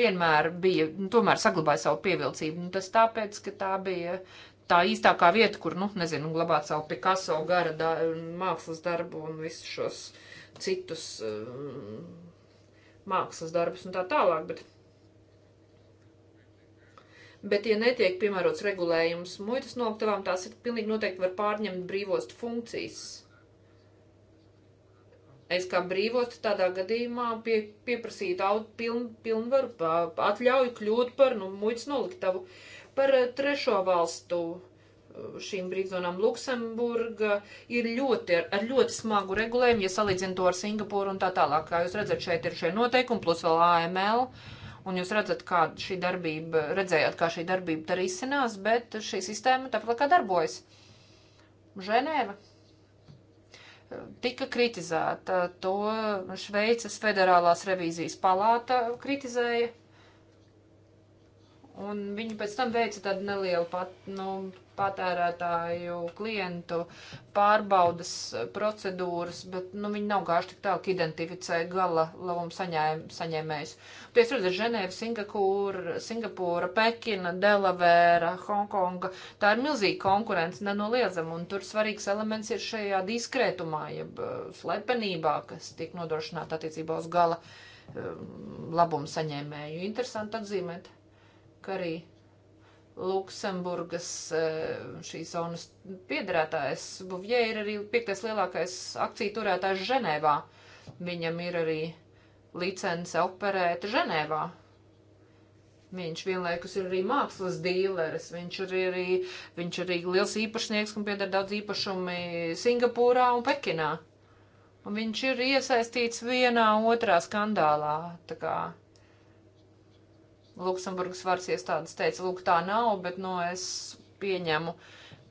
S1: vienmēr bija, nu, tomēr saglabāja savu pievilcību. Nu, tas tāpēc, ka tā bija tā īstākā vieta, kur, nu, nezinu, glabāt savu Picasso gara da mākslas darbu un visus šos citus uh, mākslas darbus un tā tālāk. Bet bet, ja netiek piemērots regulējums muitas noktavām, tās ir pilnīgi noteikti var pārņemt brīvostu funkcijas. Es kā brīvostu tādā gadījumā pie, pieprasītu aut, piln, pilnvaru, atļauju kļūt par nu, muitas noliktavu, par eh, trešo valstu eh, šīm brīvzonām Luksemburga ir ļoti, ar ļoti smagu regulējumu, ja salīdzinu to ar Singapūru un tā tālāk. Kā jūs redzat, šeit ir šie noteikumi, plus vēl AML. Uh, un jūs redzat, kā šī darbība, redzējāt, kā šī darbība tā risinās, bet šī sistēma tāpat kā darbojas. Ženēva tika kritizēta. To Šveices federālās revīzijas palāta kritizēja. Un viņi pēc tam veica tādu nelielu pat, nu, patērētāju, klientu pārbaudas procedūras, bet nu, viņi nav gājuši tik tālu, ka identificē gala labumu saņēm, saņēmējus. Ties redzat, Ženēva, Singapūra, Singapūra, Pekina, Delavēra, Hongkonga. Tā ir milzīga konkurence, nenoliedzama, un tur svarīgs elements ir šajā diskrētumā, jeb eh, slepenībā, kas tiek nodrošināta attiecībā uz gala eh, labumu saņēmēju. Interesanti atzīmēt, ka arī Luksemburgas eh, šīs zonas piederētājs. Buvjē ir arī piektais lielākais akciju turētājs Ženēvā. Viņam ir arī licence operēt Ženēvā. Viņš vienlaikus ir arī mākslas dīleris, viņš ir arī, viņš arī liels īpašnieks, kam pieder daudz īpašumi Singapūrā un Pekinā. Un viņš ir iesaistīts vienā otrā skandālā, tā kā Luksemburgas varas iestādes teica, lūk, tā nav, bet, nu, es pieņemu,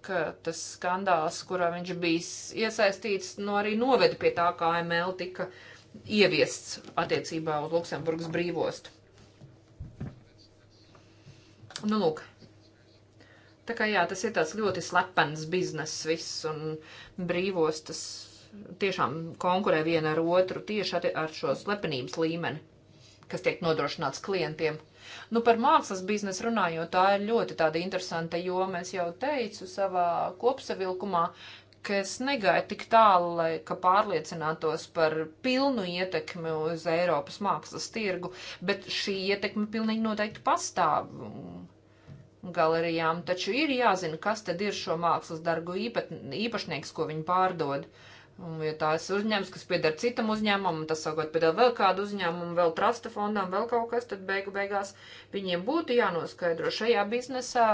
S1: ka tas skandāls, kurā viņš bijis iesaistīts, nu, arī noveda pie tā, kā ML tika ieviests attiecībā uz Luksemburgas brīvostu. Nu, lūk. Tā kā jā, tas ir tāds ļoti slepens bizness viss un brīvostas tiešām konkurē viena ar otru tieši ar, ar šo slepenības līmeni, kas tiek nodrošināts klientiem. Nu, par mākslas biznesu runājot, tā ir ļoti tāda interesanta joma. Es jau teicu savā kopsavilkumā, ka es negaidu tik tālu, lai pārliecinātos par pilnu ietekmi uz Eiropas mākslas tirgu, bet šī ietekme pilnīgi noteikti pastāv. Galerijām taču ir jāzina, kas tad ir šo mākslas darbu īpašnieks, ko viņi pārdod. Uh, Un, ja tās uzņēmums, kas pieder citam uzņēmumam, tas savukārt pieder vēl kādu uzņēmumu, vēl trusta fondam, vēl kaut kas, tad beigu beigās viņiem būtu jānoskaidro. Šajā biznesā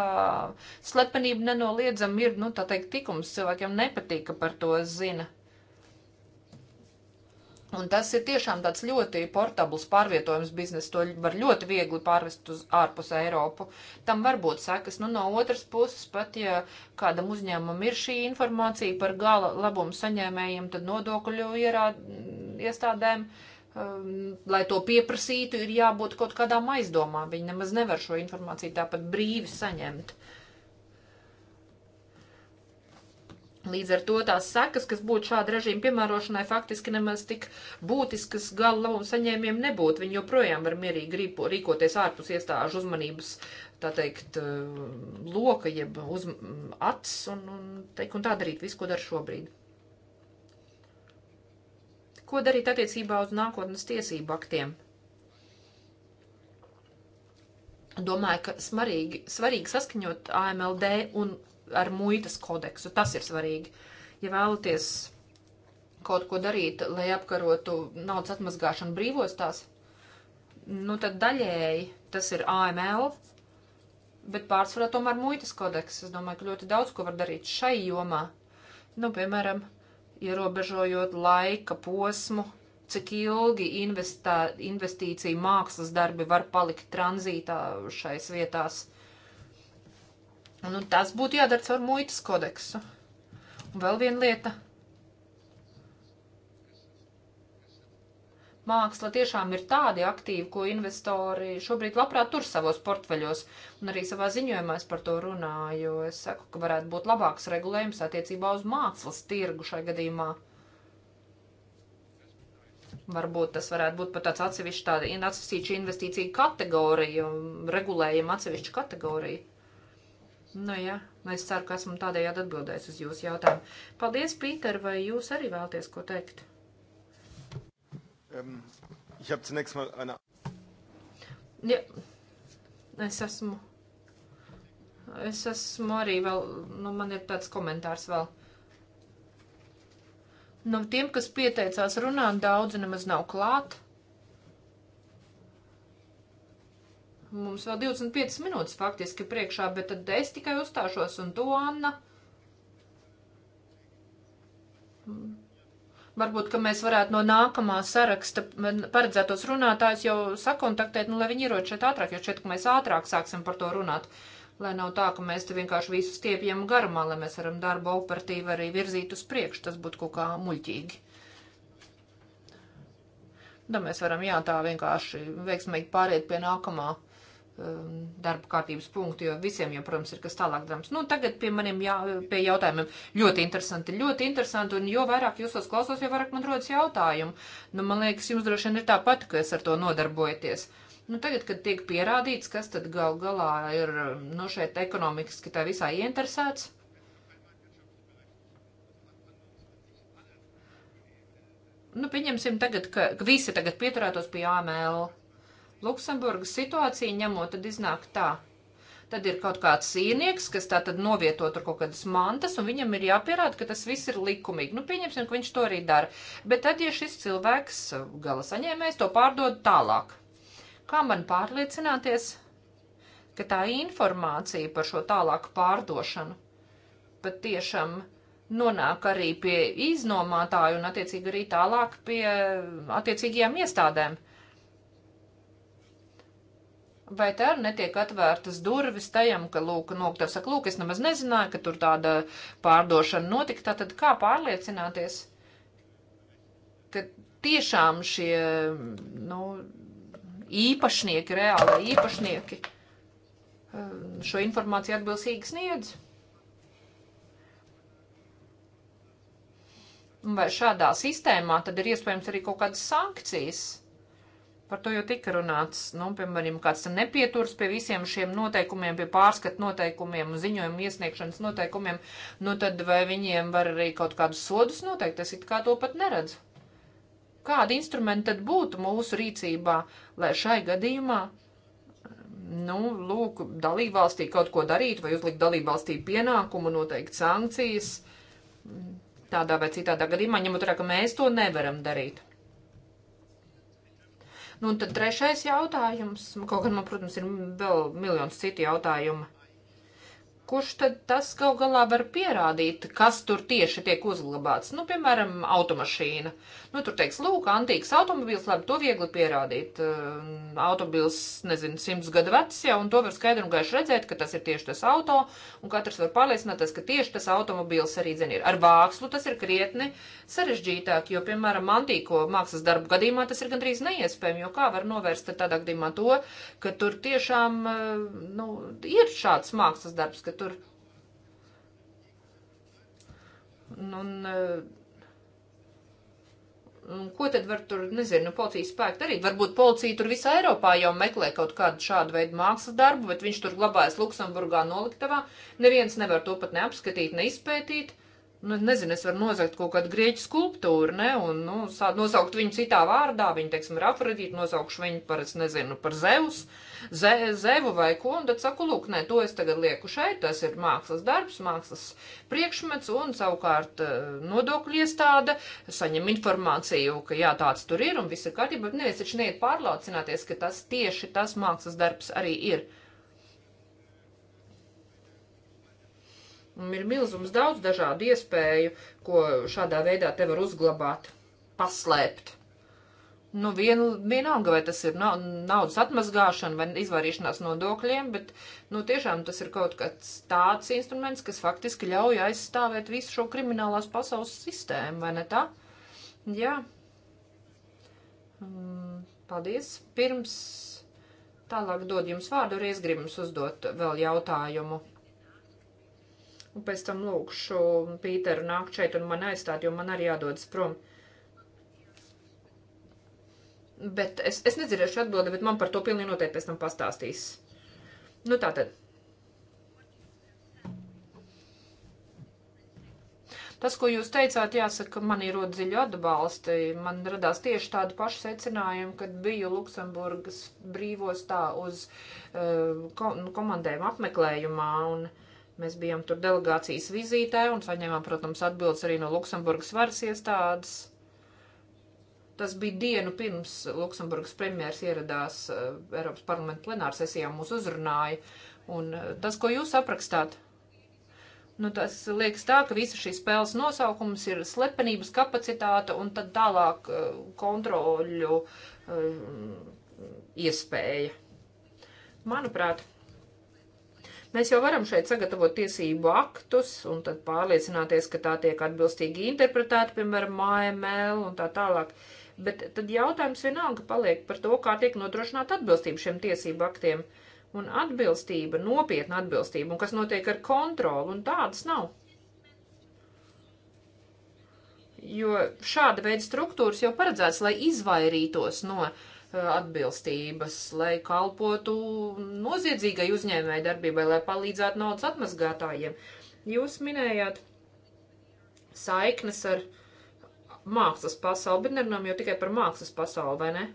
S1: slepenība nenoliedzami ir, nu, tā teikt, tikums. Cilvēkiem nepatīk, ka par to zina. Un tas ir tiešām tāds ļoti portabls pārvietojums biznesa. To var ļoti viegli pārvest uz ārpus Eiropu. Tam var būt sekas. Nu, no otras puses, pat ja kādam uzņēmumam ir šī informācija par gala labumu saņēmējiem, tad nodokļu ierā, iestādēm, um, lai to pieprasītu, ir jābūt kaut kādām aizdomām. Viņi nemaz nevar šo informāciju tāpat brīvi saņemt. Uh, Līdz ar to tās sekas, kas būtu šāda režīma piemērošanai, faktiski nemaz tik būtiskas gala labumu saņēmiem nebūtu. Viņi joprojām var mierīgi rīpo, rīkoties ārpus iestāžu uzmanības, tā teikt, eh, loka, jeb uz acs un, un, teik, un tā darīt visu, ko dara šobrīd. Ko darīt attiecībā uz nākotnes tiesību aktiem? Domāju, ka smarīgi, svarīgi saskaņot AMLD un ar muitas kodeksu. Tas ir svarīgi. Ja vēlaties kaut ko darīt, lai apkarotu naudas atmazgāšanu brīvostās, nu tad daļēji tas ir AML, bet pārsvarā tomēr muitas kodeks. Es domāju, ka ļoti daudz ko var darīt šai jomā. Nu, piemēram, ierobežojot laika posmu, cik ilgi investā, investīcija mākslas darbi var palikt tranzītā šais vietās. Nu, tas būtu jādara caur muitas kodeksu. Un vēl viena lieta. Māksla tiešām ir tādi aktīvi, ko investori šobrīd labprāt tur savos portfeļos, un arī savā ziņojumā es par to runāju. Es saku, ka varētu būt labāks regulējums attiecībā uz mākslas tirgu šai gadījumā. Varbūt tas varētu būt pat tāds atsevišķi tāda atsevišķa investīcija kategorija, regulējuma atsevišķa kategorija. Nu jā, es ceru, ka esmu tādējādi atbildējis uz jūsu jautājumu. Paldies, Pīter, vai jūs arī vēlties ko teikt?
S3: Um, ich habe zunächst mal eine...
S1: Ja, es esmu... Es esmu arī vēl... Nu, man ir tāds komentārs vēl. No nu, tiem, kas pieteicās runāt, daudzi nemaz nav klāt. Mums vēl 25 minūtes faktiski priekšā, bet tad es tikai uzstāšos un to Anna. Varbūt, ka mēs varētu no nākamā saraksta paredzētos runātājus jau sakontaktēt, nu, lai viņi ierod šeit ātrāk, jo šeit, ka mēs ātrāk sāksim par to runāt lai nav tā, ka mēs te vienkārši visu stiepjam garumā, lai mēs varam darbu operatīvi arī virzīt uz priekšu. Tas būtu kaut kā muļķīgi. Da nu, mēs varam, jā, tā vienkārši veiksmīgi pāriet pie nākamā Um, darba kārtības punktu, jo visiem jau, protams, ir kas tālāk darāms. Nu, tagad pie maniem jā, pie jautājumiem. Ļoti interesanti, ļoti interesanti, un jo vairāk jūs tos klausos, jo vairāk man rodas jautājumu. Nu, man liekas, jums droši vien ir tāpat, ka es ar to nodarbojaties. Nu, tagad, kad tiek pierādīts, kas tad gal galā ir, nu, šeit ekonomiski tā visā ieinteresēts. Nu, pieņemsim tagad, ka visi tagad pieturētos pie AML Luksemburgas situācija ņemot, tad iznāk tā. Tad ir kaut kāds īrnieks, kas tā tad novieto tur kaut kādas mantas, un viņam ir jāpierāda, ka tas viss ir likumīgi. Nu, pieņemsim, ka viņš to arī dara. Bet tad, ja šis cilvēks, uh, gala saņēmējs, to pārdod tālāk, kā man pārliecināties, ka tā informācija par šo tālāku pārdošanu patiešām nonāk arī pie iznomātāju un attiecīgi arī tālāk pie uh, attiecīgajām iestādēm. Vai tā netiek atvērtas durvis tajam, ka, lūk, nu, tā saka, lūk, es nemaz nezināju, ka tur tāda pārdošana notika, tātad kā pārliecināties, ka tiešām šie, nu, īpašnieki, reāli īpašnieki eh, šo informāciju atbilstīgi sniedz? Vai šādā sistēmā tad ir iespējams arī kaut kādas sankcijas? Par to jau tika runāts. Nu, piemēram, kāds tam nepieturas pie visiem šiem noteikumiem, pie pārskatu noteikumiem, ziņojumu iesniegšanas noteikumiem, nu tad vai viņiem var arī kaut kādus sodus noteikt? Es it kā to pat neredzu. Kādi instrumenti tad būtu mūsu rīcībā, lai šai gadījumā, nu, lūk, dalībvalstī kaut ko darītu vai uzlikt dalībvalstī pienākumu, noteikt sankcijas? Tādā vai citādā gadījumā, ņemot vērā, ka mēs to nevaram darīt. Nu, un tad trešais jautājums, kaut gan man, protams, ir vēl miljons citu jautājumu kurš tad tas gal galā var pierādīt, kas tur tieši tiek uzglabāts. Nu, piemēram, automašīna. Nu, tur teiks, lūk, antīks automobils, labi, to viegli pierādīt. Uh, automobils, nezinu, simts gadu vecs jau, un to var skaidri un gaiši redzēt, ka tas ir tieši tas auto, un katrs var pārliecināties, ka tieši tas automobils arī, zin, ir. Ar vākslu tas ir krietni sarežģītāk, jo, piemēram, antīko mākslas darbu gadījumā tas ir gandrīz neiespējami, jo kā var novērst tādā gadījumā to, ka tur tiešām, uh, nu, ir šāds mākslas darbs, ka tur. Un, un, eh, un ko tad var tur, nezinu, nu, policijas spēki darīt? Varbūt policija tur visā Eiropā jau meklē kaut kādu šādu veidu mākslas darbu, bet viņš tur glabājas Luksemburgā noliktavā. Neviens nevar to pat neapskatīt, neizpētīt nu, nezinu, es varu nozagt kaut kādu grieķu skulptūru, ne, un, nu, sākt nosaukt viņu citā vārdā, viņu, teiksim, ir afrodīti, nosaukšu viņu par, es nezinu, par Zeus, ze, Zevu vai ko, un tad saku, lūk, nē, to es tagad lieku šeit, tas ir mākslas darbs, mākslas priekšmets, un savukārt eh, nodokļu iestāde saņem informāciju, ka jā, tāds tur ir, un viss ir kārtībā, bet neviens taču neiet pārlaucināties, ka tas tieši tas mākslas darbs arī ir. Ir milzums daudz dažādu iespēju, ko šādā veidā te var uzglabāt, paslēpt. Nu, vien, vienalga, vai tas ir naudas atmazgāšana vai izvairīšanās nodokļiem, bet, nu, tiešām tas ir kaut kāds tāds instruments, kas faktiski ļauj aizstāvēt visu šo kriminālās pasaules sistēmu, vai ne tā? Jā. Mm, paldies. Pirms tālāk dod jums vārdu, arī es gribu jums uzdot vēl jautājumu. Un pēc tam lūkšu Pīteru nākt šeit un man aizstāt, jo man arī jādodas prom. Bet es, es nedzirdēšu atbildi, bet man par to pilnīgi noteikti pēc tam pastāstīs. Nu tā tad. Tas, ko jūs teicāt, jāsaka, man ir rod dziļu atbalsti. Man radās tieši tādu pašu secinājumu, kad biju Luksemburgas brīvos tā uz uh, komandēm apmeklējumā. Un, uh, Mēs bijām tur delegācijas vizītē un saņēmām, protams, atbildes arī no Luksemburgas varas iestādes. Tas bija dienu pirms Luksemburgas premjērs ieradās eh, Eiropas parlamenta plenārsesijā mūs uzrunāja. Un eh, tas, ko jūs aprakstāt, nu, tas liekas tā, ka visa šī spēles nosaukums ir slepenības kapacitāte un tad tālāk eh, kontroļu iespēja. Manuprāt, Mēs jau varam šeit sagatavot tiesību aktus un tad pārliecināties, ka tā tiek atbilstīgi interpretēta, piemēram, AML un tā tālāk. Bet tad jautājums vienalga paliek par to, kā tiek nodrošināta atbilstība šiem tiesību aktiem. Un atbilstība, nopietna atbilstība, un kas notiek ar kontroli, un tādas nav. Jo šāda veida struktūras jau paredzēts, lai izvairītos no uh, atbilstības, lai kalpotu noziedzīgai uzņēmēji darbībai, lai palīdzētu naudas atmazgātājiem. Jūs minējāt saiknes ar mākslas pasauli, bet nerunām jau tikai par mākslas pasauli, vai ne?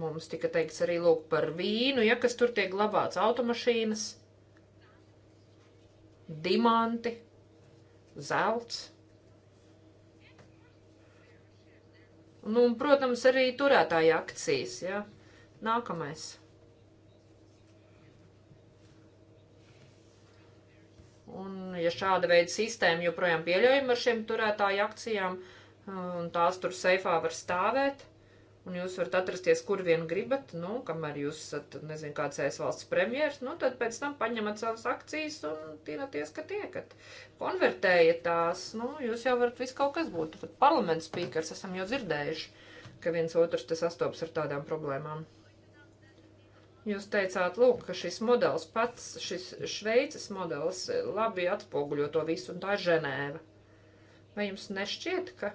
S1: Mums tika teikts arī lūk par vīnu, ja kas tur tiek glabāts automašīnas, dimanti, zelts. Nu, un, protams, arī turētāja akcijas, jā. Ja? Nākamais. Un, ja šāda veida sistēma joprojām pieļaujama ar šiem turētāju akcijām, un tās tur seifā var stāvēt, un jūs varat atrasties, kur vien gribat, nu, kamēr jūs esat, nezinu, kāds es valsts premjers, nu, tad pēc tam paņemat savas akcijas un tīnaties, ka tiekat. Konvertējat tās, nu, jūs jau varat visu kaut kas būt. Pat parlaments spīkers esam jau dzirdējuši, ka viens otrs te sastopas ar tādām problēmām. Jūs teicāt, lūk, ka šis modelis pats, šis šveices modelis labi atspoguļo to visu, un tā ir Ženēva. Vai jums nešķiet, ka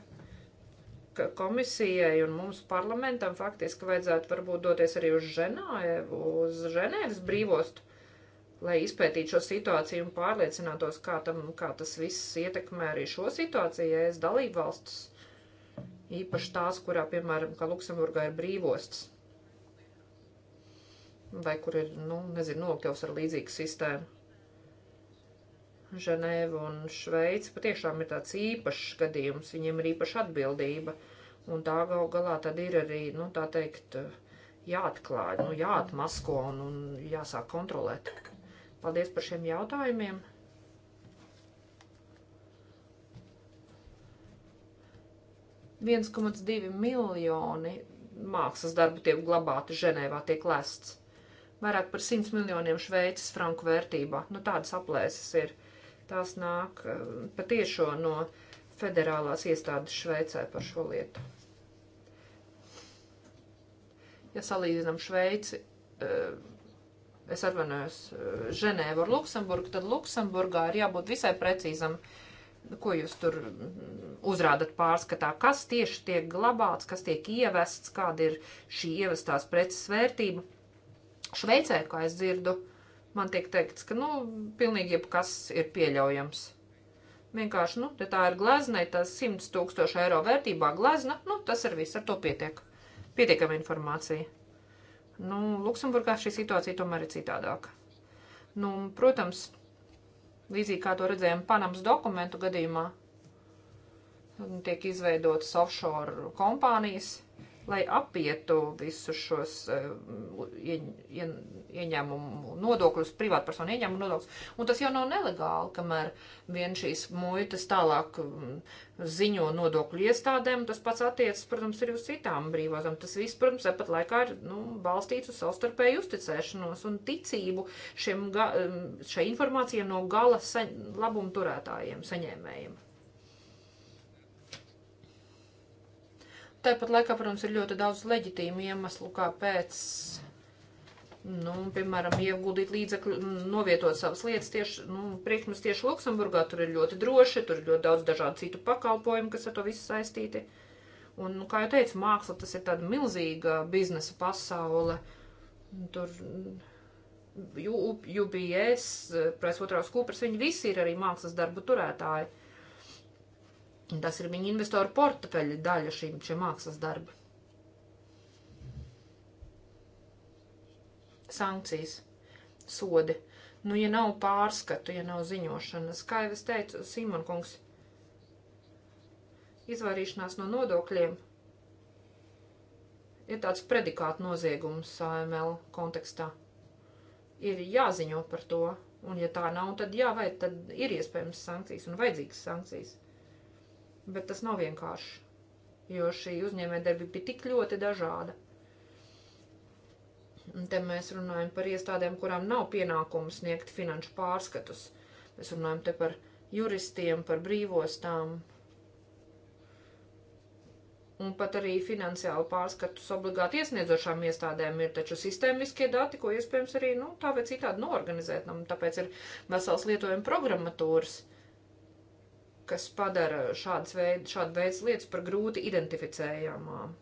S1: komisijai un mums parlamentam faktiski vajadzētu varbūt doties arī uz Ženēvu, uz Ženēvas brīvostu, lai izpētītu šo situāciju un pārliecinātos, kā, tam, kā tas viss ietekmē arī šo situāciju, ja es dalību valstis, īpaši tās, kurā, piemēram, kā Luksemburgā ir brīvostas, vai kur ir, nu, nezinu, nokļaus ar līdzīgu sistēmu. Ženēva un Šveica patiešām ir tāds īpašs gadījums, viņiem ir īpaša atbildība, un tā gal galā tad ir arī, nu, tā teikt, jāatklāj, nu, jāatmasko un, un jāsāk kontrolēt. Paldies par šiem jautājumiem! Viens komats divi miljoni mākslas darbu tiek glabāti Ženēvā, tiek lēsts. Vairāk par 100 miljoniem šveicis franku vērtībā. Nu, tādas aplēses ir. Tās nāk eh, patiešo no federālās iestādes Šveicē par šo lietu. Ja salīdzinām Šveici, eh, es atvainojos, eh, Ženēvu ar Luksemburgu, tad Luksemburgā ir jābūt visai precīzam, ko jūs tur mm, uzrādat pārskatā, kas tieši tiek glabāts, kas tiek ievests, kāda ir šī ievestās preces vērtība. Šveicē, kā es dzirdu, uh, man tiek teikts, ka, nu, pilnīgi jebkas ir pieļaujams. Vienkārši, nu, te tā ir glezna, tā 100 tūkstoši eiro vērtībā glezna, nu, tas ir viss, ar to pietiek. Pietiekama informācija. Nu, Luksemburgā šī situācija tomēr ir citādāka. Nu, protams, līdzīgi kā to redzējām Panamas dokumentu gadījumā, tiek izveidotas offshore kompānijas – lai apietu visus šos ie, eh, ie, ieņēmumu nodokļus, privātpersonu ieņēmumu nodokļus. Un tas jau nav nelegāli, kamēr vien šīs muitas tālāk mm, ziņo nodokļu iestādēm. Tas pats attiecas, protams, arī uz citām brīvozām. Tas viss, protams, pat laikā ir nu, balstīts uz savstarpēju uzticēšanos un ticību šiem, mm, šai informācijai no gala sa labumturētājiem, saņēmējiem. Tāpat laikā, protams, ir ļoti daudz leģitīmu iemeslu, kāpēc, nu, piemēram, ieguldīt līdzekļu, novietot savas lietas tieši, nu, priekšmums tieši Luksemburgā, tur ir ļoti droši, tur ir ļoti daudz dažādu citu pakalpojumu, kas ar to visu saistīti. Un, nu, kā jau teicu, māksla tas ir tāda milzīga biznesa pasaule. Tur UBS, Pricewaterhouse Coopers, viņi visi ir arī mākslas darbu turētāji. Un tas ir viņa investoru portafeļa daļa šīm, šie mākslas darbi. Sankcijas, sodi. Nu, ja nav pārskatu, ja nav ziņošanas, kā jau es teicu, Simonkungs, izvairīšanās no nodokļiem ir tāds predikāta noziegums AML kontekstā. Ir jāziņo par to, un ja tā nav, tad jā, vai tad ir iespējams sankcijas un vajadzīgas sankcijas bet tas nav vienkārši, jo šī uzņēmējdarbība bija tik ļoti dažāda. Un te mēs runājam par iestādēm, kurām nav pienākumu sniegt finanšu pārskatus. Mēs runājam te par juristiem, par brīvostām un pat arī finansiālu pārskatus obligāti iesniedzošām iestādēm ir taču sistēmiskie dati, ko iespējams arī, nu, tā vai citādi norganizēt, un nu, tāpēc ir vesels lietojuma programmatūras. Uh, kas padara šādas veid, šādu veidu lietas par grūti identificējamām.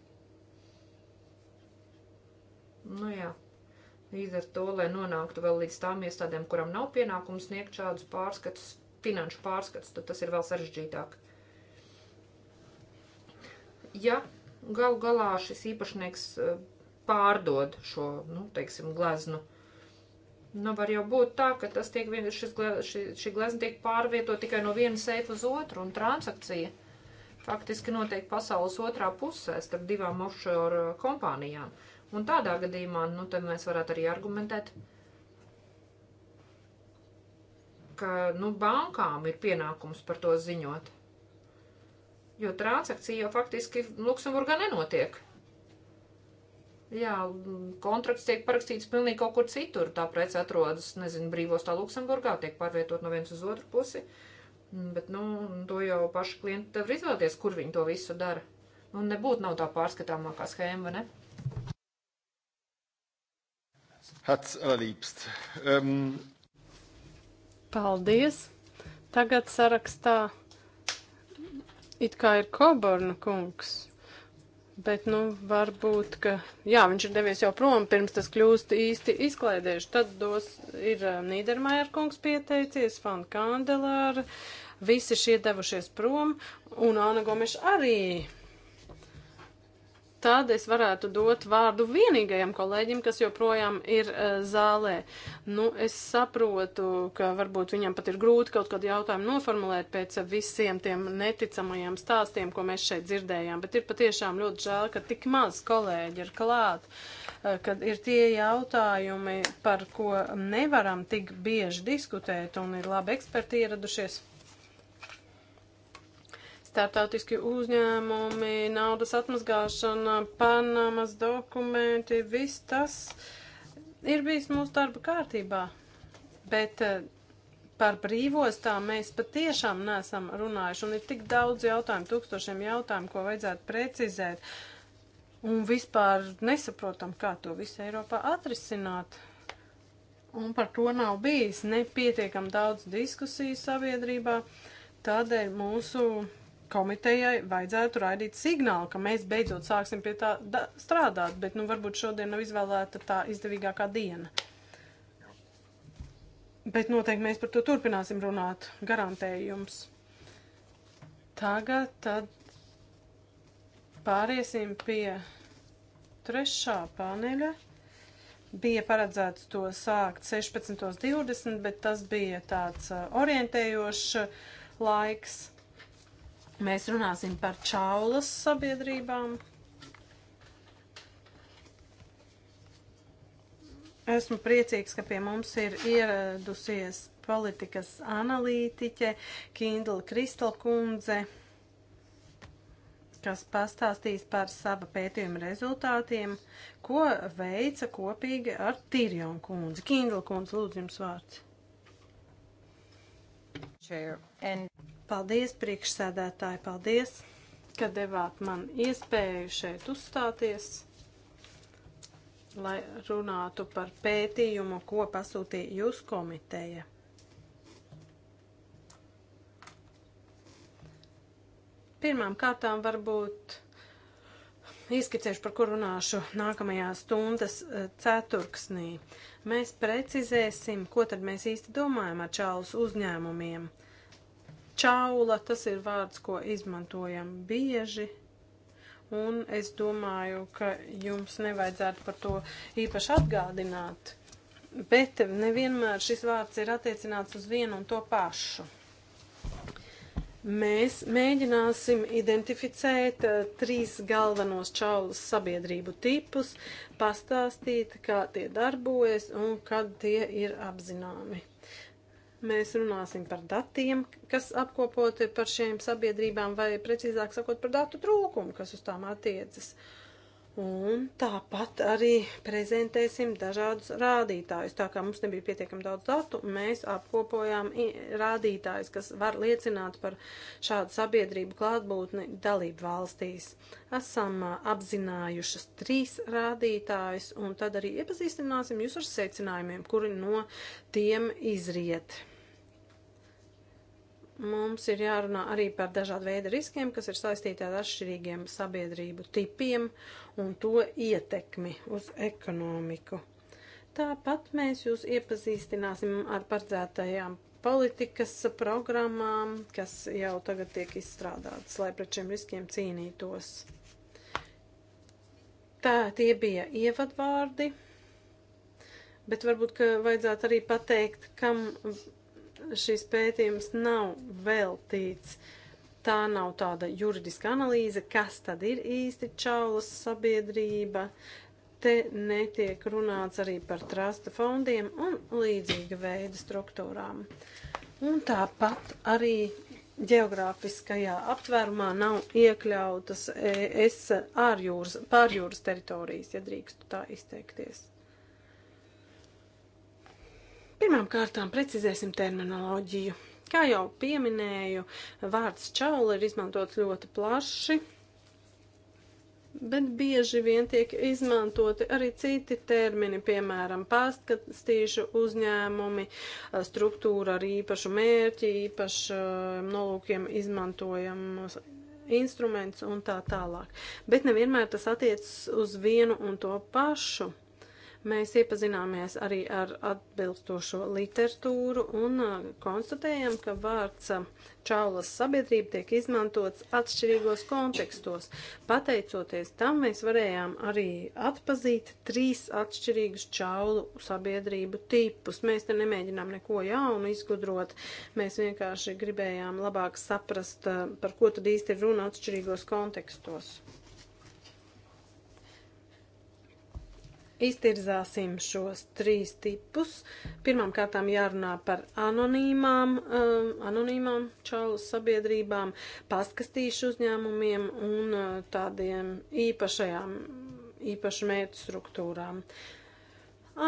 S1: Nu jā, līdz ar to, lai nonāktu vēl līdz tām iestādēm, kuram nav pienākums sniegt šādus pārskatus, finanšu pārskatus, tad tas ir vēl sarežģītāk. Ja galu galā šis īpašnieks eh, pārdod šo, nu, teiksim, gleznu, Nu, var jau būt tā, ka tas tiek vien, šis, šī, šī glezna tiek pārvieto tikai no viena seifa uz otru, un transakcija faktiski notiek pasaules otrā pusē starp divām offshore uh, kompānijām. Un tādā gadījumā, nu, tad mēs varētu arī argumentēt, ka, nu, bankām ir pienākums par to ziņot. Jo transakcija jau faktiski Luksemburgā nenotiek. Jā, kontrakts tiek parakstīts pilnīgi kaut kur citur. Tā prece atrodas, nezinu, brīvostā Luksemburgā, tiek pārvietot no viens uz otru pusi. Bet, nu, to jau paši klienti tev izvēlēties, kur viņi to visu dara. Un nu, nebūtu nav tā pārskatāmākā schēma, vai ne? Hats alīpst. Um... Ähm,
S3: Paldies. Tagad sarakstā it kā ir Koborna kungs. Bet, nu, varbūt, ka, jā, viņš ir devies jau prom, pirms tas kļūst īsti izklaidējuši. Tad dos, ir eh, Nīdermajer kungs pieteicies, Fan Kandelāra, visi šie devušies prom, un Āna Gomeša arī tad es varētu dot vārdu vienīgajam kolēģim, kas joprojām ir uh, zālē. Nu, es saprotu, ka varbūt viņam pat ir grūti kaut kādu jautājumu noformulēt pēc visiem tiem neticamajiem stāstiem, ko mēs šeit dzirdējām, bet ir patiešām ļoti žēl, ka tik maz kolēģi ir klāt, uh, kad ir tie jautājumi, par ko nevaram tik bieži diskutēt, un ir labi eksperti ieradušies startautiski uzņēmumi, naudas atmazgāšana, Panamas dokumenti, viss tas ir bijis mūsu darba kārtībā. Bet eh, par brīvostām mēs patiešām nesam runājuši, un ir tik daudz jautājumu, tūkstošiem jautājumu, ko vajadzētu precizēt, un vispār nesaprotam, kā to visu Eiropā atrisināt. Un par to nav bijis nepietiekam daudz diskusiju sabiedrībā, tādēļ mūsu komitejai vajadzētu raidīt signālu, ka mēs beidzot sāksim pie tā strādāt, bet nu, varbūt šodien nav izvēlēta tā izdevīgākā diena. Bet noteikti mēs par to turpināsim runāt, garantēju jums. Tagad tad pāriesim pie trešā paneļa. Bija paredzēts to sākt 16.20, bet tas bija tāds uh, orientējošs laiks. Mēs runāsim par čaulas sabiedrībām. Esmu priecīgs, ka pie mums ir ieradusies politikas analītiķe Kindla Kristalkundze, kas pastāstīs par sava pētījuma rezultātiem, ko veica kopīgi ar Tīrjonu kundzi. Kindla kundze, lūdzu jums vārds. Chair. And... Paldies, priekšsēdētāji, paldies, ka devāt man iespēju šeit uzstāties, lai runātu par pētījumu, ko pasūtīja jūs komiteja. Pirmām kārtām varbūt izskicēšu, par kur runāšu nākamajā stundas eh, ceturksnī. Mēs precizēsim, ko tad mēs īsti domājam ar čālus uzņēmumiem – Čaula, tas ir vārds, ko izmantojam bieži. Un es domāju, ka jums nevajadzētu par to īpaši atgādināt. Bet nevienmēr šis vārds ir attiecināts uz vienu un to pašu. Mēs mēģināsim identificēt uh, trīs galvenos čaulas sabiedrību tipus, pastāstīt, kā tie darbojas un kad tie ir apzināmi. Mēs runāsim par datiem, kas apkopoti par šiem sabiedrībām, vai precīzāk sakot, par datu trūkumu, kas uz tām attiecas. Un tāpat arī prezentēsim dažādus rādītājus. Tā kā mums nebija pietiekami daudz datu, mēs apkopojām rādītājus, kas var liecināt par šādu sabiedrību klātbūtni dalību valstīs. Esam apzinājušas trīs rādītājus, un tad arī iepazīstināsim jūs ar secinājumiem, kuri no tiem izriet. Mums ir jārunā arī par dažādu veidu riskiem, kas ir saistīti ar atšķirīgiem sabiedrību tipiem un to ietekmi uz ekonomiku. Tāpat mēs jūs iepazīstināsim ar paredzētajām politikas programmām, kas jau tagad tiek izstrādātas, lai pret šiem riskiem cīnītos. Tā tie bija ievadvārdi, bet varbūt, ka vajadzētu arī pateikt, kam šis pētījums nav veltīts. Tā nav tāda juridiska analīze, kas tad ir īsti čaulas sabiedrība. Te netiek runāts arī par trasta fondiem un līdzīga veida struktūrām. Un tāpat arī geogrāfiskajā aptvērumā nav iekļautas es ārjūras, pārjūras teritorijas, ja drīkstu tā izteikties. Pirmām kārtām precizēsim terminoloģiju. Kā jau pieminēju, vārds čaula ir izmantots ļoti plaši, bet bieži vien tiek izmantoti arī citi termini, piemēram, pastkastīšu uzņēmumi, struktūra ar īpašu mērķi, īpašu ehm, nolūkiem izmantojamos instruments un tā tālāk. Bet nevienmēr tas attiecas uz vienu un to pašu. Mēs iepazināmies arī ar atbilstošo literatūru un uh, konstatējam, ka vārds uh, čaulas sabiedrība tiek izmantots atšķirīgos kontekstos. Pateicoties tam, mēs varējām arī atpazīt trīs atšķirīgus čaulu sabiedrību tipus. Mēs te nemēģinām neko jaunu izgudrot, mēs vienkārši gribējām labāk saprast, uh, par ko tad īsti ir runa atšķirīgos kontekstos. Iztirzāsim šos trīs tipus. Pirmām kārtām jārunā par anonīmām, um, anonīmām čalu sabiedrībām, paskastīšu uzņēmumiem un uh, tādiem īpašajām, īpašu mērķu struktūrām.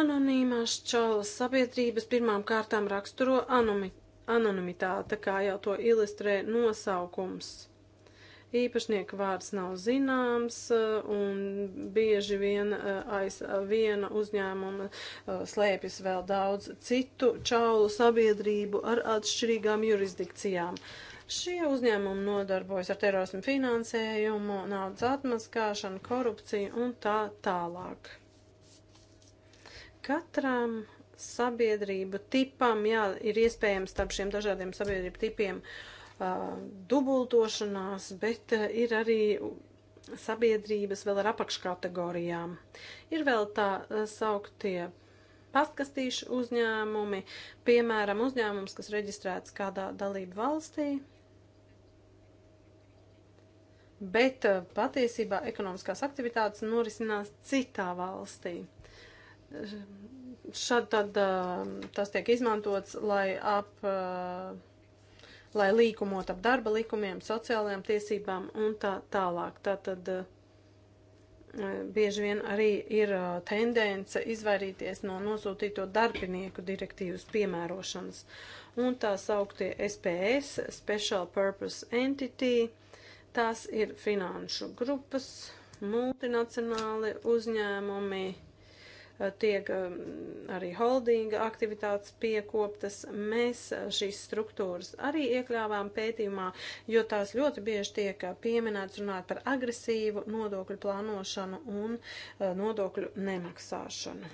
S3: Anonīmās čalas sabiedrības pirmām kārtām raksturo anonimitāte, kā jau to ilustrē nosaukums īpašnieka vārds nav zināms eh, un bieži vien eh, aiz viena uzņēmuma eh, slēpjas vēl daudz citu čaulu sabiedrību ar atšķirīgām jurisdikcijām. Šie uzņēmumi nodarbojas ar terorismu finansējumu, naudas atmaskāšanu, korupciju un tā tālāk. Katram sabiedrību tipam jā, ir iespējams starp šiem dažādiem sabiedrību tipiem uh, dubultošanās, bet ir arī sabiedrības vēl ar apakškategorijām. Ir vēl tā sauktie pastkastīšu uzņēmumi, piemēram, uzņēmums, kas reģistrēts kādā dalību valstī, bet patiesībā ekonomiskās aktivitātes norisinās citā valstī. Šad tad tas tiek izmantots, lai ap uh, lai līkumot ap darba likumiem, sociālajām tiesībām un tā tālāk. Tātad eh, bieži vien arī ir eh, tendence izvairīties no nosūtīto darbinieku direktīvas piemērošanas. Un tā sauktie SPS, Special Purpose Entity, tās ir finanšu grupas, multinacionāli uzņēmumi tiek um, arī holdinga aktivitātes piekoptas. Mēs uh, šīs struktūras arī iekļāvām pētījumā, jo tās ļoti bieži tiek uh, pieminēts runāt par agresīvu nodokļu plānošanu un uh, nodokļu nemaksāšanu.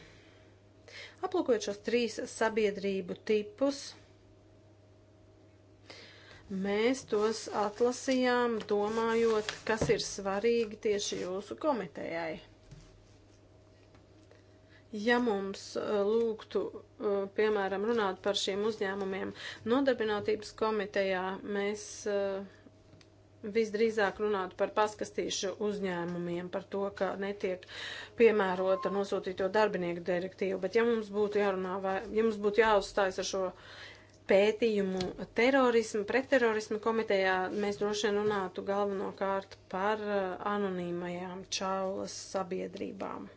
S3: Aplūkojot šos trīs sabiedrību tipus, mēs tos atlasījām, domājot, kas ir svarīgi tieši jūsu komitejai. Ja mums eh, lūgtu, eh, piemēram, runāt par šiem uzņēmumiem nodarbinātības komitejā, mēs eh, visdrīzāk runātu par paskastīšu uzņēmumiem, par to, ka netiek piemērota nosūtīto darbinieku direktīvu, bet ja mums būtu jārunā vai, ja mums būtu jāuzstājas ar šo pētījumu terorismu, pretterorismu komitejā, mēs droši vien runātu galvenokārt par anonīmajām čaulas sabiedrībām.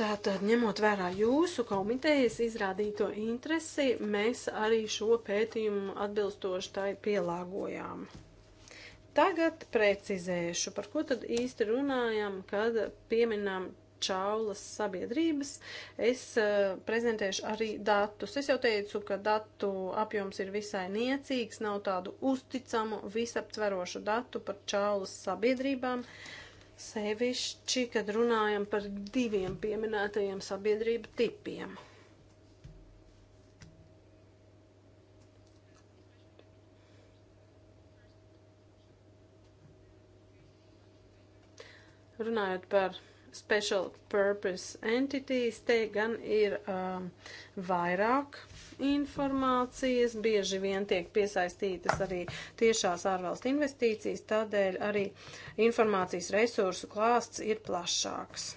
S3: Tātad, ņemot vērā jūsu komitejas izrādīto interesi, mēs arī šo pētījumu atbilstoši tai pielāgojām. Tagad precizēšu, par ko tad īsti runājam, kad pieminām čaulas sabiedrības. Es uh, prezentēšu arī datus. Es jau teicu, ka datu apjoms ir visai niecīgs, nav tādu uzticamu, visaptverošu datu par čaulas sabiedrībām. Uh, Sevišķi, kad runājam par diviem pieminētajiem sabiedrību tipiem. runājot par special purpose entities, te gan ir um, vairāk informācijas, bieži vien tiek piesaistītas arī tiešās ārvalstu investīcijas, tādēļ arī informācijas resursu klāsts ir plašāks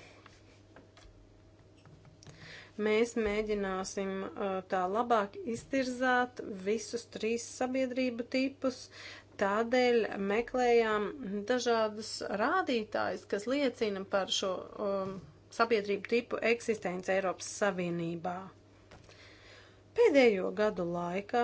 S3: mēs mēģināsim uh, tā labāk iztirzāt visus trīs sabiedrību tipus. Tādēļ meklējām dažādas rādītājas, kas liecina par šo um, sabiedrību tipu eksistenci Eiropas Savienībā. Pēdējo gadu laikā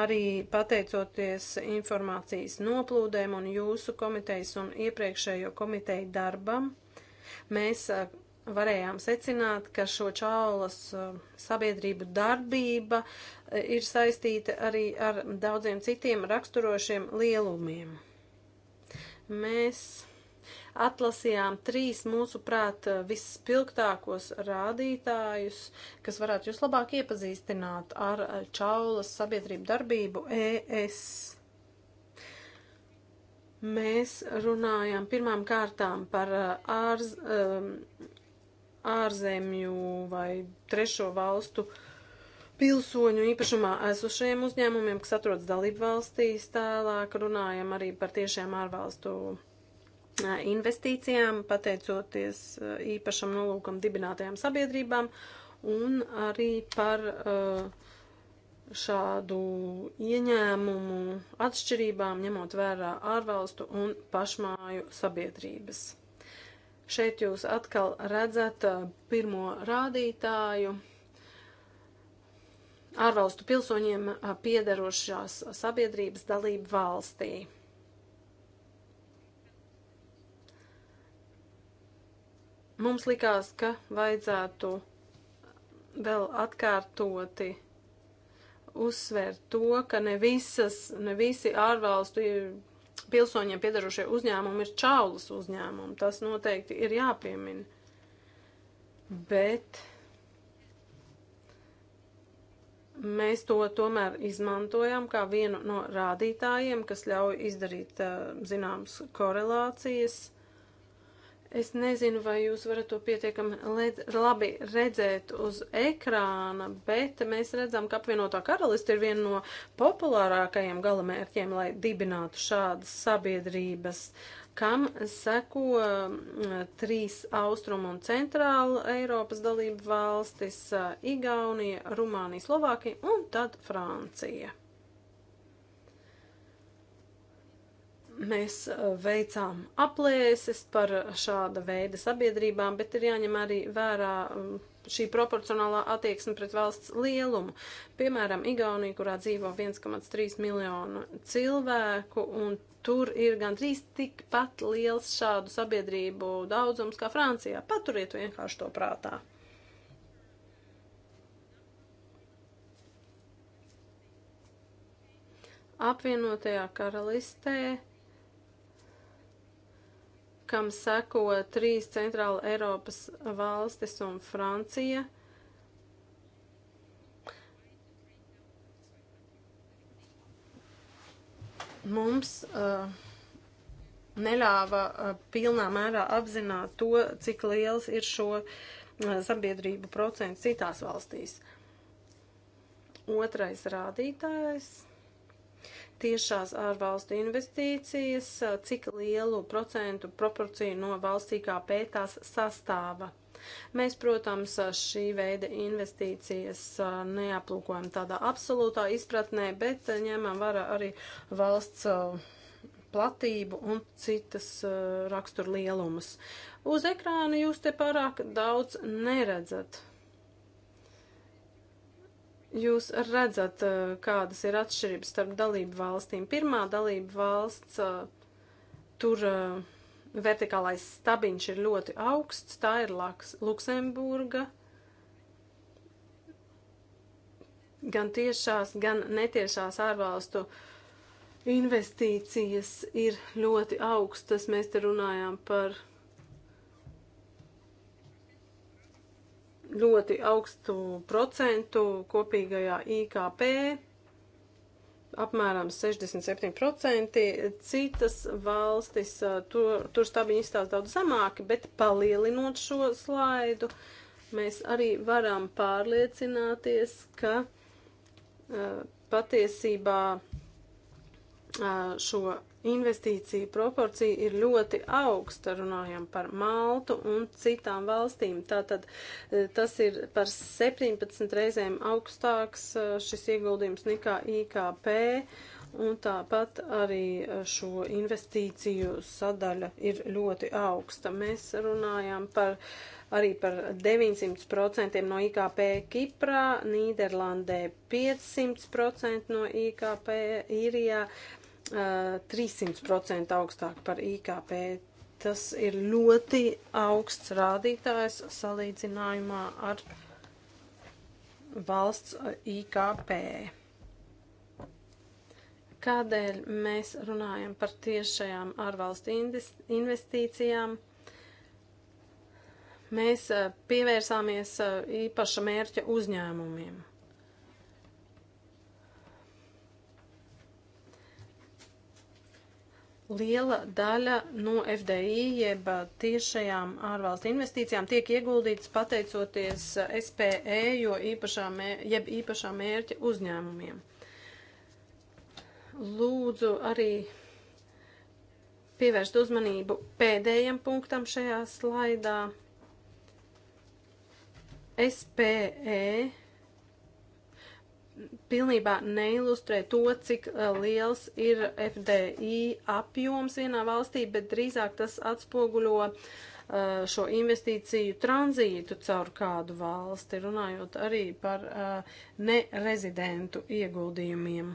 S3: arī pateicoties informācijas noplūdēm un jūsu komitejas un iepriekšējo komiteju darbam, mēs eh, varējām secināt, ka šo čaulas eh, sabiedrību darbība eh, ir saistīta arī ar daudziem citiem raksturošiem lielumiem. Mēs atlasījām trīs mūsu prāt visspilgtākos rādītājus, kas varētu jūs labāk iepazīstināt ar eh, Čaulas sabiedrību darbību ES. Mēs runājam pirmām kārtām par eh, ārz, ehm, ārzemju vai trešo valstu uh, pilsoņu īpašumā esošajiem uzņēmumiem, kas atrodas dalību valstīs, tālāk runājam arī par tiešām ārvalstu investīcijām, pateicoties īpašam nolūkam dibinātajām sabiedrībām un arī par šādu ieņēmumu atšķirībām, ņemot vērā ārvalstu un pašmāju sabiedrības. Šeit jūs atkal redzat pirmo rādītāju ārvalstu pilsoņiem piederošās sabiedrības dalību valstī. Mums likās, ka vajadzētu vēl atkārtoti uzsvērt to, ka ne, visas, ne visi ārvalstu pilsoņiem piedarošie uzņēmumi ir čaulas uzņēmumi. Tas noteikti ir jāpiemina. Bet mēs to tomēr izmantojam kā vienu no rādītājiem, kas ļauj izdarīt zināmas korelācijas Es nezinu, vai jūs varat to pietiekami labi redzēt uz ekrāna, bet mēs redzam, ka apvienotā karaliste ir viena no populārākajiem galamērķiem, lai dibinātu šādas sabiedrības, kam seko trīs austrumu un centrālu Eiropas dalību valstis - Igaunija, Rumānija, Slovākija un tad Francija. Mēs eh, veicām aplēses par šāda veida sabiedrībām, bet ir jāņem arī vērā mm, šī proporcionālā attieksme pret valsts lielumu. Piemēram, Igaunija, kurā dzīvo 1,3 miljonu cilvēku, un tur ir gandrīz tikpat liels šādu sabiedrību daudzums kā Francijā. Paturiet vienkārši to prātā. Apvienotajā karalistē kam seko trīs centrāla Eiropas valstis un Francija. Mums uh, neļāva uh, pilnā mērā apzināt to, cik liels ir šo uh, sabiedrību procents citās valstīs. Otrais rādītājs tiešās ārvalstu investīcijas, cik lielu procentu proporciju no valsts IKP tās sastāva. Mēs, protams, šī veida investīcijas neaplūkojam tādā absolūtā izpratnē, bet ņemam vērā arī valsts platību un citas raksturlielumus. Uz ekrāna jūs te pārāk daudz neredzat jūs redzat, eh, kādas ir atšķirības starp dalību valstīm. Pirmā dalība valsts, eh, tur eh, vertikālais stabiņš ir ļoti augsts, tā ir Laks, Luksemburga. Gan tiešās, gan netiešās ārvalstu investīcijas ir ļoti augstas. Mēs te runājām par ļoti augstu procentu kopīgajā IKP, apmēram 67%. Citas valstis uh, tur, tur stabiņi izstāsta daudz zemāki, bet palielinot šo slaidu, mēs arī varam pārliecināties, ka uh, patiesībā uh, šo investīcija proporcija ir ļoti augsta, runājam par Maltu un citām valstīm. Tātad e, tas ir par 17 reizēm augstāks e, šis ieguldījums nekā IKP, un tāpat arī e, šo investīciju sadaļa ir ļoti augsta. Mēs runājam par arī par 900% no IKP Kiprā, Nīderlandē 500% no IKP, Īrijā 300% augstāk par IKP. Tas ir ļoti augsts rādītājs salīdzinājumā ar valsts uh, IKP. Kādēļ mēs runājam par tiešajām ārvalstu investīcijām? Mēs uh, pievērsāmies uh, īpaša mērķa uzņēmumiem. liela daļa no FDI jeb tiešajām ārvalstu investīcijām tiek ieguldīts pateicoties SPE, jo īpašā, mēr, jeb īpašā mērķa uzņēmumiem. Lūdzu arī pievērst uzmanību pēdējiem punktam šajā slaidā. SPE pilnībā neilustrē to, cik uh, liels ir FDI apjoms vienā valstī, bet drīzāk tas atspoguļo uh, šo investīciju tranzītu caur kādu valsti, runājot arī par uh, nerezidentu ieguldījumiem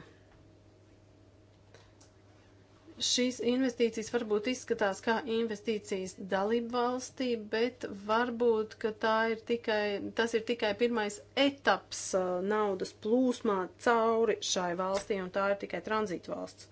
S3: šīs investīcijas varbūt izskatās kā investīcijas dalību valstī, bet varbūt, ka tā ir tikai, tas ir tikai pirmais etaps uh, naudas plūsmā cauri šai valstī, un tā ir tikai tranzīta valsts.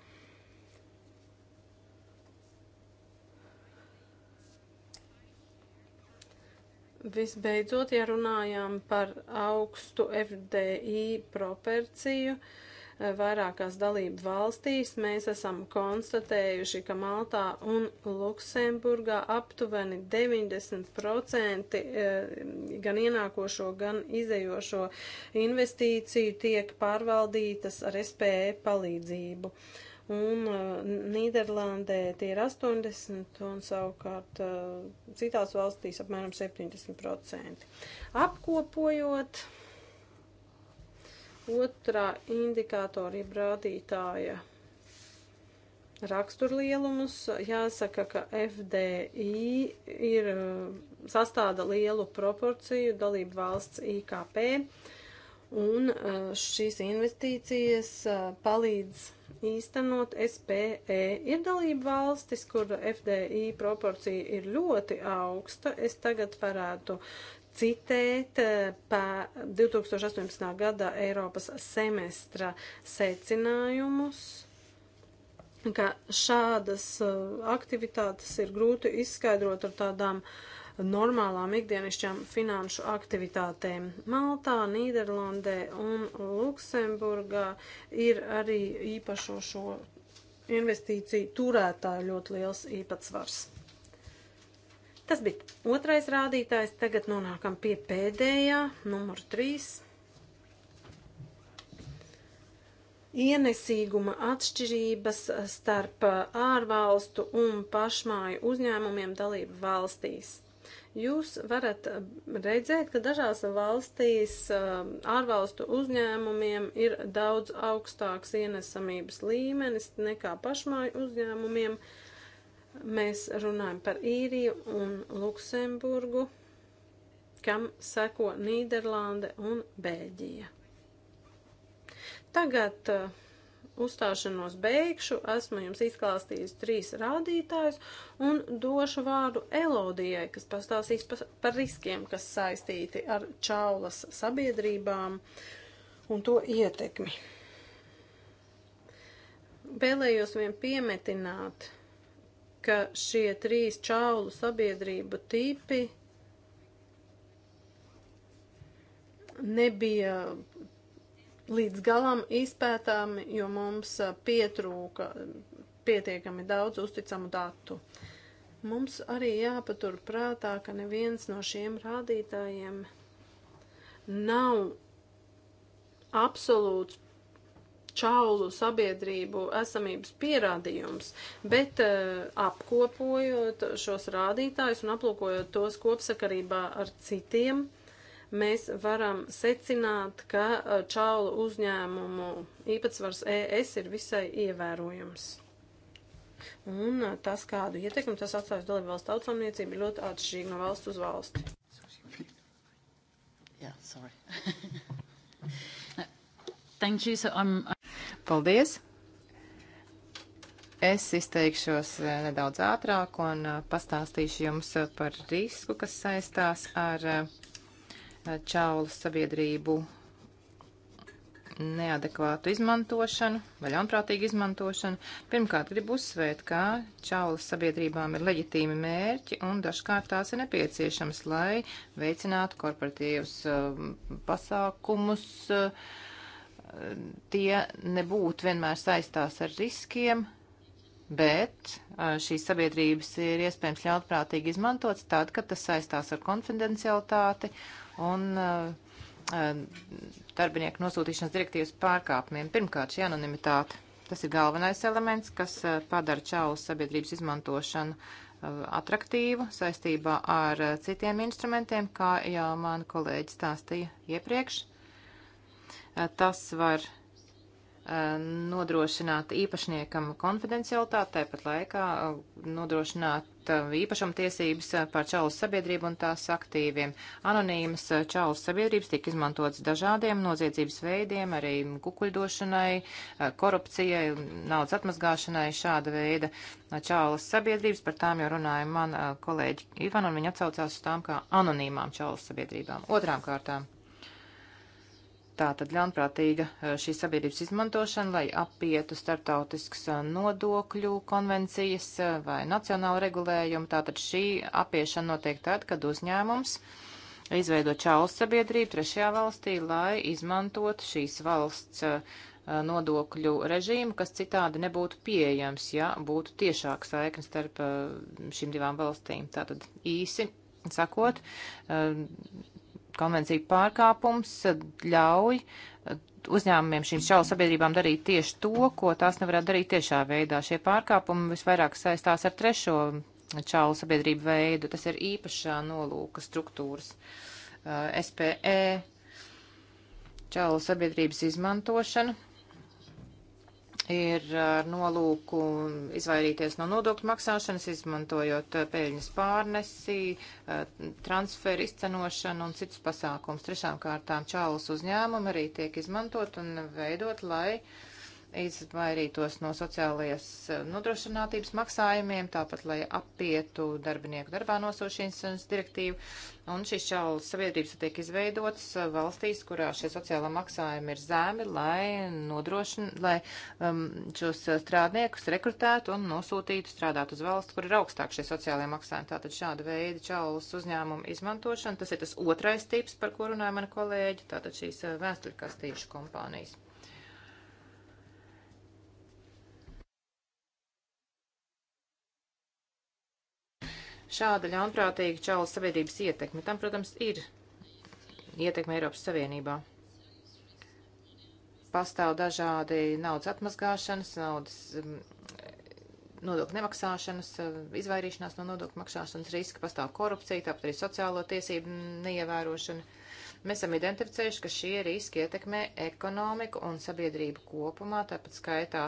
S3: Visbeidzot, ja runājām par augstu FDI proporciju, uh, vairākās dalību valstīs mēs esam konstatējuši, ka Maltā un Luksemburgā aptuveni 90% eh, gan ienākošo, gan izējošo investīciju tiek pārvaldītas ar SPE palīdzību un uh, Nīderlandē tie ir 80, un savukārt uh, citās valstīs apmēram 70%. Apkopojot, uh, otrā indikātora jeb rādītāja raksturlielumus. Jāsaka, ka FDI ir uh, sastāda lielu proporciju dalību valsts IKP, un uh, šīs investīcijas uh, palīdz īstenot SPE. Ir dalība valstis, kur FDI proporcija ir ļoti augsta. Es tagad varētu citēt eh, pa 2018. gada Eiropas semestra secinājumus, ka šādas eh, aktivitātes ir grūti izskaidrot ar tādām normālām ikdienišķām finanšu aktivitātēm. Maltā, Nīderlandē un Luksemburgā ir arī īpašo šo investīciju turētāju ļoti liels īpatsvars. Tas bija otrais rādītājs. Tagad nonākam pie pēdējā, numur 3. Ienesīguma atšķirības starp ārvalstu un pašmāju uzņēmumiem dalību valstīs. Jūs varat redzēt, ka dažās valstīs um, ārvalstu uzņēmumiem ir daudz augstāks ienesamības līmenis nekā pašmāju uzņēmumiem. Uh, Mēs runājam par īriju un Luksemburgu, kam seko Nīderlande un Bēļģija. Tagad uh, uzstāšanos beigšu, esmu jums izklāstījis trīs rādītājus un došu vārdu Elodijai, kas pastāstīs par riskiem, kas saistīti ar čaulas sabiedrībām un to ietekmi. Vēlējos vien piemetināt, ka šie trīs čaulu sabiedrību tipi nebija līdz galam izpētāmi, jo mums pietrūka pietiekami daudz uzticamu datu. Mums arī jāpatur prātā, ka neviens no šiem rādītājiem nav absolūts čaulu sabiedrību esamības pierādījums, bet eh, apkopojot šos rādītājus un aplūkojot tos kopsakarībā ar citiem, mēs varam secināt, ka eh, čaulu uzņēmumu īpatsvars ES ir visai ievērojams. Un eh, tas, kādu ietekmi tas atstājas dalību valsts tautsāmniecību, ir ļoti atšķirīgi no valsts uz valsti. Yeah, sorry.
S2: Thank you. So I'm, um, Paldies! Es izteikšos eh, nedaudz ātrāk un eh, pastāstīšu jums eh, par risku, kas saistās ar čaulu sabiedrību neadekvātu izmantošanu vai ļaunprātīgu izmantošanu. Pirmkārt, gribu uzsvērt, ka čaulas sabiedrībām ir leģitīmi mērķi un dažkārt tās ir nepieciešams, lai veicinātu korporatīvas uh, pasākumus. Uh, tie nebūtu vienmēr saistās ar riskiem, bet šīs sabiedrības ir iespējams ļautprātīgi izmantots tad, kad tas saistās ar konfidencialitāti un darbinieku nosūtīšanas direktīvas pārkāpumiem. Pirmkārt, šī anonimitāte. Tas ir galvenais elements, kas padara čaulu sabiedrības izmantošanu atraktīvu saistībā ar citiem instrumentiem, kā jau mani kolēģi stāstīja iepriekš. Tas var eh, nodrošināt īpašniekam konfidencialitāti, tāpat laikā eh, nodrošināt eh, īpašuma tiesības par čalas sabiedrību un tās aktīviem. Anonīmas čalas sabiedrības tiek izmantotas dažādiem noziedzības veidiem, arī kukuļdošanai, korupcijai, naudas atmazgāšanai, šāda veida čalas sabiedrības. Par tām jau runāja man kolēģi Ivan, un viņi atsaucās uz tām kā anonīmām čalas sabiedrībām. Otrām kārtām Tā tad ļaunprātīga eh, šī sabiedrības izmantošana, lai apietu startautiskas eh, nodokļu konvencijas eh, vai nacionālu regulējumu. Tātad šī apiešana notiek tad, kad uzņēmums izveido čāls sabiedrību trešajā valstī, lai izmantot šīs valsts nodokļu režīmu, kas citādi nebūtu pieejams, ja būtu tiešāka saikne starp šīm divām valstīm. Tātad īsi sakot, konvencija pārkāpums ļauj eh, uzņēmumiem šīm šaubu sabiedrībām darīt tieši to, ko tās nevarētu darīt tiešā veidā. Šie pārkāpumi visvairāk saistās ar trešo čālu sabiedrību veidu. Tas ir īpašā nolūka struktūras eh, SPE čālu sabiedrības izmantošana ir ar nolūku izvairīties no nodokļu maksāšanas, izmantojot peļņas pārnesi, transferu izcenošanu un citus pasākumus. Trešām kārtām čālus uzņēmumi arī tiek izmantot un veidot, lai uh, izvairītos no sociālajās eh, nodrošinātības maksājumiem, tāpat, lai apietu darbinieku darbā nosūšanas direktīvu. Un šīs šādas sabiedrības tiek izveidotas eh, valstīs, kurā šie sociālā maksājumi ir zemi, lai nodrošina, lai um, šos eh, strādniekus rekrutētu un nosūtītu strādāt uz valsts, kur ir augstāk šie sociālajie maksājumi. Tātad šāda veida čaulas uzņēmumu izmantošana, tas ir tas otrais tips, par ko runāja mani kolēģi, tātad šīs vēstuļkastīšu kompānijas. šāda ļaunprātīga čaula sabiedrības ietekme. Tam, protams, ir ietekme Eiropas Savienībā. Pastāv dažādi naudas atmazgāšanas, naudas mm, nodokļu nemaksāšanas, mm, izvairīšanās no nodokļu maksāšanas riska, pastāv korupcija, tāpat arī sociālo tiesību neievērošana. Mēs esam identificējuši, ka šie riski ietekmē ekonomiku un sabiedrību kopumā, tāpat skaitā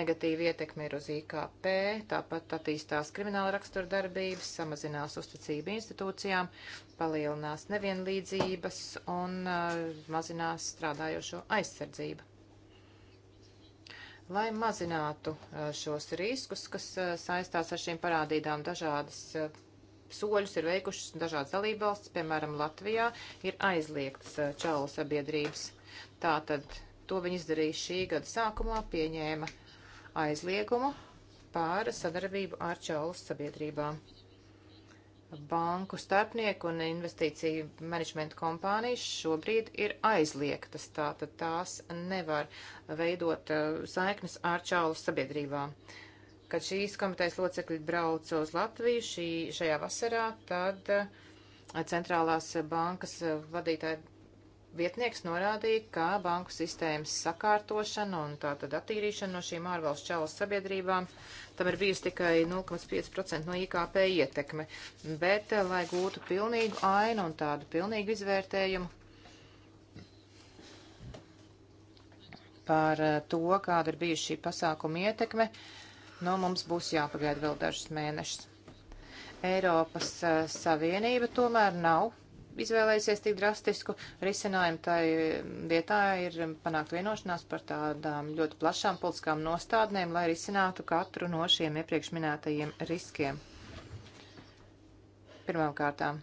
S2: negatīvi ietekmi ir uz IKP, tāpat attīstās krimināla rakstura darbības, samazinās uzticība institūcijām, palielinās nevienlīdzības un uh, mazinās strādājošo aizsardzību lai mazinātu uh, šos riskus, kas uh, saistās ar šīm parādītām dažādas uh, soļus ir veikušas dažādas dalībvalstis, piemēram, Latvijā ir aizliegts eh, čalu sabiedrības. Tātad to viņi izdarīja šī gada sākumā, pieņēma aizliegumu pār sadarbību ar čalu sabiedrībām. Banku starpnieku un investīciju menedžmenta kompānijas šobrīd ir aizliegtas, tātad tās nevar veidot eh, saiknes ar čālu sabiedrībām. Uh, kad šīs komitejas locekļi brauca uz Latviju šī, šajā vasarā, tad eh, centrālās bankas eh, vadītāja vietnieks norādīja, ka banku sistēmas sakārtošana un tātad attīrīšana no šīm ārvalstu čalas sabiedrībām tam ir bijusi tikai 0,5% no IKP ietekme. Bet, eh, lai gūtu pilnīgu ainu un tādu pilnīgu izvērtējumu par to, kāda ir bijusi šī pasākuma ietekme, uh, Nu, mums būs jāpagaida vēl dažus mēnešus. Eiropas uh, Savienība tomēr nav izvēlējusies tik drastisku risinājumu. Tai vietā ir panākt vienošanās par tādām ļoti plašām politiskām nostādnēm, lai risinātu katru no šiem iepriekš minētajiem riskiem. Pirmām kārtām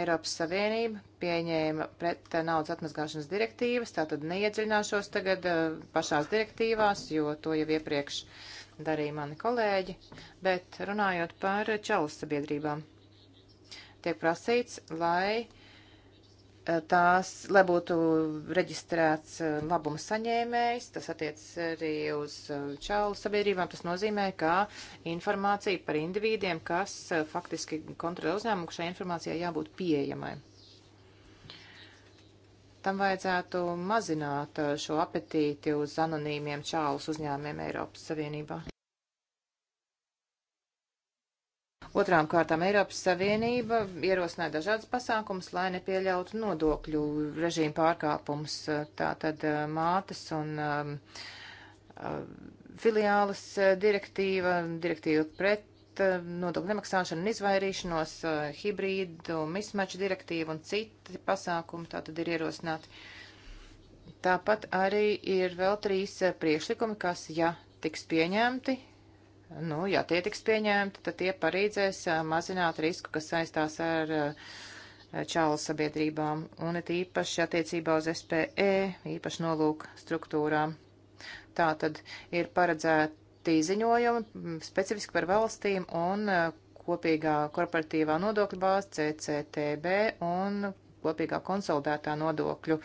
S2: Eiropas Savienība pieņēma pret naudas atmazgāšanas direktīvas, tātad neiedziļināšos tagad eh, pašās direktīvās, jo to jau iepriekš darīja mani kolēģi, bet runājot par čalas sabiedrībām, tiek prasīts, lai uh, tās, lai būtu reģistrēts eh, labuma saņēmējs, tas attiecas arī uz eh, čālu sabiedrībām, tas nozīmē, ka informācija par individiem, kas eh, faktiski kontrolē uzņēmumu, ka šai informācijai jābūt pieejamai. Tam vajadzētu mazināt šo apetīti uz anonīmiem čālus uzņēmumiem Eiropas Savienībā. Otrām kārtām Eiropas Savienība ierosināja dažādas pasākumus, lai nepieļautu nodokļu režīmu pārkāpumus. Eh, Tātad eh, mātes un um, ehm, eh, filiālas direktīva, direktīva pret nodokļu nemaksāšanu un izvairīšanos, hibrīdu, mismaču direktīvu un citi pasākumi tā tad ir ierosināti. Tāpat arī ir vēl trīs priekšlikumi, kas, ja tiks pieņemti, Nu, ja tie tiks pieņemti, tad tie palīdzēs mazināt risku, kas saistās ar čālu sabiedrībām un it īpaši attiecībā uz SPE, īpaši nolūk struktūrām. Tā tad ir paredzēti ziņojumi specifiski par valstīm un kopīgā korporatīvā nodokļa bāze CCTB un kopīgā konsolidētā nodokļu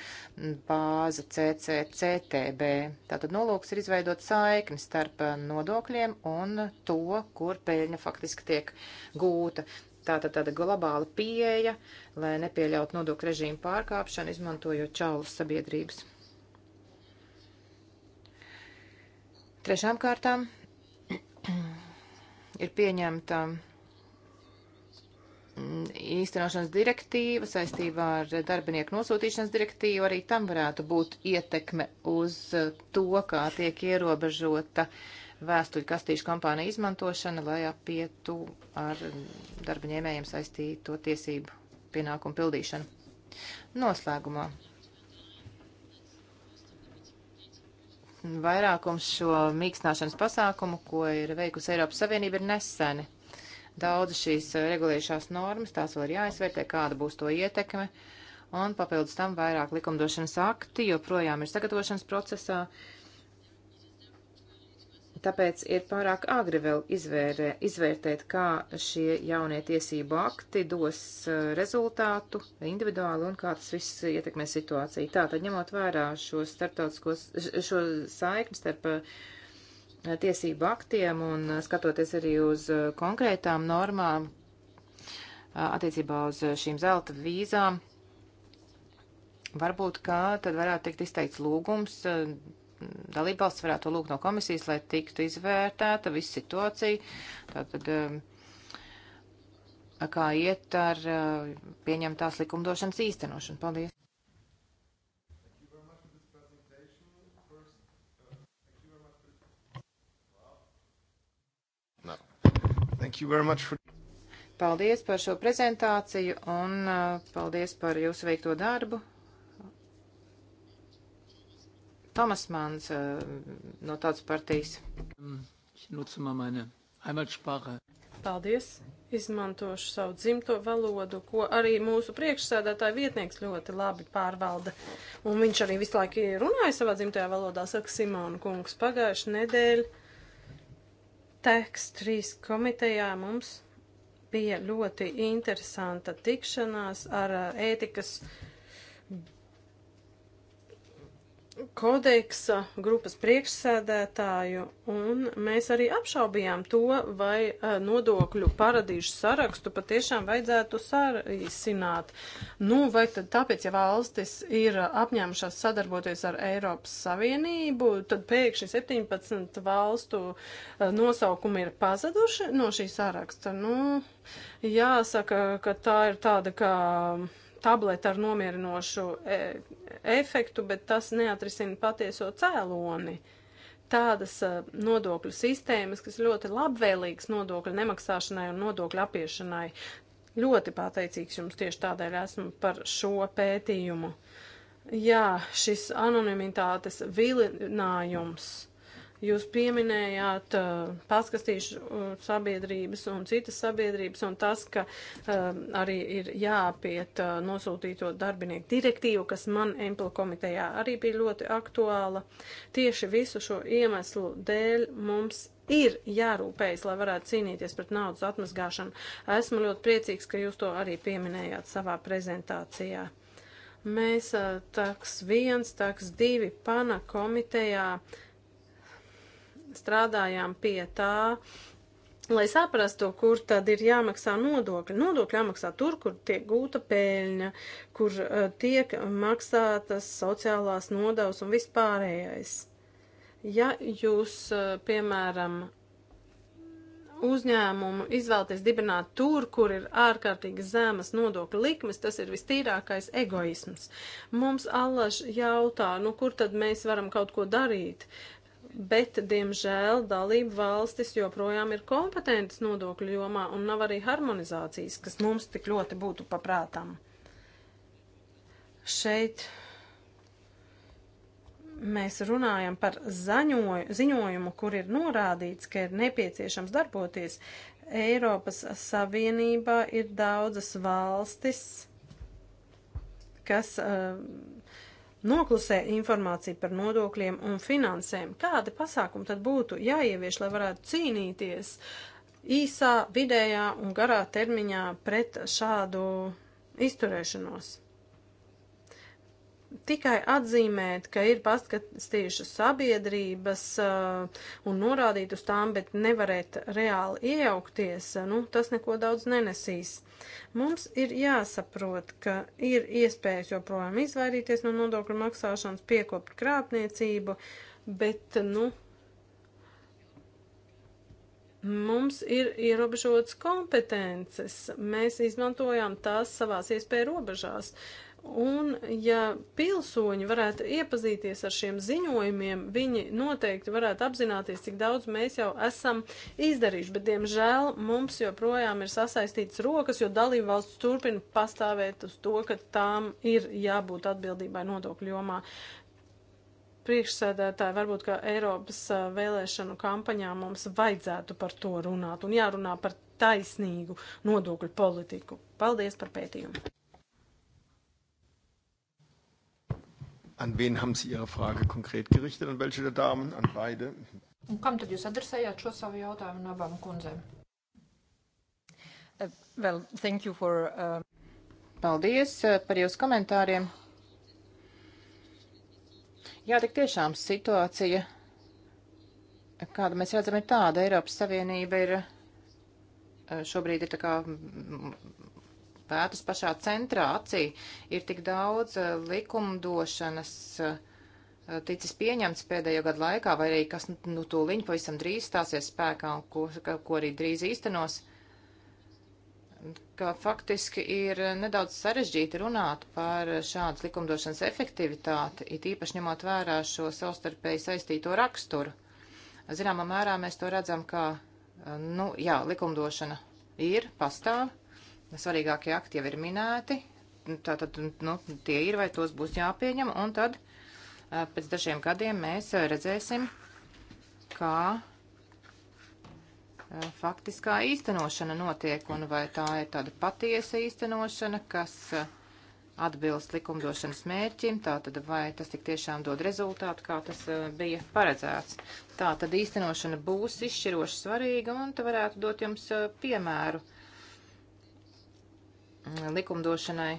S2: bāze CCCTB. Tātad nolūks ir izveidot saikni starp nodokļiem un to, kur peļņa faktiski tiek gūta. Tātad tāda globāla pieeja, lai nepieļaut nodokļu režīmu pārkāpšanu, izmantojot čaulus sabiedrības. Trešām kārtām ir pieņemta īstenošanas direktīva saistībā ar darbinieku nosūtīšanas direktīvu, arī tam varētu būt ietekme uz to, kā tiek ierobežota vēstuļu kastīšu kampānija izmantošana, lai apietu ar darbaņēmējiem saistīto tiesību pienākumu pildīšanu. Noslēgumā. Vairākums šo mīkstināšanas pasākumu, ko ir veikusi Eiropas Savienība, ir neseni daudz šīs eh, regulējušās normas, tās vēl ir jāizvērtē, kāda būs to ietekme, un papildus tam vairāk likumdošanas akti joprojām ir sagatavošanas procesā, tāpēc ir pārāk agri vēl izvērē, izvērtēt, kā šie jaunie tiesību akti dos eh, rezultātu individuāli un kā tas viss ietekmē situāciju. Tātad ņemot vērā šo starptautiskos, šo saikni starp uh, tiesību aktiem un eh, skatoties arī uz eh, konkrētām normām eh, attiecībā uz šīm zelta vīzām, varbūt kā tad varētu tikt izteikts lūgums, dalībvalsts varētu lūgt no komisijas, lai tiktu izvērtēta visa situācija, tātad kā iet ar pieņemtās likumdošanas īstenošanu. Paldies!
S3: For...
S2: Paldies par šo prezentāciju un uh, paldies par jūsu veikto darbu. Tomas Mans uh, no tādas partijas. Um,
S3: paldies! Izmantošu savu dzimto valodu, ko arī mūsu priekšsēdētāja vietnieks ļoti labi pārvalda. Un viņš arī visu laiku runāja savā dzimtajā valodā, saka Simona Kungs, pagājuši nedēļu Teks trīs komitejā mums bija ļoti interesanta tikšanās ar ētikas kodeksa grupas priekšsēdētāju, un mēs arī apšaubījām to, vai eh, nodokļu paradīžu sarakstu patiešām vajadzētu sarīsināt. Nu, vai tad tāpēc, ja valstis ir apņēmušās sadarboties ar Eiropas Savienību, tad pēkšņi 17 valstu eh, nosaukumi ir pazuduši no šī saraksta? Nu, jāsaka, ka tā ir tāda kā. Ka tableta ar nomierinošu e efektu, bet tas neatrisina patieso cēloni. Tādas e, nodokļu sistēmas, kas ļoti labvēlīgas nodokļu nemaksāšanai un nodokļu apiešanai. Ļoti pateicīgs jums tieši tādēļ esmu par šo pētījumu. Jā, šis anonimitātes vilinājums Jūs pieminējāt uh, paskastīšu uh, sabiedrības un citas sabiedrības un tas, ka uh, arī ir jāapiet uh, nosūtīto darbinieku direktīvu, kas man Empla komitejā arī bija ļoti aktuāla. Tieši visu šo iemeslu dēļ mums ir jārūpējas, lai varētu cīnīties pret naudas atmazgāšanu. Esmu ļoti priecīgs, ka jūs to arī pieminējāt savā prezentācijā. Mēs uh, taks viens, taks divi pana komitejā uh, strādājām pie tā, lai saprastu, kur tad ir jāmaksā nodokļi. Nodokļi jāmaksā tur, kur tiek gūta peļņa, kur uh, tiek maksātas sociālās nodevas un vispārējais. Ja jūs, uh, piemēram, uzņēmumu izvēlties dibināt tur, kur ir ārkārtīgi zemas nodokļu likmes, tas ir vistīrākais egoisms. Mums allaž jautā, nu kur tad mēs varam kaut ko darīt? Uh, Bet, diemžēl, dalību valstis joprojām ir kompetentas nodokļu jomā un nav arī harmonizācijas, kas mums tik ļoti būtu paprātām. Šeit mēs runājam par zaņoju, ziņojumu, kur ir norādīts, ka ir nepieciešams darboties. Eiropas Savienībā ir daudzas valstis, kas. Uh, noklusē informāciju par nodokļiem un finansēm. Kādi pasākumi tad būtu jāievieš, lai varētu cīnīties īsā, vidējā un garā termiņā pret šādu izturēšanos? Tikai atzīmēt, ka ir paskatījušas sabiedrības uh, un norādīt uz tām, bet nevarēt reāli iejaukties, uh, nu, tas neko daudz nenesīs. Mums ir jāsaprot, ka ir iespējas joprojām izvairīties no nodokļu maksāšanas, piekopt krāpniecību, bet, nu, mums ir ierobežotas kompetences. Mēs izmantojām tās savās iespēju robežās. Uh, Un, ja pilsoņi varētu iepazīties ar šiem ziņojumiem, viņi noteikti varētu apzināties, cik daudz mēs jau esam izdarījuši. Bet, diemžēl, mums joprojām ir sasaistītas rokas, jo dalība valsts turpina pastāvēt uz to, ka tām ir jābūt atbildībai nodokļu jomā. Priekšsēdētāji, varbūt kā Eiropas uh, vēlēšanu kampaņā mums vajadzētu par to runāt un jārunā par taisnīgu nodokļu politiku. Paldies par pētījumu!
S1: An wen haben Sie Ihre Frage konkret gerichtet?
S3: An welche der Damen? An beide?
S1: Un kam tad jūs adresējāt šo savu jautājumu no abām kundzēm?
S2: Uh, well, thank you for... Uh... Paldies uh, par jūsu komentāriem. Jā, tik tiešām situācija, kādu mēs redzam, ir tāda. Eiropas Savienība ir uh, šobrīd ir tā kā pētas pašā centrā acī ir tik daudz eh, likumdošanas eh, ticis pieņemts pēdējo gadu laikā, vai arī kas nu to liņu pavisam drīz stāsies spēkā un ko, ko arī drīz īstenos, ka faktiski ir nedaudz sarežģīti runāt par šādas likumdošanas efektivitāti, it īpaši ņemot vērā šo savstarpēji saistīto raksturu. Zināmā mērā mēs to redzam, kā, eh, nu, jā, likumdošana ir, pastāv, svarīgākie akti jau ir minēti, tātad, nu, tie ir vai tos būs jāpieņem, un tad eh, pēc dažiem gadiem mēs redzēsim, kā eh, faktiskā īstenošana notiek, un vai tā ir tāda patiesa īstenošana, kas eh, atbilst likumdošanas mērķim, tātad vai tas tik tiešām dod rezultātu, kā tas bija paredzēts. Tātad īstenošana būs izšķiroši svarīga, un te varētu dot jums piemēru Mm, likumdošanai,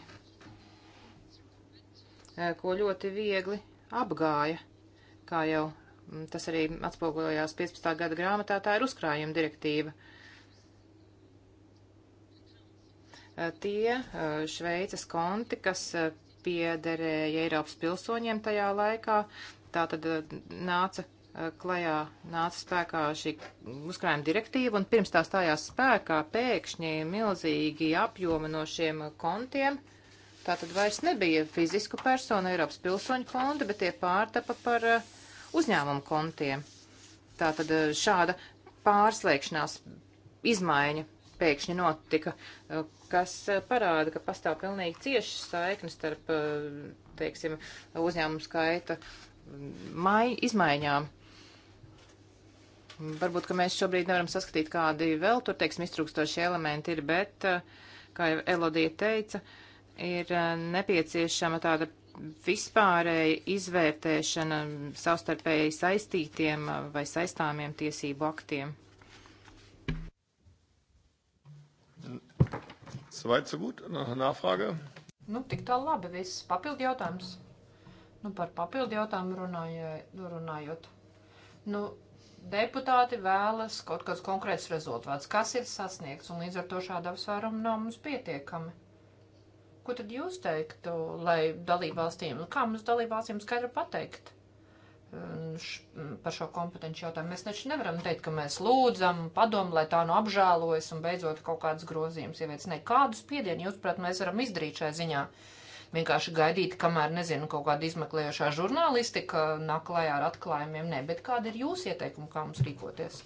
S2: e, ko ļoti viegli apgāja, kā jau mm, tas arī atspoguļojās 15. gada grāmatā, tā ir uzkrājuma direktīva. E, tie e, Šveices konti, kas piederēja Eiropas pilsoņiem tajā laikā, tā tad nāca Eh, klajā nāca spēkā šī uzkrājuma direktīva, un pirms tā stājās spēkā pēkšņi milzīgi apjomi no šiem kontiem. Tātad vairs nebija fizisku personu Eiropas pilsoņu konta, bet tie pārtapa par eh, uzņēmumu kontiem. Tātad eh, šāda pārslēgšanās izmaiņa pēkšņi notika, kas parāda, ka pastāv pilnīgi cieši saikni starp, teiksim, uzņēmumu skaita mm, mai, izmaiņām. Varbūt, ka mēs šobrīd nevaram saskatīt, kādi vēl tur, teiksim, iztrūkstošie elementi ir, bet, eh, kā jau Elodija teica, ir eh, nepieciešama tāda vispārēja izvērtēšana savstarpēji saistītiem eh, vai saistāmiem tiesību aktiem.
S3: Svaits gut, nāfrāga.
S1: Nu, tik tā labi, viss papildu jautājums. Nu, par papildu jautājumu runāja, runājot. Nu, deputāti vēlas kaut kāds konkrēts rezultāts, kas ir sasniegts, un līdz ar to šāda apsvēruma nav mums pietiekami. Ko tad jūs teiktu, lai dalībvalstīm, kā mums dalībvalstīm skaidri pateikt um, mm, par šo kompetenci jautājumu? Mēs taču nevaram teikt, ka mēs lūdzam padomu, lai tā nu apžēlojas un beidzot kaut kādas grozījumas ievietas. Nekādus piedienu, jūs, prāt, mēs varam izdarīt šai ziņā. Uh, vienkārši gaidīt, kamēr, nezinu, kaut kāda izmeklējošā žurnālistika nāk klajā ar atklājumiem. Nē, bet kāda ir jūsu ieteikuma, kā mums rīkoties?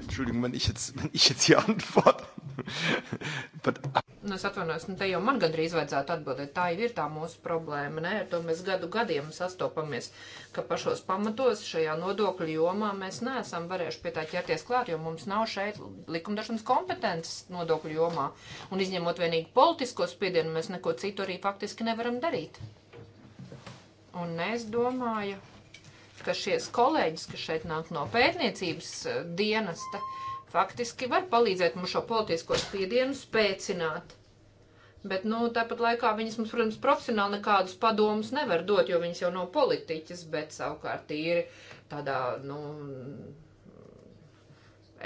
S1: Entschuldigung, wenn ich jetzt, wenn ich jetzt hier antworte. But... Nu, es atvainojos, nu te jau man gandrīz vajadzētu atbildēt. Tā jau ir tā mūsu problēma, nē, ar to mēs gadu gadiem sastopamies, ka pašos pamatos šajā nodokļu jomā mēs neesam varējuši pie tā ķerties klāt, jo mums nav šeit likumdošanas kompetences nodokļu jomā. Un izņemot vienīgi politisko spiedienu, mēs neko citu arī faktiski nevaram darīt. Un es domāju, ka šies kolēģis, kas šeit nāk no pētniecības eh, dienesta, uh, faktiski var palīdzēt mums šo politisko spiedienu spēcināt. Bet, nu, tāpat laikā viņas mums, protams, profesionāli nekādus padomus nevar dot, jo viņas jau nav politiķas, bet savukārt tīri tādā, nu,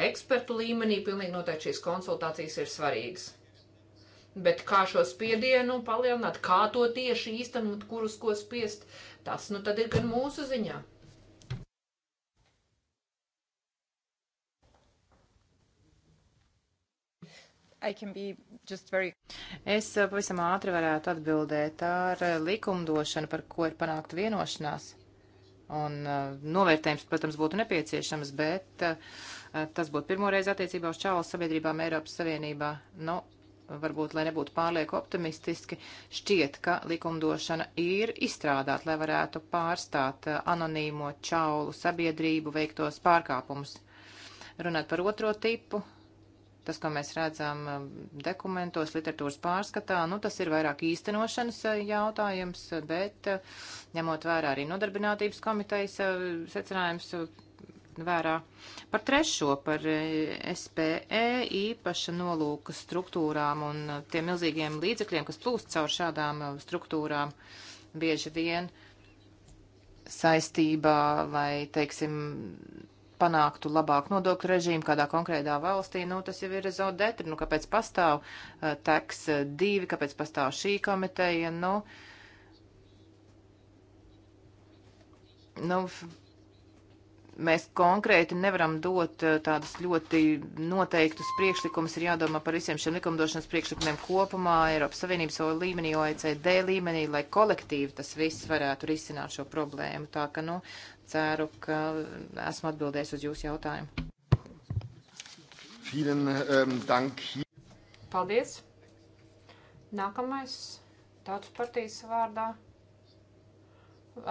S1: ekspertu līmenī pilnīgi noteikti šīs konsultācijas ir svarīgas. Bet kā šo spiedienu palielināt, kā to tieši īstenot, kurus ko spiest, tas, nu, tad ir gan mūsu ziņā.
S2: Very... Es uh, pavisam ātri varētu atbildēt ar uh, likumdošanu, par ko ir panākta vienošanās. Un uh, novērtējums, protams, būtu nepieciešams, bet tas būtu pirmoreiz attiecībā uz čālu sabiedrībām Eiropas Savienībā. Nu, varbūt, lai nebūtu pārlieku optimistiski, šķiet, ka likumdošana ir izstrādāta, lai varētu pārstāt anonīmo čaulu sabiedrību veiktos pārkāpumus. Runāt par otro tipu Tas, ko mēs redzam um, dokumentos, literatūras pārskatā, nu, tas ir vairāk īstenošanas uh, jautājums, bet uh, ņemot vērā arī nodarbinātības komitejas uh, secinājums vērā par trešo, par SPE īpaša nolūka struktūrām un tiem milzīgiem līdzekļiem, kas plūst caur šādām struktūrām bieži vien saistībā vai, teiksim, panāktu labāku nodokļu režīmu kādā konkrētā valstī, nu, tas jau ir raison detri, nu, kāpēc pastāv uh, teks eh, divi, kāpēc pastāv šī komiteja, nu, nu, mēs konkrēti nevaram dot eh, tādus ļoti noteiktus priekšlikumus. Ir jādomā par visiem šiem likumdošanas priekšlikumiem kopumā, Eiropas Savienības līmenī, OECD līmenī, lai kolektīvi tas viss varētu risināt šo problēmu. Tā ka, nu, ceru, ka esmu atbildējis uz jūsu jautājumu.
S1: Vielen, um, dank.
S2: Paldies! Nākamais tautas partijas
S1: vārdā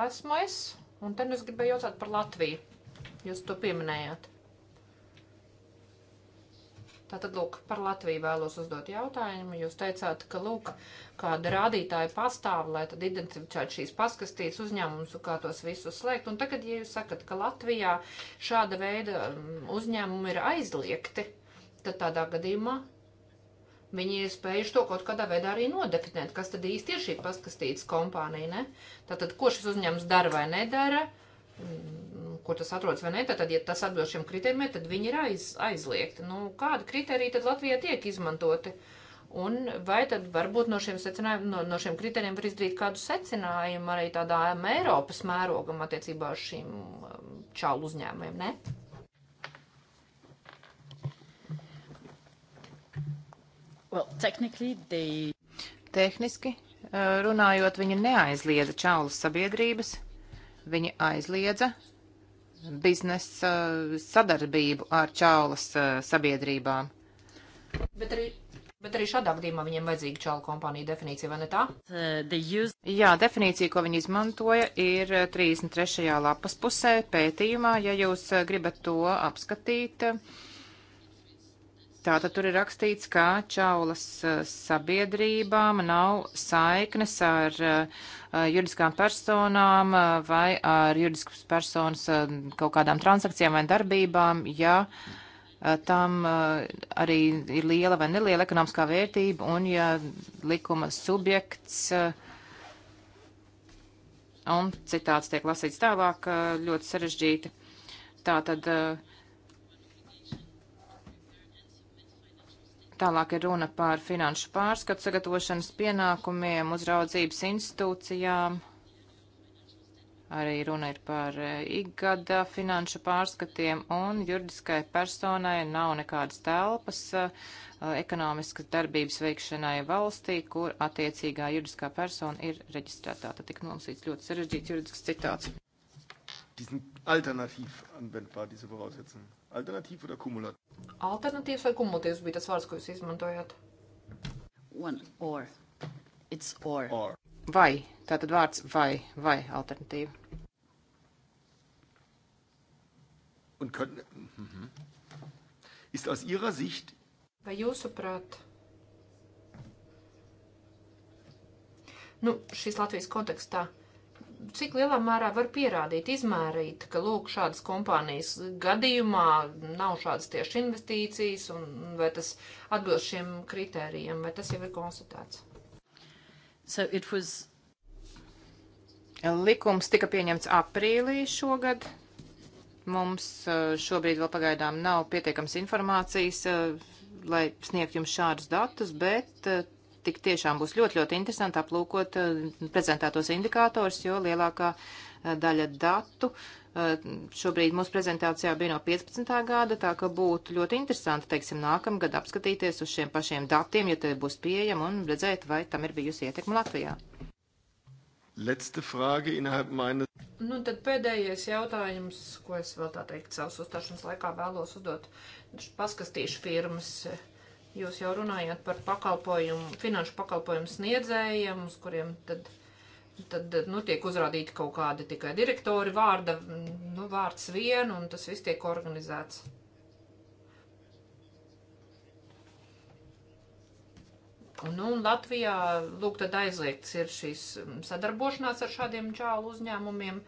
S1: esmu es, un te nu es gribēju jautāt par Latviju. Jūs to pieminējāt. Tātad, lūk, par Latviju vēlos uzdot jautājumu. Jūs teicāt, ka, lūk, kāda rādītāja pastāv, lai tad identificētu šīs paskastītas uzņēmumus un kā tos visus slēgt. Un tagad, ja jūs sakat, ka Latvijā šāda veida mm, uzņēmumi ir aizliegti, tad tādā gadījumā viņi ir spējuši to kaut kādā veidā arī nodefinēt, kas tad īsti ir šī paskastītas kompānija, ne? Tātad, ko šis uzņēmums dara vai nedara? Mm, kur tas atrodas vai nē, tad, ja tas atbilst šiem kritērijiem, tad viņi ir aiz, aizliegti. Nu, kāda kriterija tad Latvijā tiek izmantoti? Un vai tad varbūt no šiem, no, no šiem kriterijiem var izdarīt kādu secinājumu arī tādā Eiropas mērogam attiecībā uz šīm um, čālu
S2: uzņēmumiem, ne? Well, they... Tehniski uh, runājot, viņi neaizliedza čālu sabiedrības, viņi aizliedza biznesa sadarbību ar čaulas eh, sabiedrībām.
S1: Bet arī, bet arī šādā gadījumā viņiem vajadzīga čaula kompānija definīcija, vai ne tā?
S2: Uh, use... Jā, definīcija, ko viņi izmantoja, ir 33. lapas pusē pētījumā, ja jūs eh, gribat to apskatīt. Uh, Tātad tur ir rakstīts, ka čaulas eh, sabiedrībām nav saiknes ar eh, juridiskām personām eh, vai ar juridiskas personas kaut kādām transakcijām vai darbībām, ja tam arī ir liela vai neliela ekonomiskā vērtība un ja likuma subjekts un citāts tiek lasīts tālāk ļoti sarežģīti. Tātad uh, Tālāk ir runa par finanšu pārskatu sagatavošanas pienākumiem, uzraudzības institūcijām. Arī runa ir par e, ikgada finanšu pārskatiem un juridiskai personai nav nekādas telpas e, e, ekonomiskas darbības veikšanai valstī, kur attiecīgā juridiskā persona ir reģistrētā. Tad tik nolasīts ļoti sarežģīts juridisks citāts diesen
S1: alternativ anwendbar,
S2: diese Voraussetzungen. Alternatīvs vai kumulatīvs?
S1: Alternatīvs vai kumulatīvs bija tas vārds, ko jūs izmantojāt? One or.
S2: It's or. or. Vai. Tātad vārds vai, vai alternatīva.
S1: Un können. Mhm. Ist aus Ihrer Sicht. Vai jūsuprāt? Nu, šīs Latvijas kontekstā cik lielā mērā var pierādīt, izmērīt, ka, lūk, šādas kompānijas gadījumā nav šādas tieši investīcijas, un vai tas atbilst šiem kritērijiem, vai tas jau ir konstatēts? So was...
S2: Likums tika pieņemts aprīlī šogad. Mums uh, šobrīd vēl pagaidām nav pietiekams informācijas, uh, lai sniegtu jums šādus datus, bet uh, tik tiešām būs ļoti, ļoti interesanti aplūkot eh, prezentētos indikātors, jo lielākā eh, daļa datu eh, šobrīd mūsu prezentācijā bija no 15. gada, tā ka būtu ļoti interesanti, teiksim, nākamgad apskatīties uz šiem pašiem datiem, ja tie būs pieejami un redzēt, vai tam ir bijusi ietekma Latvijā.
S1: Letzte Frage innerhalb meines. Nu, tad pēdējais jautājums, ko es vēl tā teikt savas uzstāšanas laikā vēlos uzdot, paskastīšu firmas. Uh, Jūs jau runājāt par pakalpojumu, finanšu pakalpojumu sniedzējiem, uz kuriem tad, tad nu, tiek uzrādīti kaut kādi tikai direktori vārda, nu, vārds vien, un tas viss tiek organizēts. Un, nu, un Latvijā, lūk, tad aizliegts ir šīs mm, sadarbošanās ar šādiem čālu uzņēmumiem.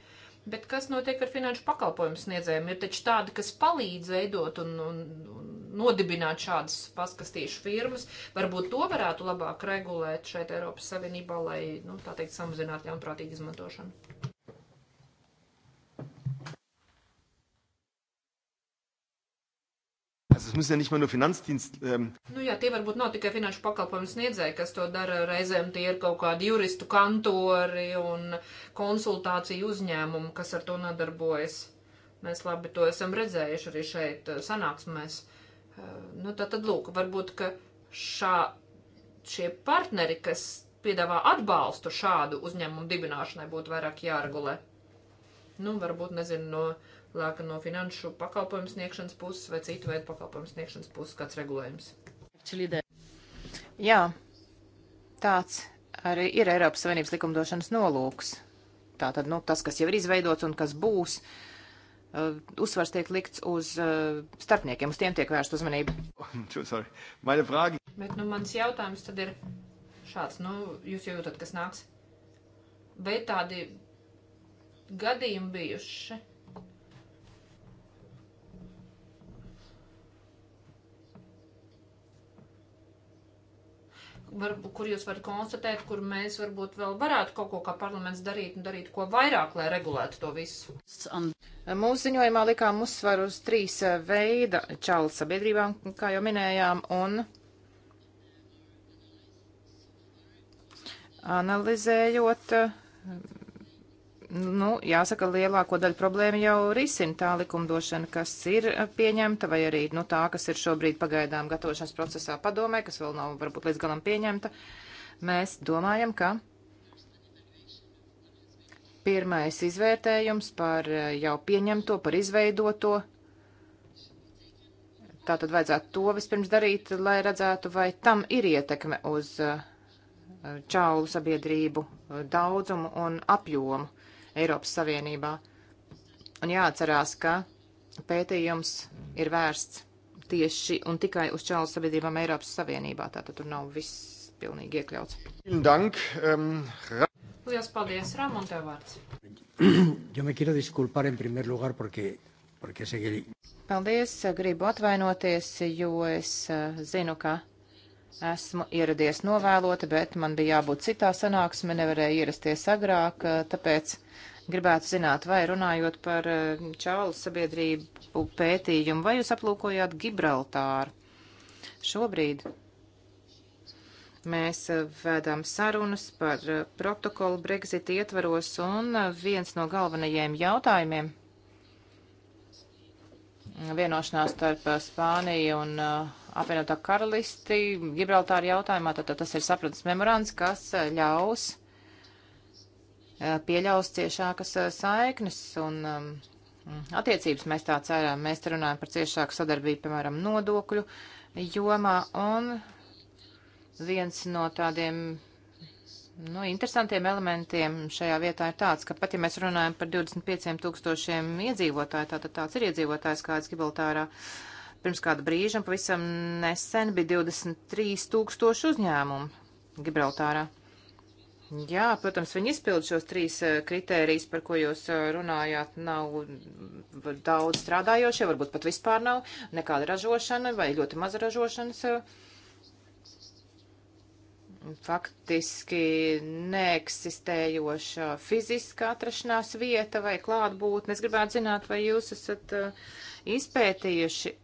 S1: Bet kas notiek ar finanšu pakalpojumu sniedzējiem? Ir taču tādi, kas palīdz veidot un, un, un nodibināt šādas paskastīšu firmas. Varbūt to varētu labāk regulēt šeit Eiropas Savienībā, lai, nu, tā teikt, samazinātu ļaunprātīgu izmantošanu.
S3: Also es müssen ja nicht mal nur Finanzdienst. Ähm
S1: nu jā, tie varbūt nav tikai finanšu pakalpojumu sniedzēji, kas to dara. Reizēm tie ir kaut kādi juristu kantori un konsultāciju uzņēmumi, kas ar to nodarbojas. Mēs labi to esam redzējuši arī šeit sanāksmēs. Uh, Nu, tā tad lūk, varbūt, ka šā, šie partneri, kas piedāvā atbalstu šādu uzņēmumu dibināšanai, būtu vairāk jāregulē. Nu, varbūt, nezinu, no lēka no finanšu pakalpojumu sniegšanas puses vai citu veidu pakalpojumu sniegšanas puses kāds regulējums.
S2: Jā, tāds arī ir Eiropas Savienības likumdošanas nolūks. Tātad, nu, tas, kas jau ir izveidots un kas būs, uh, Eh, uzsvars tiek likts uz eh, starpniekiem, uz tiem tiek vērsta uzmanība.
S1: Bet, nu, mans jautājums tad ir šāds, nu, jūs jūtat, kas nāks. Vai tādi gadījumi bijuši? var, kur jūs varat konstatēt, kur mēs varbūt vēl varētu kaut ko kā parlaments darīt un darīt ko vairāk, lai regulētu to visu?
S2: Mūsu ziņojumā likām uzsvaru uz trīs eh, veida čalu sabiedrībām, kā jau minējām, un analizējot eh, nu, jāsaka, lielāko daļu problēmu jau risina tā likumdošana, kas ir pieņemta, vai arī nu, tā, kas ir šobrīd pagaidām gatavošanas procesā padomē, kas vēl nav varbūt līdz galam pieņemta. Mēs domājam, ka pirmais izvērtējums par jau pieņemto, par izveidoto. Tā tad vajadzētu to vispirms darīt, lai redzētu, vai tam ir ietekme uz uh, čaulu sabiedrību uh, daudzumu un apjomu. Eiropas Savienībā. Un jāatcerās, ka pētījums ir vērsts tieši un tikai uz čalu sabiedrībām Eiropas Savienībā. Tātad tur nav viss pilnīgi iekļauts. Dank, um, ra... Lielas paldies, Ramon, tev vārds. Yo me quiero disculpar en primer lugar porque,
S3: porque seguí.
S2: Paldies, gribu atvainoties, jo es eh, zinu, ka Esmu ieradies novēloti, bet man bija jābūt citā sanāksme, nevarēju ierasties agrāk, eh, tāpēc gribētu zināt, vai runājot par eh, Čālu sabiedrību pētījumu, vai jūs aplūkojāt Gibraltāru? Šobrīd mēs eh, vēdām sarunas par protokolu Brexit ietvaros, un viens no galvenajiem jautājumiem vienošanās starp Spāniju un uh, apvienotā karalisti Gibraltāra jautājumā, tad, tad tas ir sapratis memorands, kas eh, ļaus eh, pieļaus ciešākas eh, saiknes un um, attiecības mēs tā cerām. Mēs te runājam par ciešāku sadarbību, piemēram, nodokļu jomā un viens no tādiem nu, interesantiem elementiem šajā vietā ir tāds, ka pat ja mēs runājam par 25 tūkstošiem iedzīvotāju, tātad tāds ir iedzīvotājs kāds Gibraltārā, uh, Pirms kāda brīža, pavisam nesen, bija 23 tūkstoši uzņēmumu Gibraltārā. Jā, protams, viņi izpild šos trīs eh, kritērijus, par ko jūs eh, runājāt. Nav daudz strādājošie, varbūt pat vispār nav nekāda ražošana vai ļoti maza ražošanas. Eh, faktiski neeksistējoša fiziska atrašanās vieta vai klātbūtne. Es gribētu zināt, vai jūs esat izpētījuši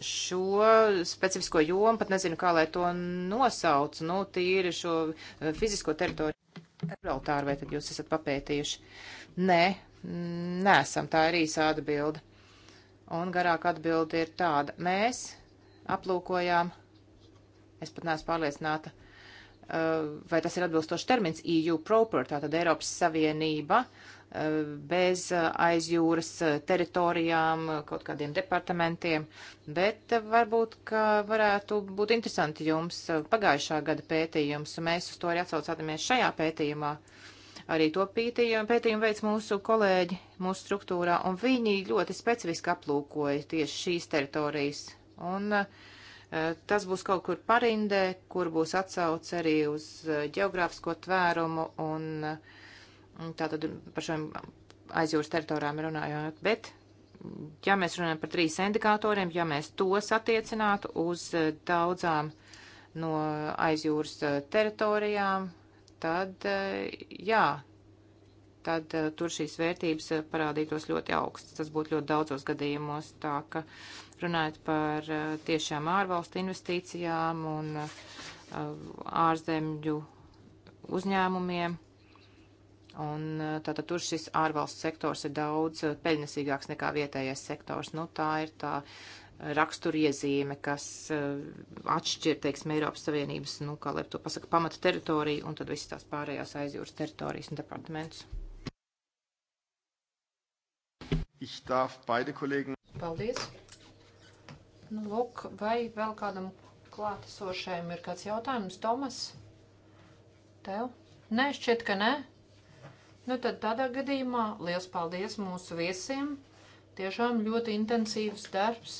S2: šo specifisko jomu, pat nezinu, kā lai to nosauc, nu, tīri šo eh, fizisko teritoriju. Gibraltāru vai tad jūs esat papētījuši? Nē, nesam, tā ir īsa atbilde. Un garāka atbilde ir tāda. Mēs aplūkojām, es pat neesmu pārliecināta, eh, vai tas ir atbilstošs termins EU proper, tātad Eiropas Savienība. Uh, bez eh, aizjūras eh, teritorijām, eh, kaut kādiem departamentiem, bet varbūt, ka varētu būt interesanti jums pagājušā gada pētījums, un mēs uz to arī atsaucāmies šajā pētījumā. Arī to pētījumu, pētījumu veids mūsu kolēģi mūsu struktūrā, un viņi ļoti specifiski aplūkoja tieši šīs teritorijas. Un tas būs kaut kur parindē, kur būs atsauce arī uz ģeogrāfisko tvērumu un uh, Tātad par šiem aizjūras teritorijām runājot, bet ja mēs runājam par trīs indikatoriem, ja mēs tos attiecinātu uz eh, daudzām no aizjūras eh, teritorijām, tad eh, jā, tad tur šīs vērtības parādītos ļoti augstas. Tas būtu ļoti daudzos gadījumos, tā ka runājot par tiešām ārvalstu investīcijām un ārzemju uzņēmumiem Un eh, tātad tur šis ārvalsts sektors ir daudz eh, peļņasīgāks nekā vietējais sektors. Nu, tā ir tā eh, raksturiezīme, kas atšķir, teiksim, Eiropas Savienības, nu, kā lai to pasaka, pamata teritoriju un tad visas tās pārējās aizjūras teritorijas un departamentus.
S1: Ich darf beide Kollegen. Paldies.
S2: Nu, lūk, vai vēl kādam
S1: klātesošajam ir kāds jautājums, Tomas? Tev? Nē, šķiet, ka nē. Nu, tad tādā gadījumā liels paldies mūsu viesiem. Tiešām ļoti intensīvs darbs.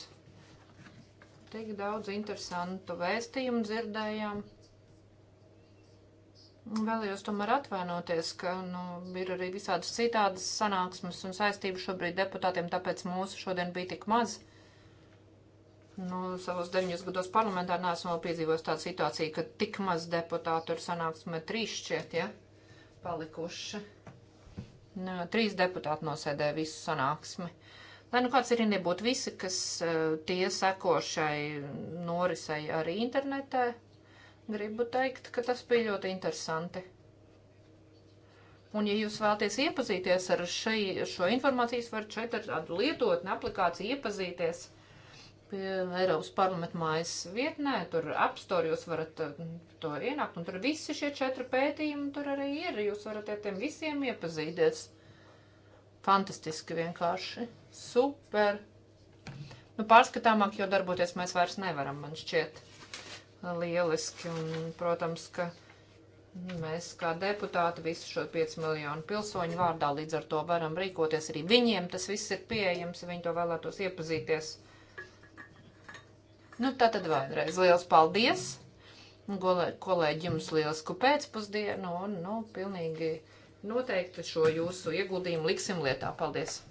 S1: Tik daudz interesantu vēstījumu dzirdējām. Vēlējos tomēr atvainoties, ka nu, ir arī visādas citādas sanāksmes un saistības šobrīd deputātiem, tāpēc mūsu šodien bija tik maz. Nu, savos deviņos gados parlamentā neesmu piedzīvojis tādu situāciju, ka tik maz deputātu ir sanāksme trīs šķiet, ja, palikuši. Nu, trīs deputāti nosēdē visu sanāksmi. Lai nu kāds arī nebūtu visi, kas e, tie seko šai norisei arī internetē, gribu teikt, ka tas bija ļoti interesanti. Un, ja jūs vēlaties iepazīties ar šai, šo informāciju, varat šeit ar tādu lietotni aplikāciju iepazīties pie Eiropas parlamenta mājas vietnē, tur apstor jūs varat eh, to ienākt, un tur visi šie četri pētījumi tur arī ir, jūs varat ar tiem visiem iepazīties. Fantastiski vienkārši, super. Nu, pārskatāmāk, jo darboties mēs vairs nevaram, man šķiet lieliski, un, protams, ka mēs kā deputāti visu šo 5 miljonu pilsoņu vārdā līdz ar to varam rīkoties arī viņiem, tas viss ir pieejams, viņi to vēlētos iepazīties Nu, tā tad vēlreiz liels paldies! Kolēģi, jums lielsku pēcpusdienu un, nu, pilnīgi noteikti šo jūsu ieguldījumu liksim lietā. Paldies!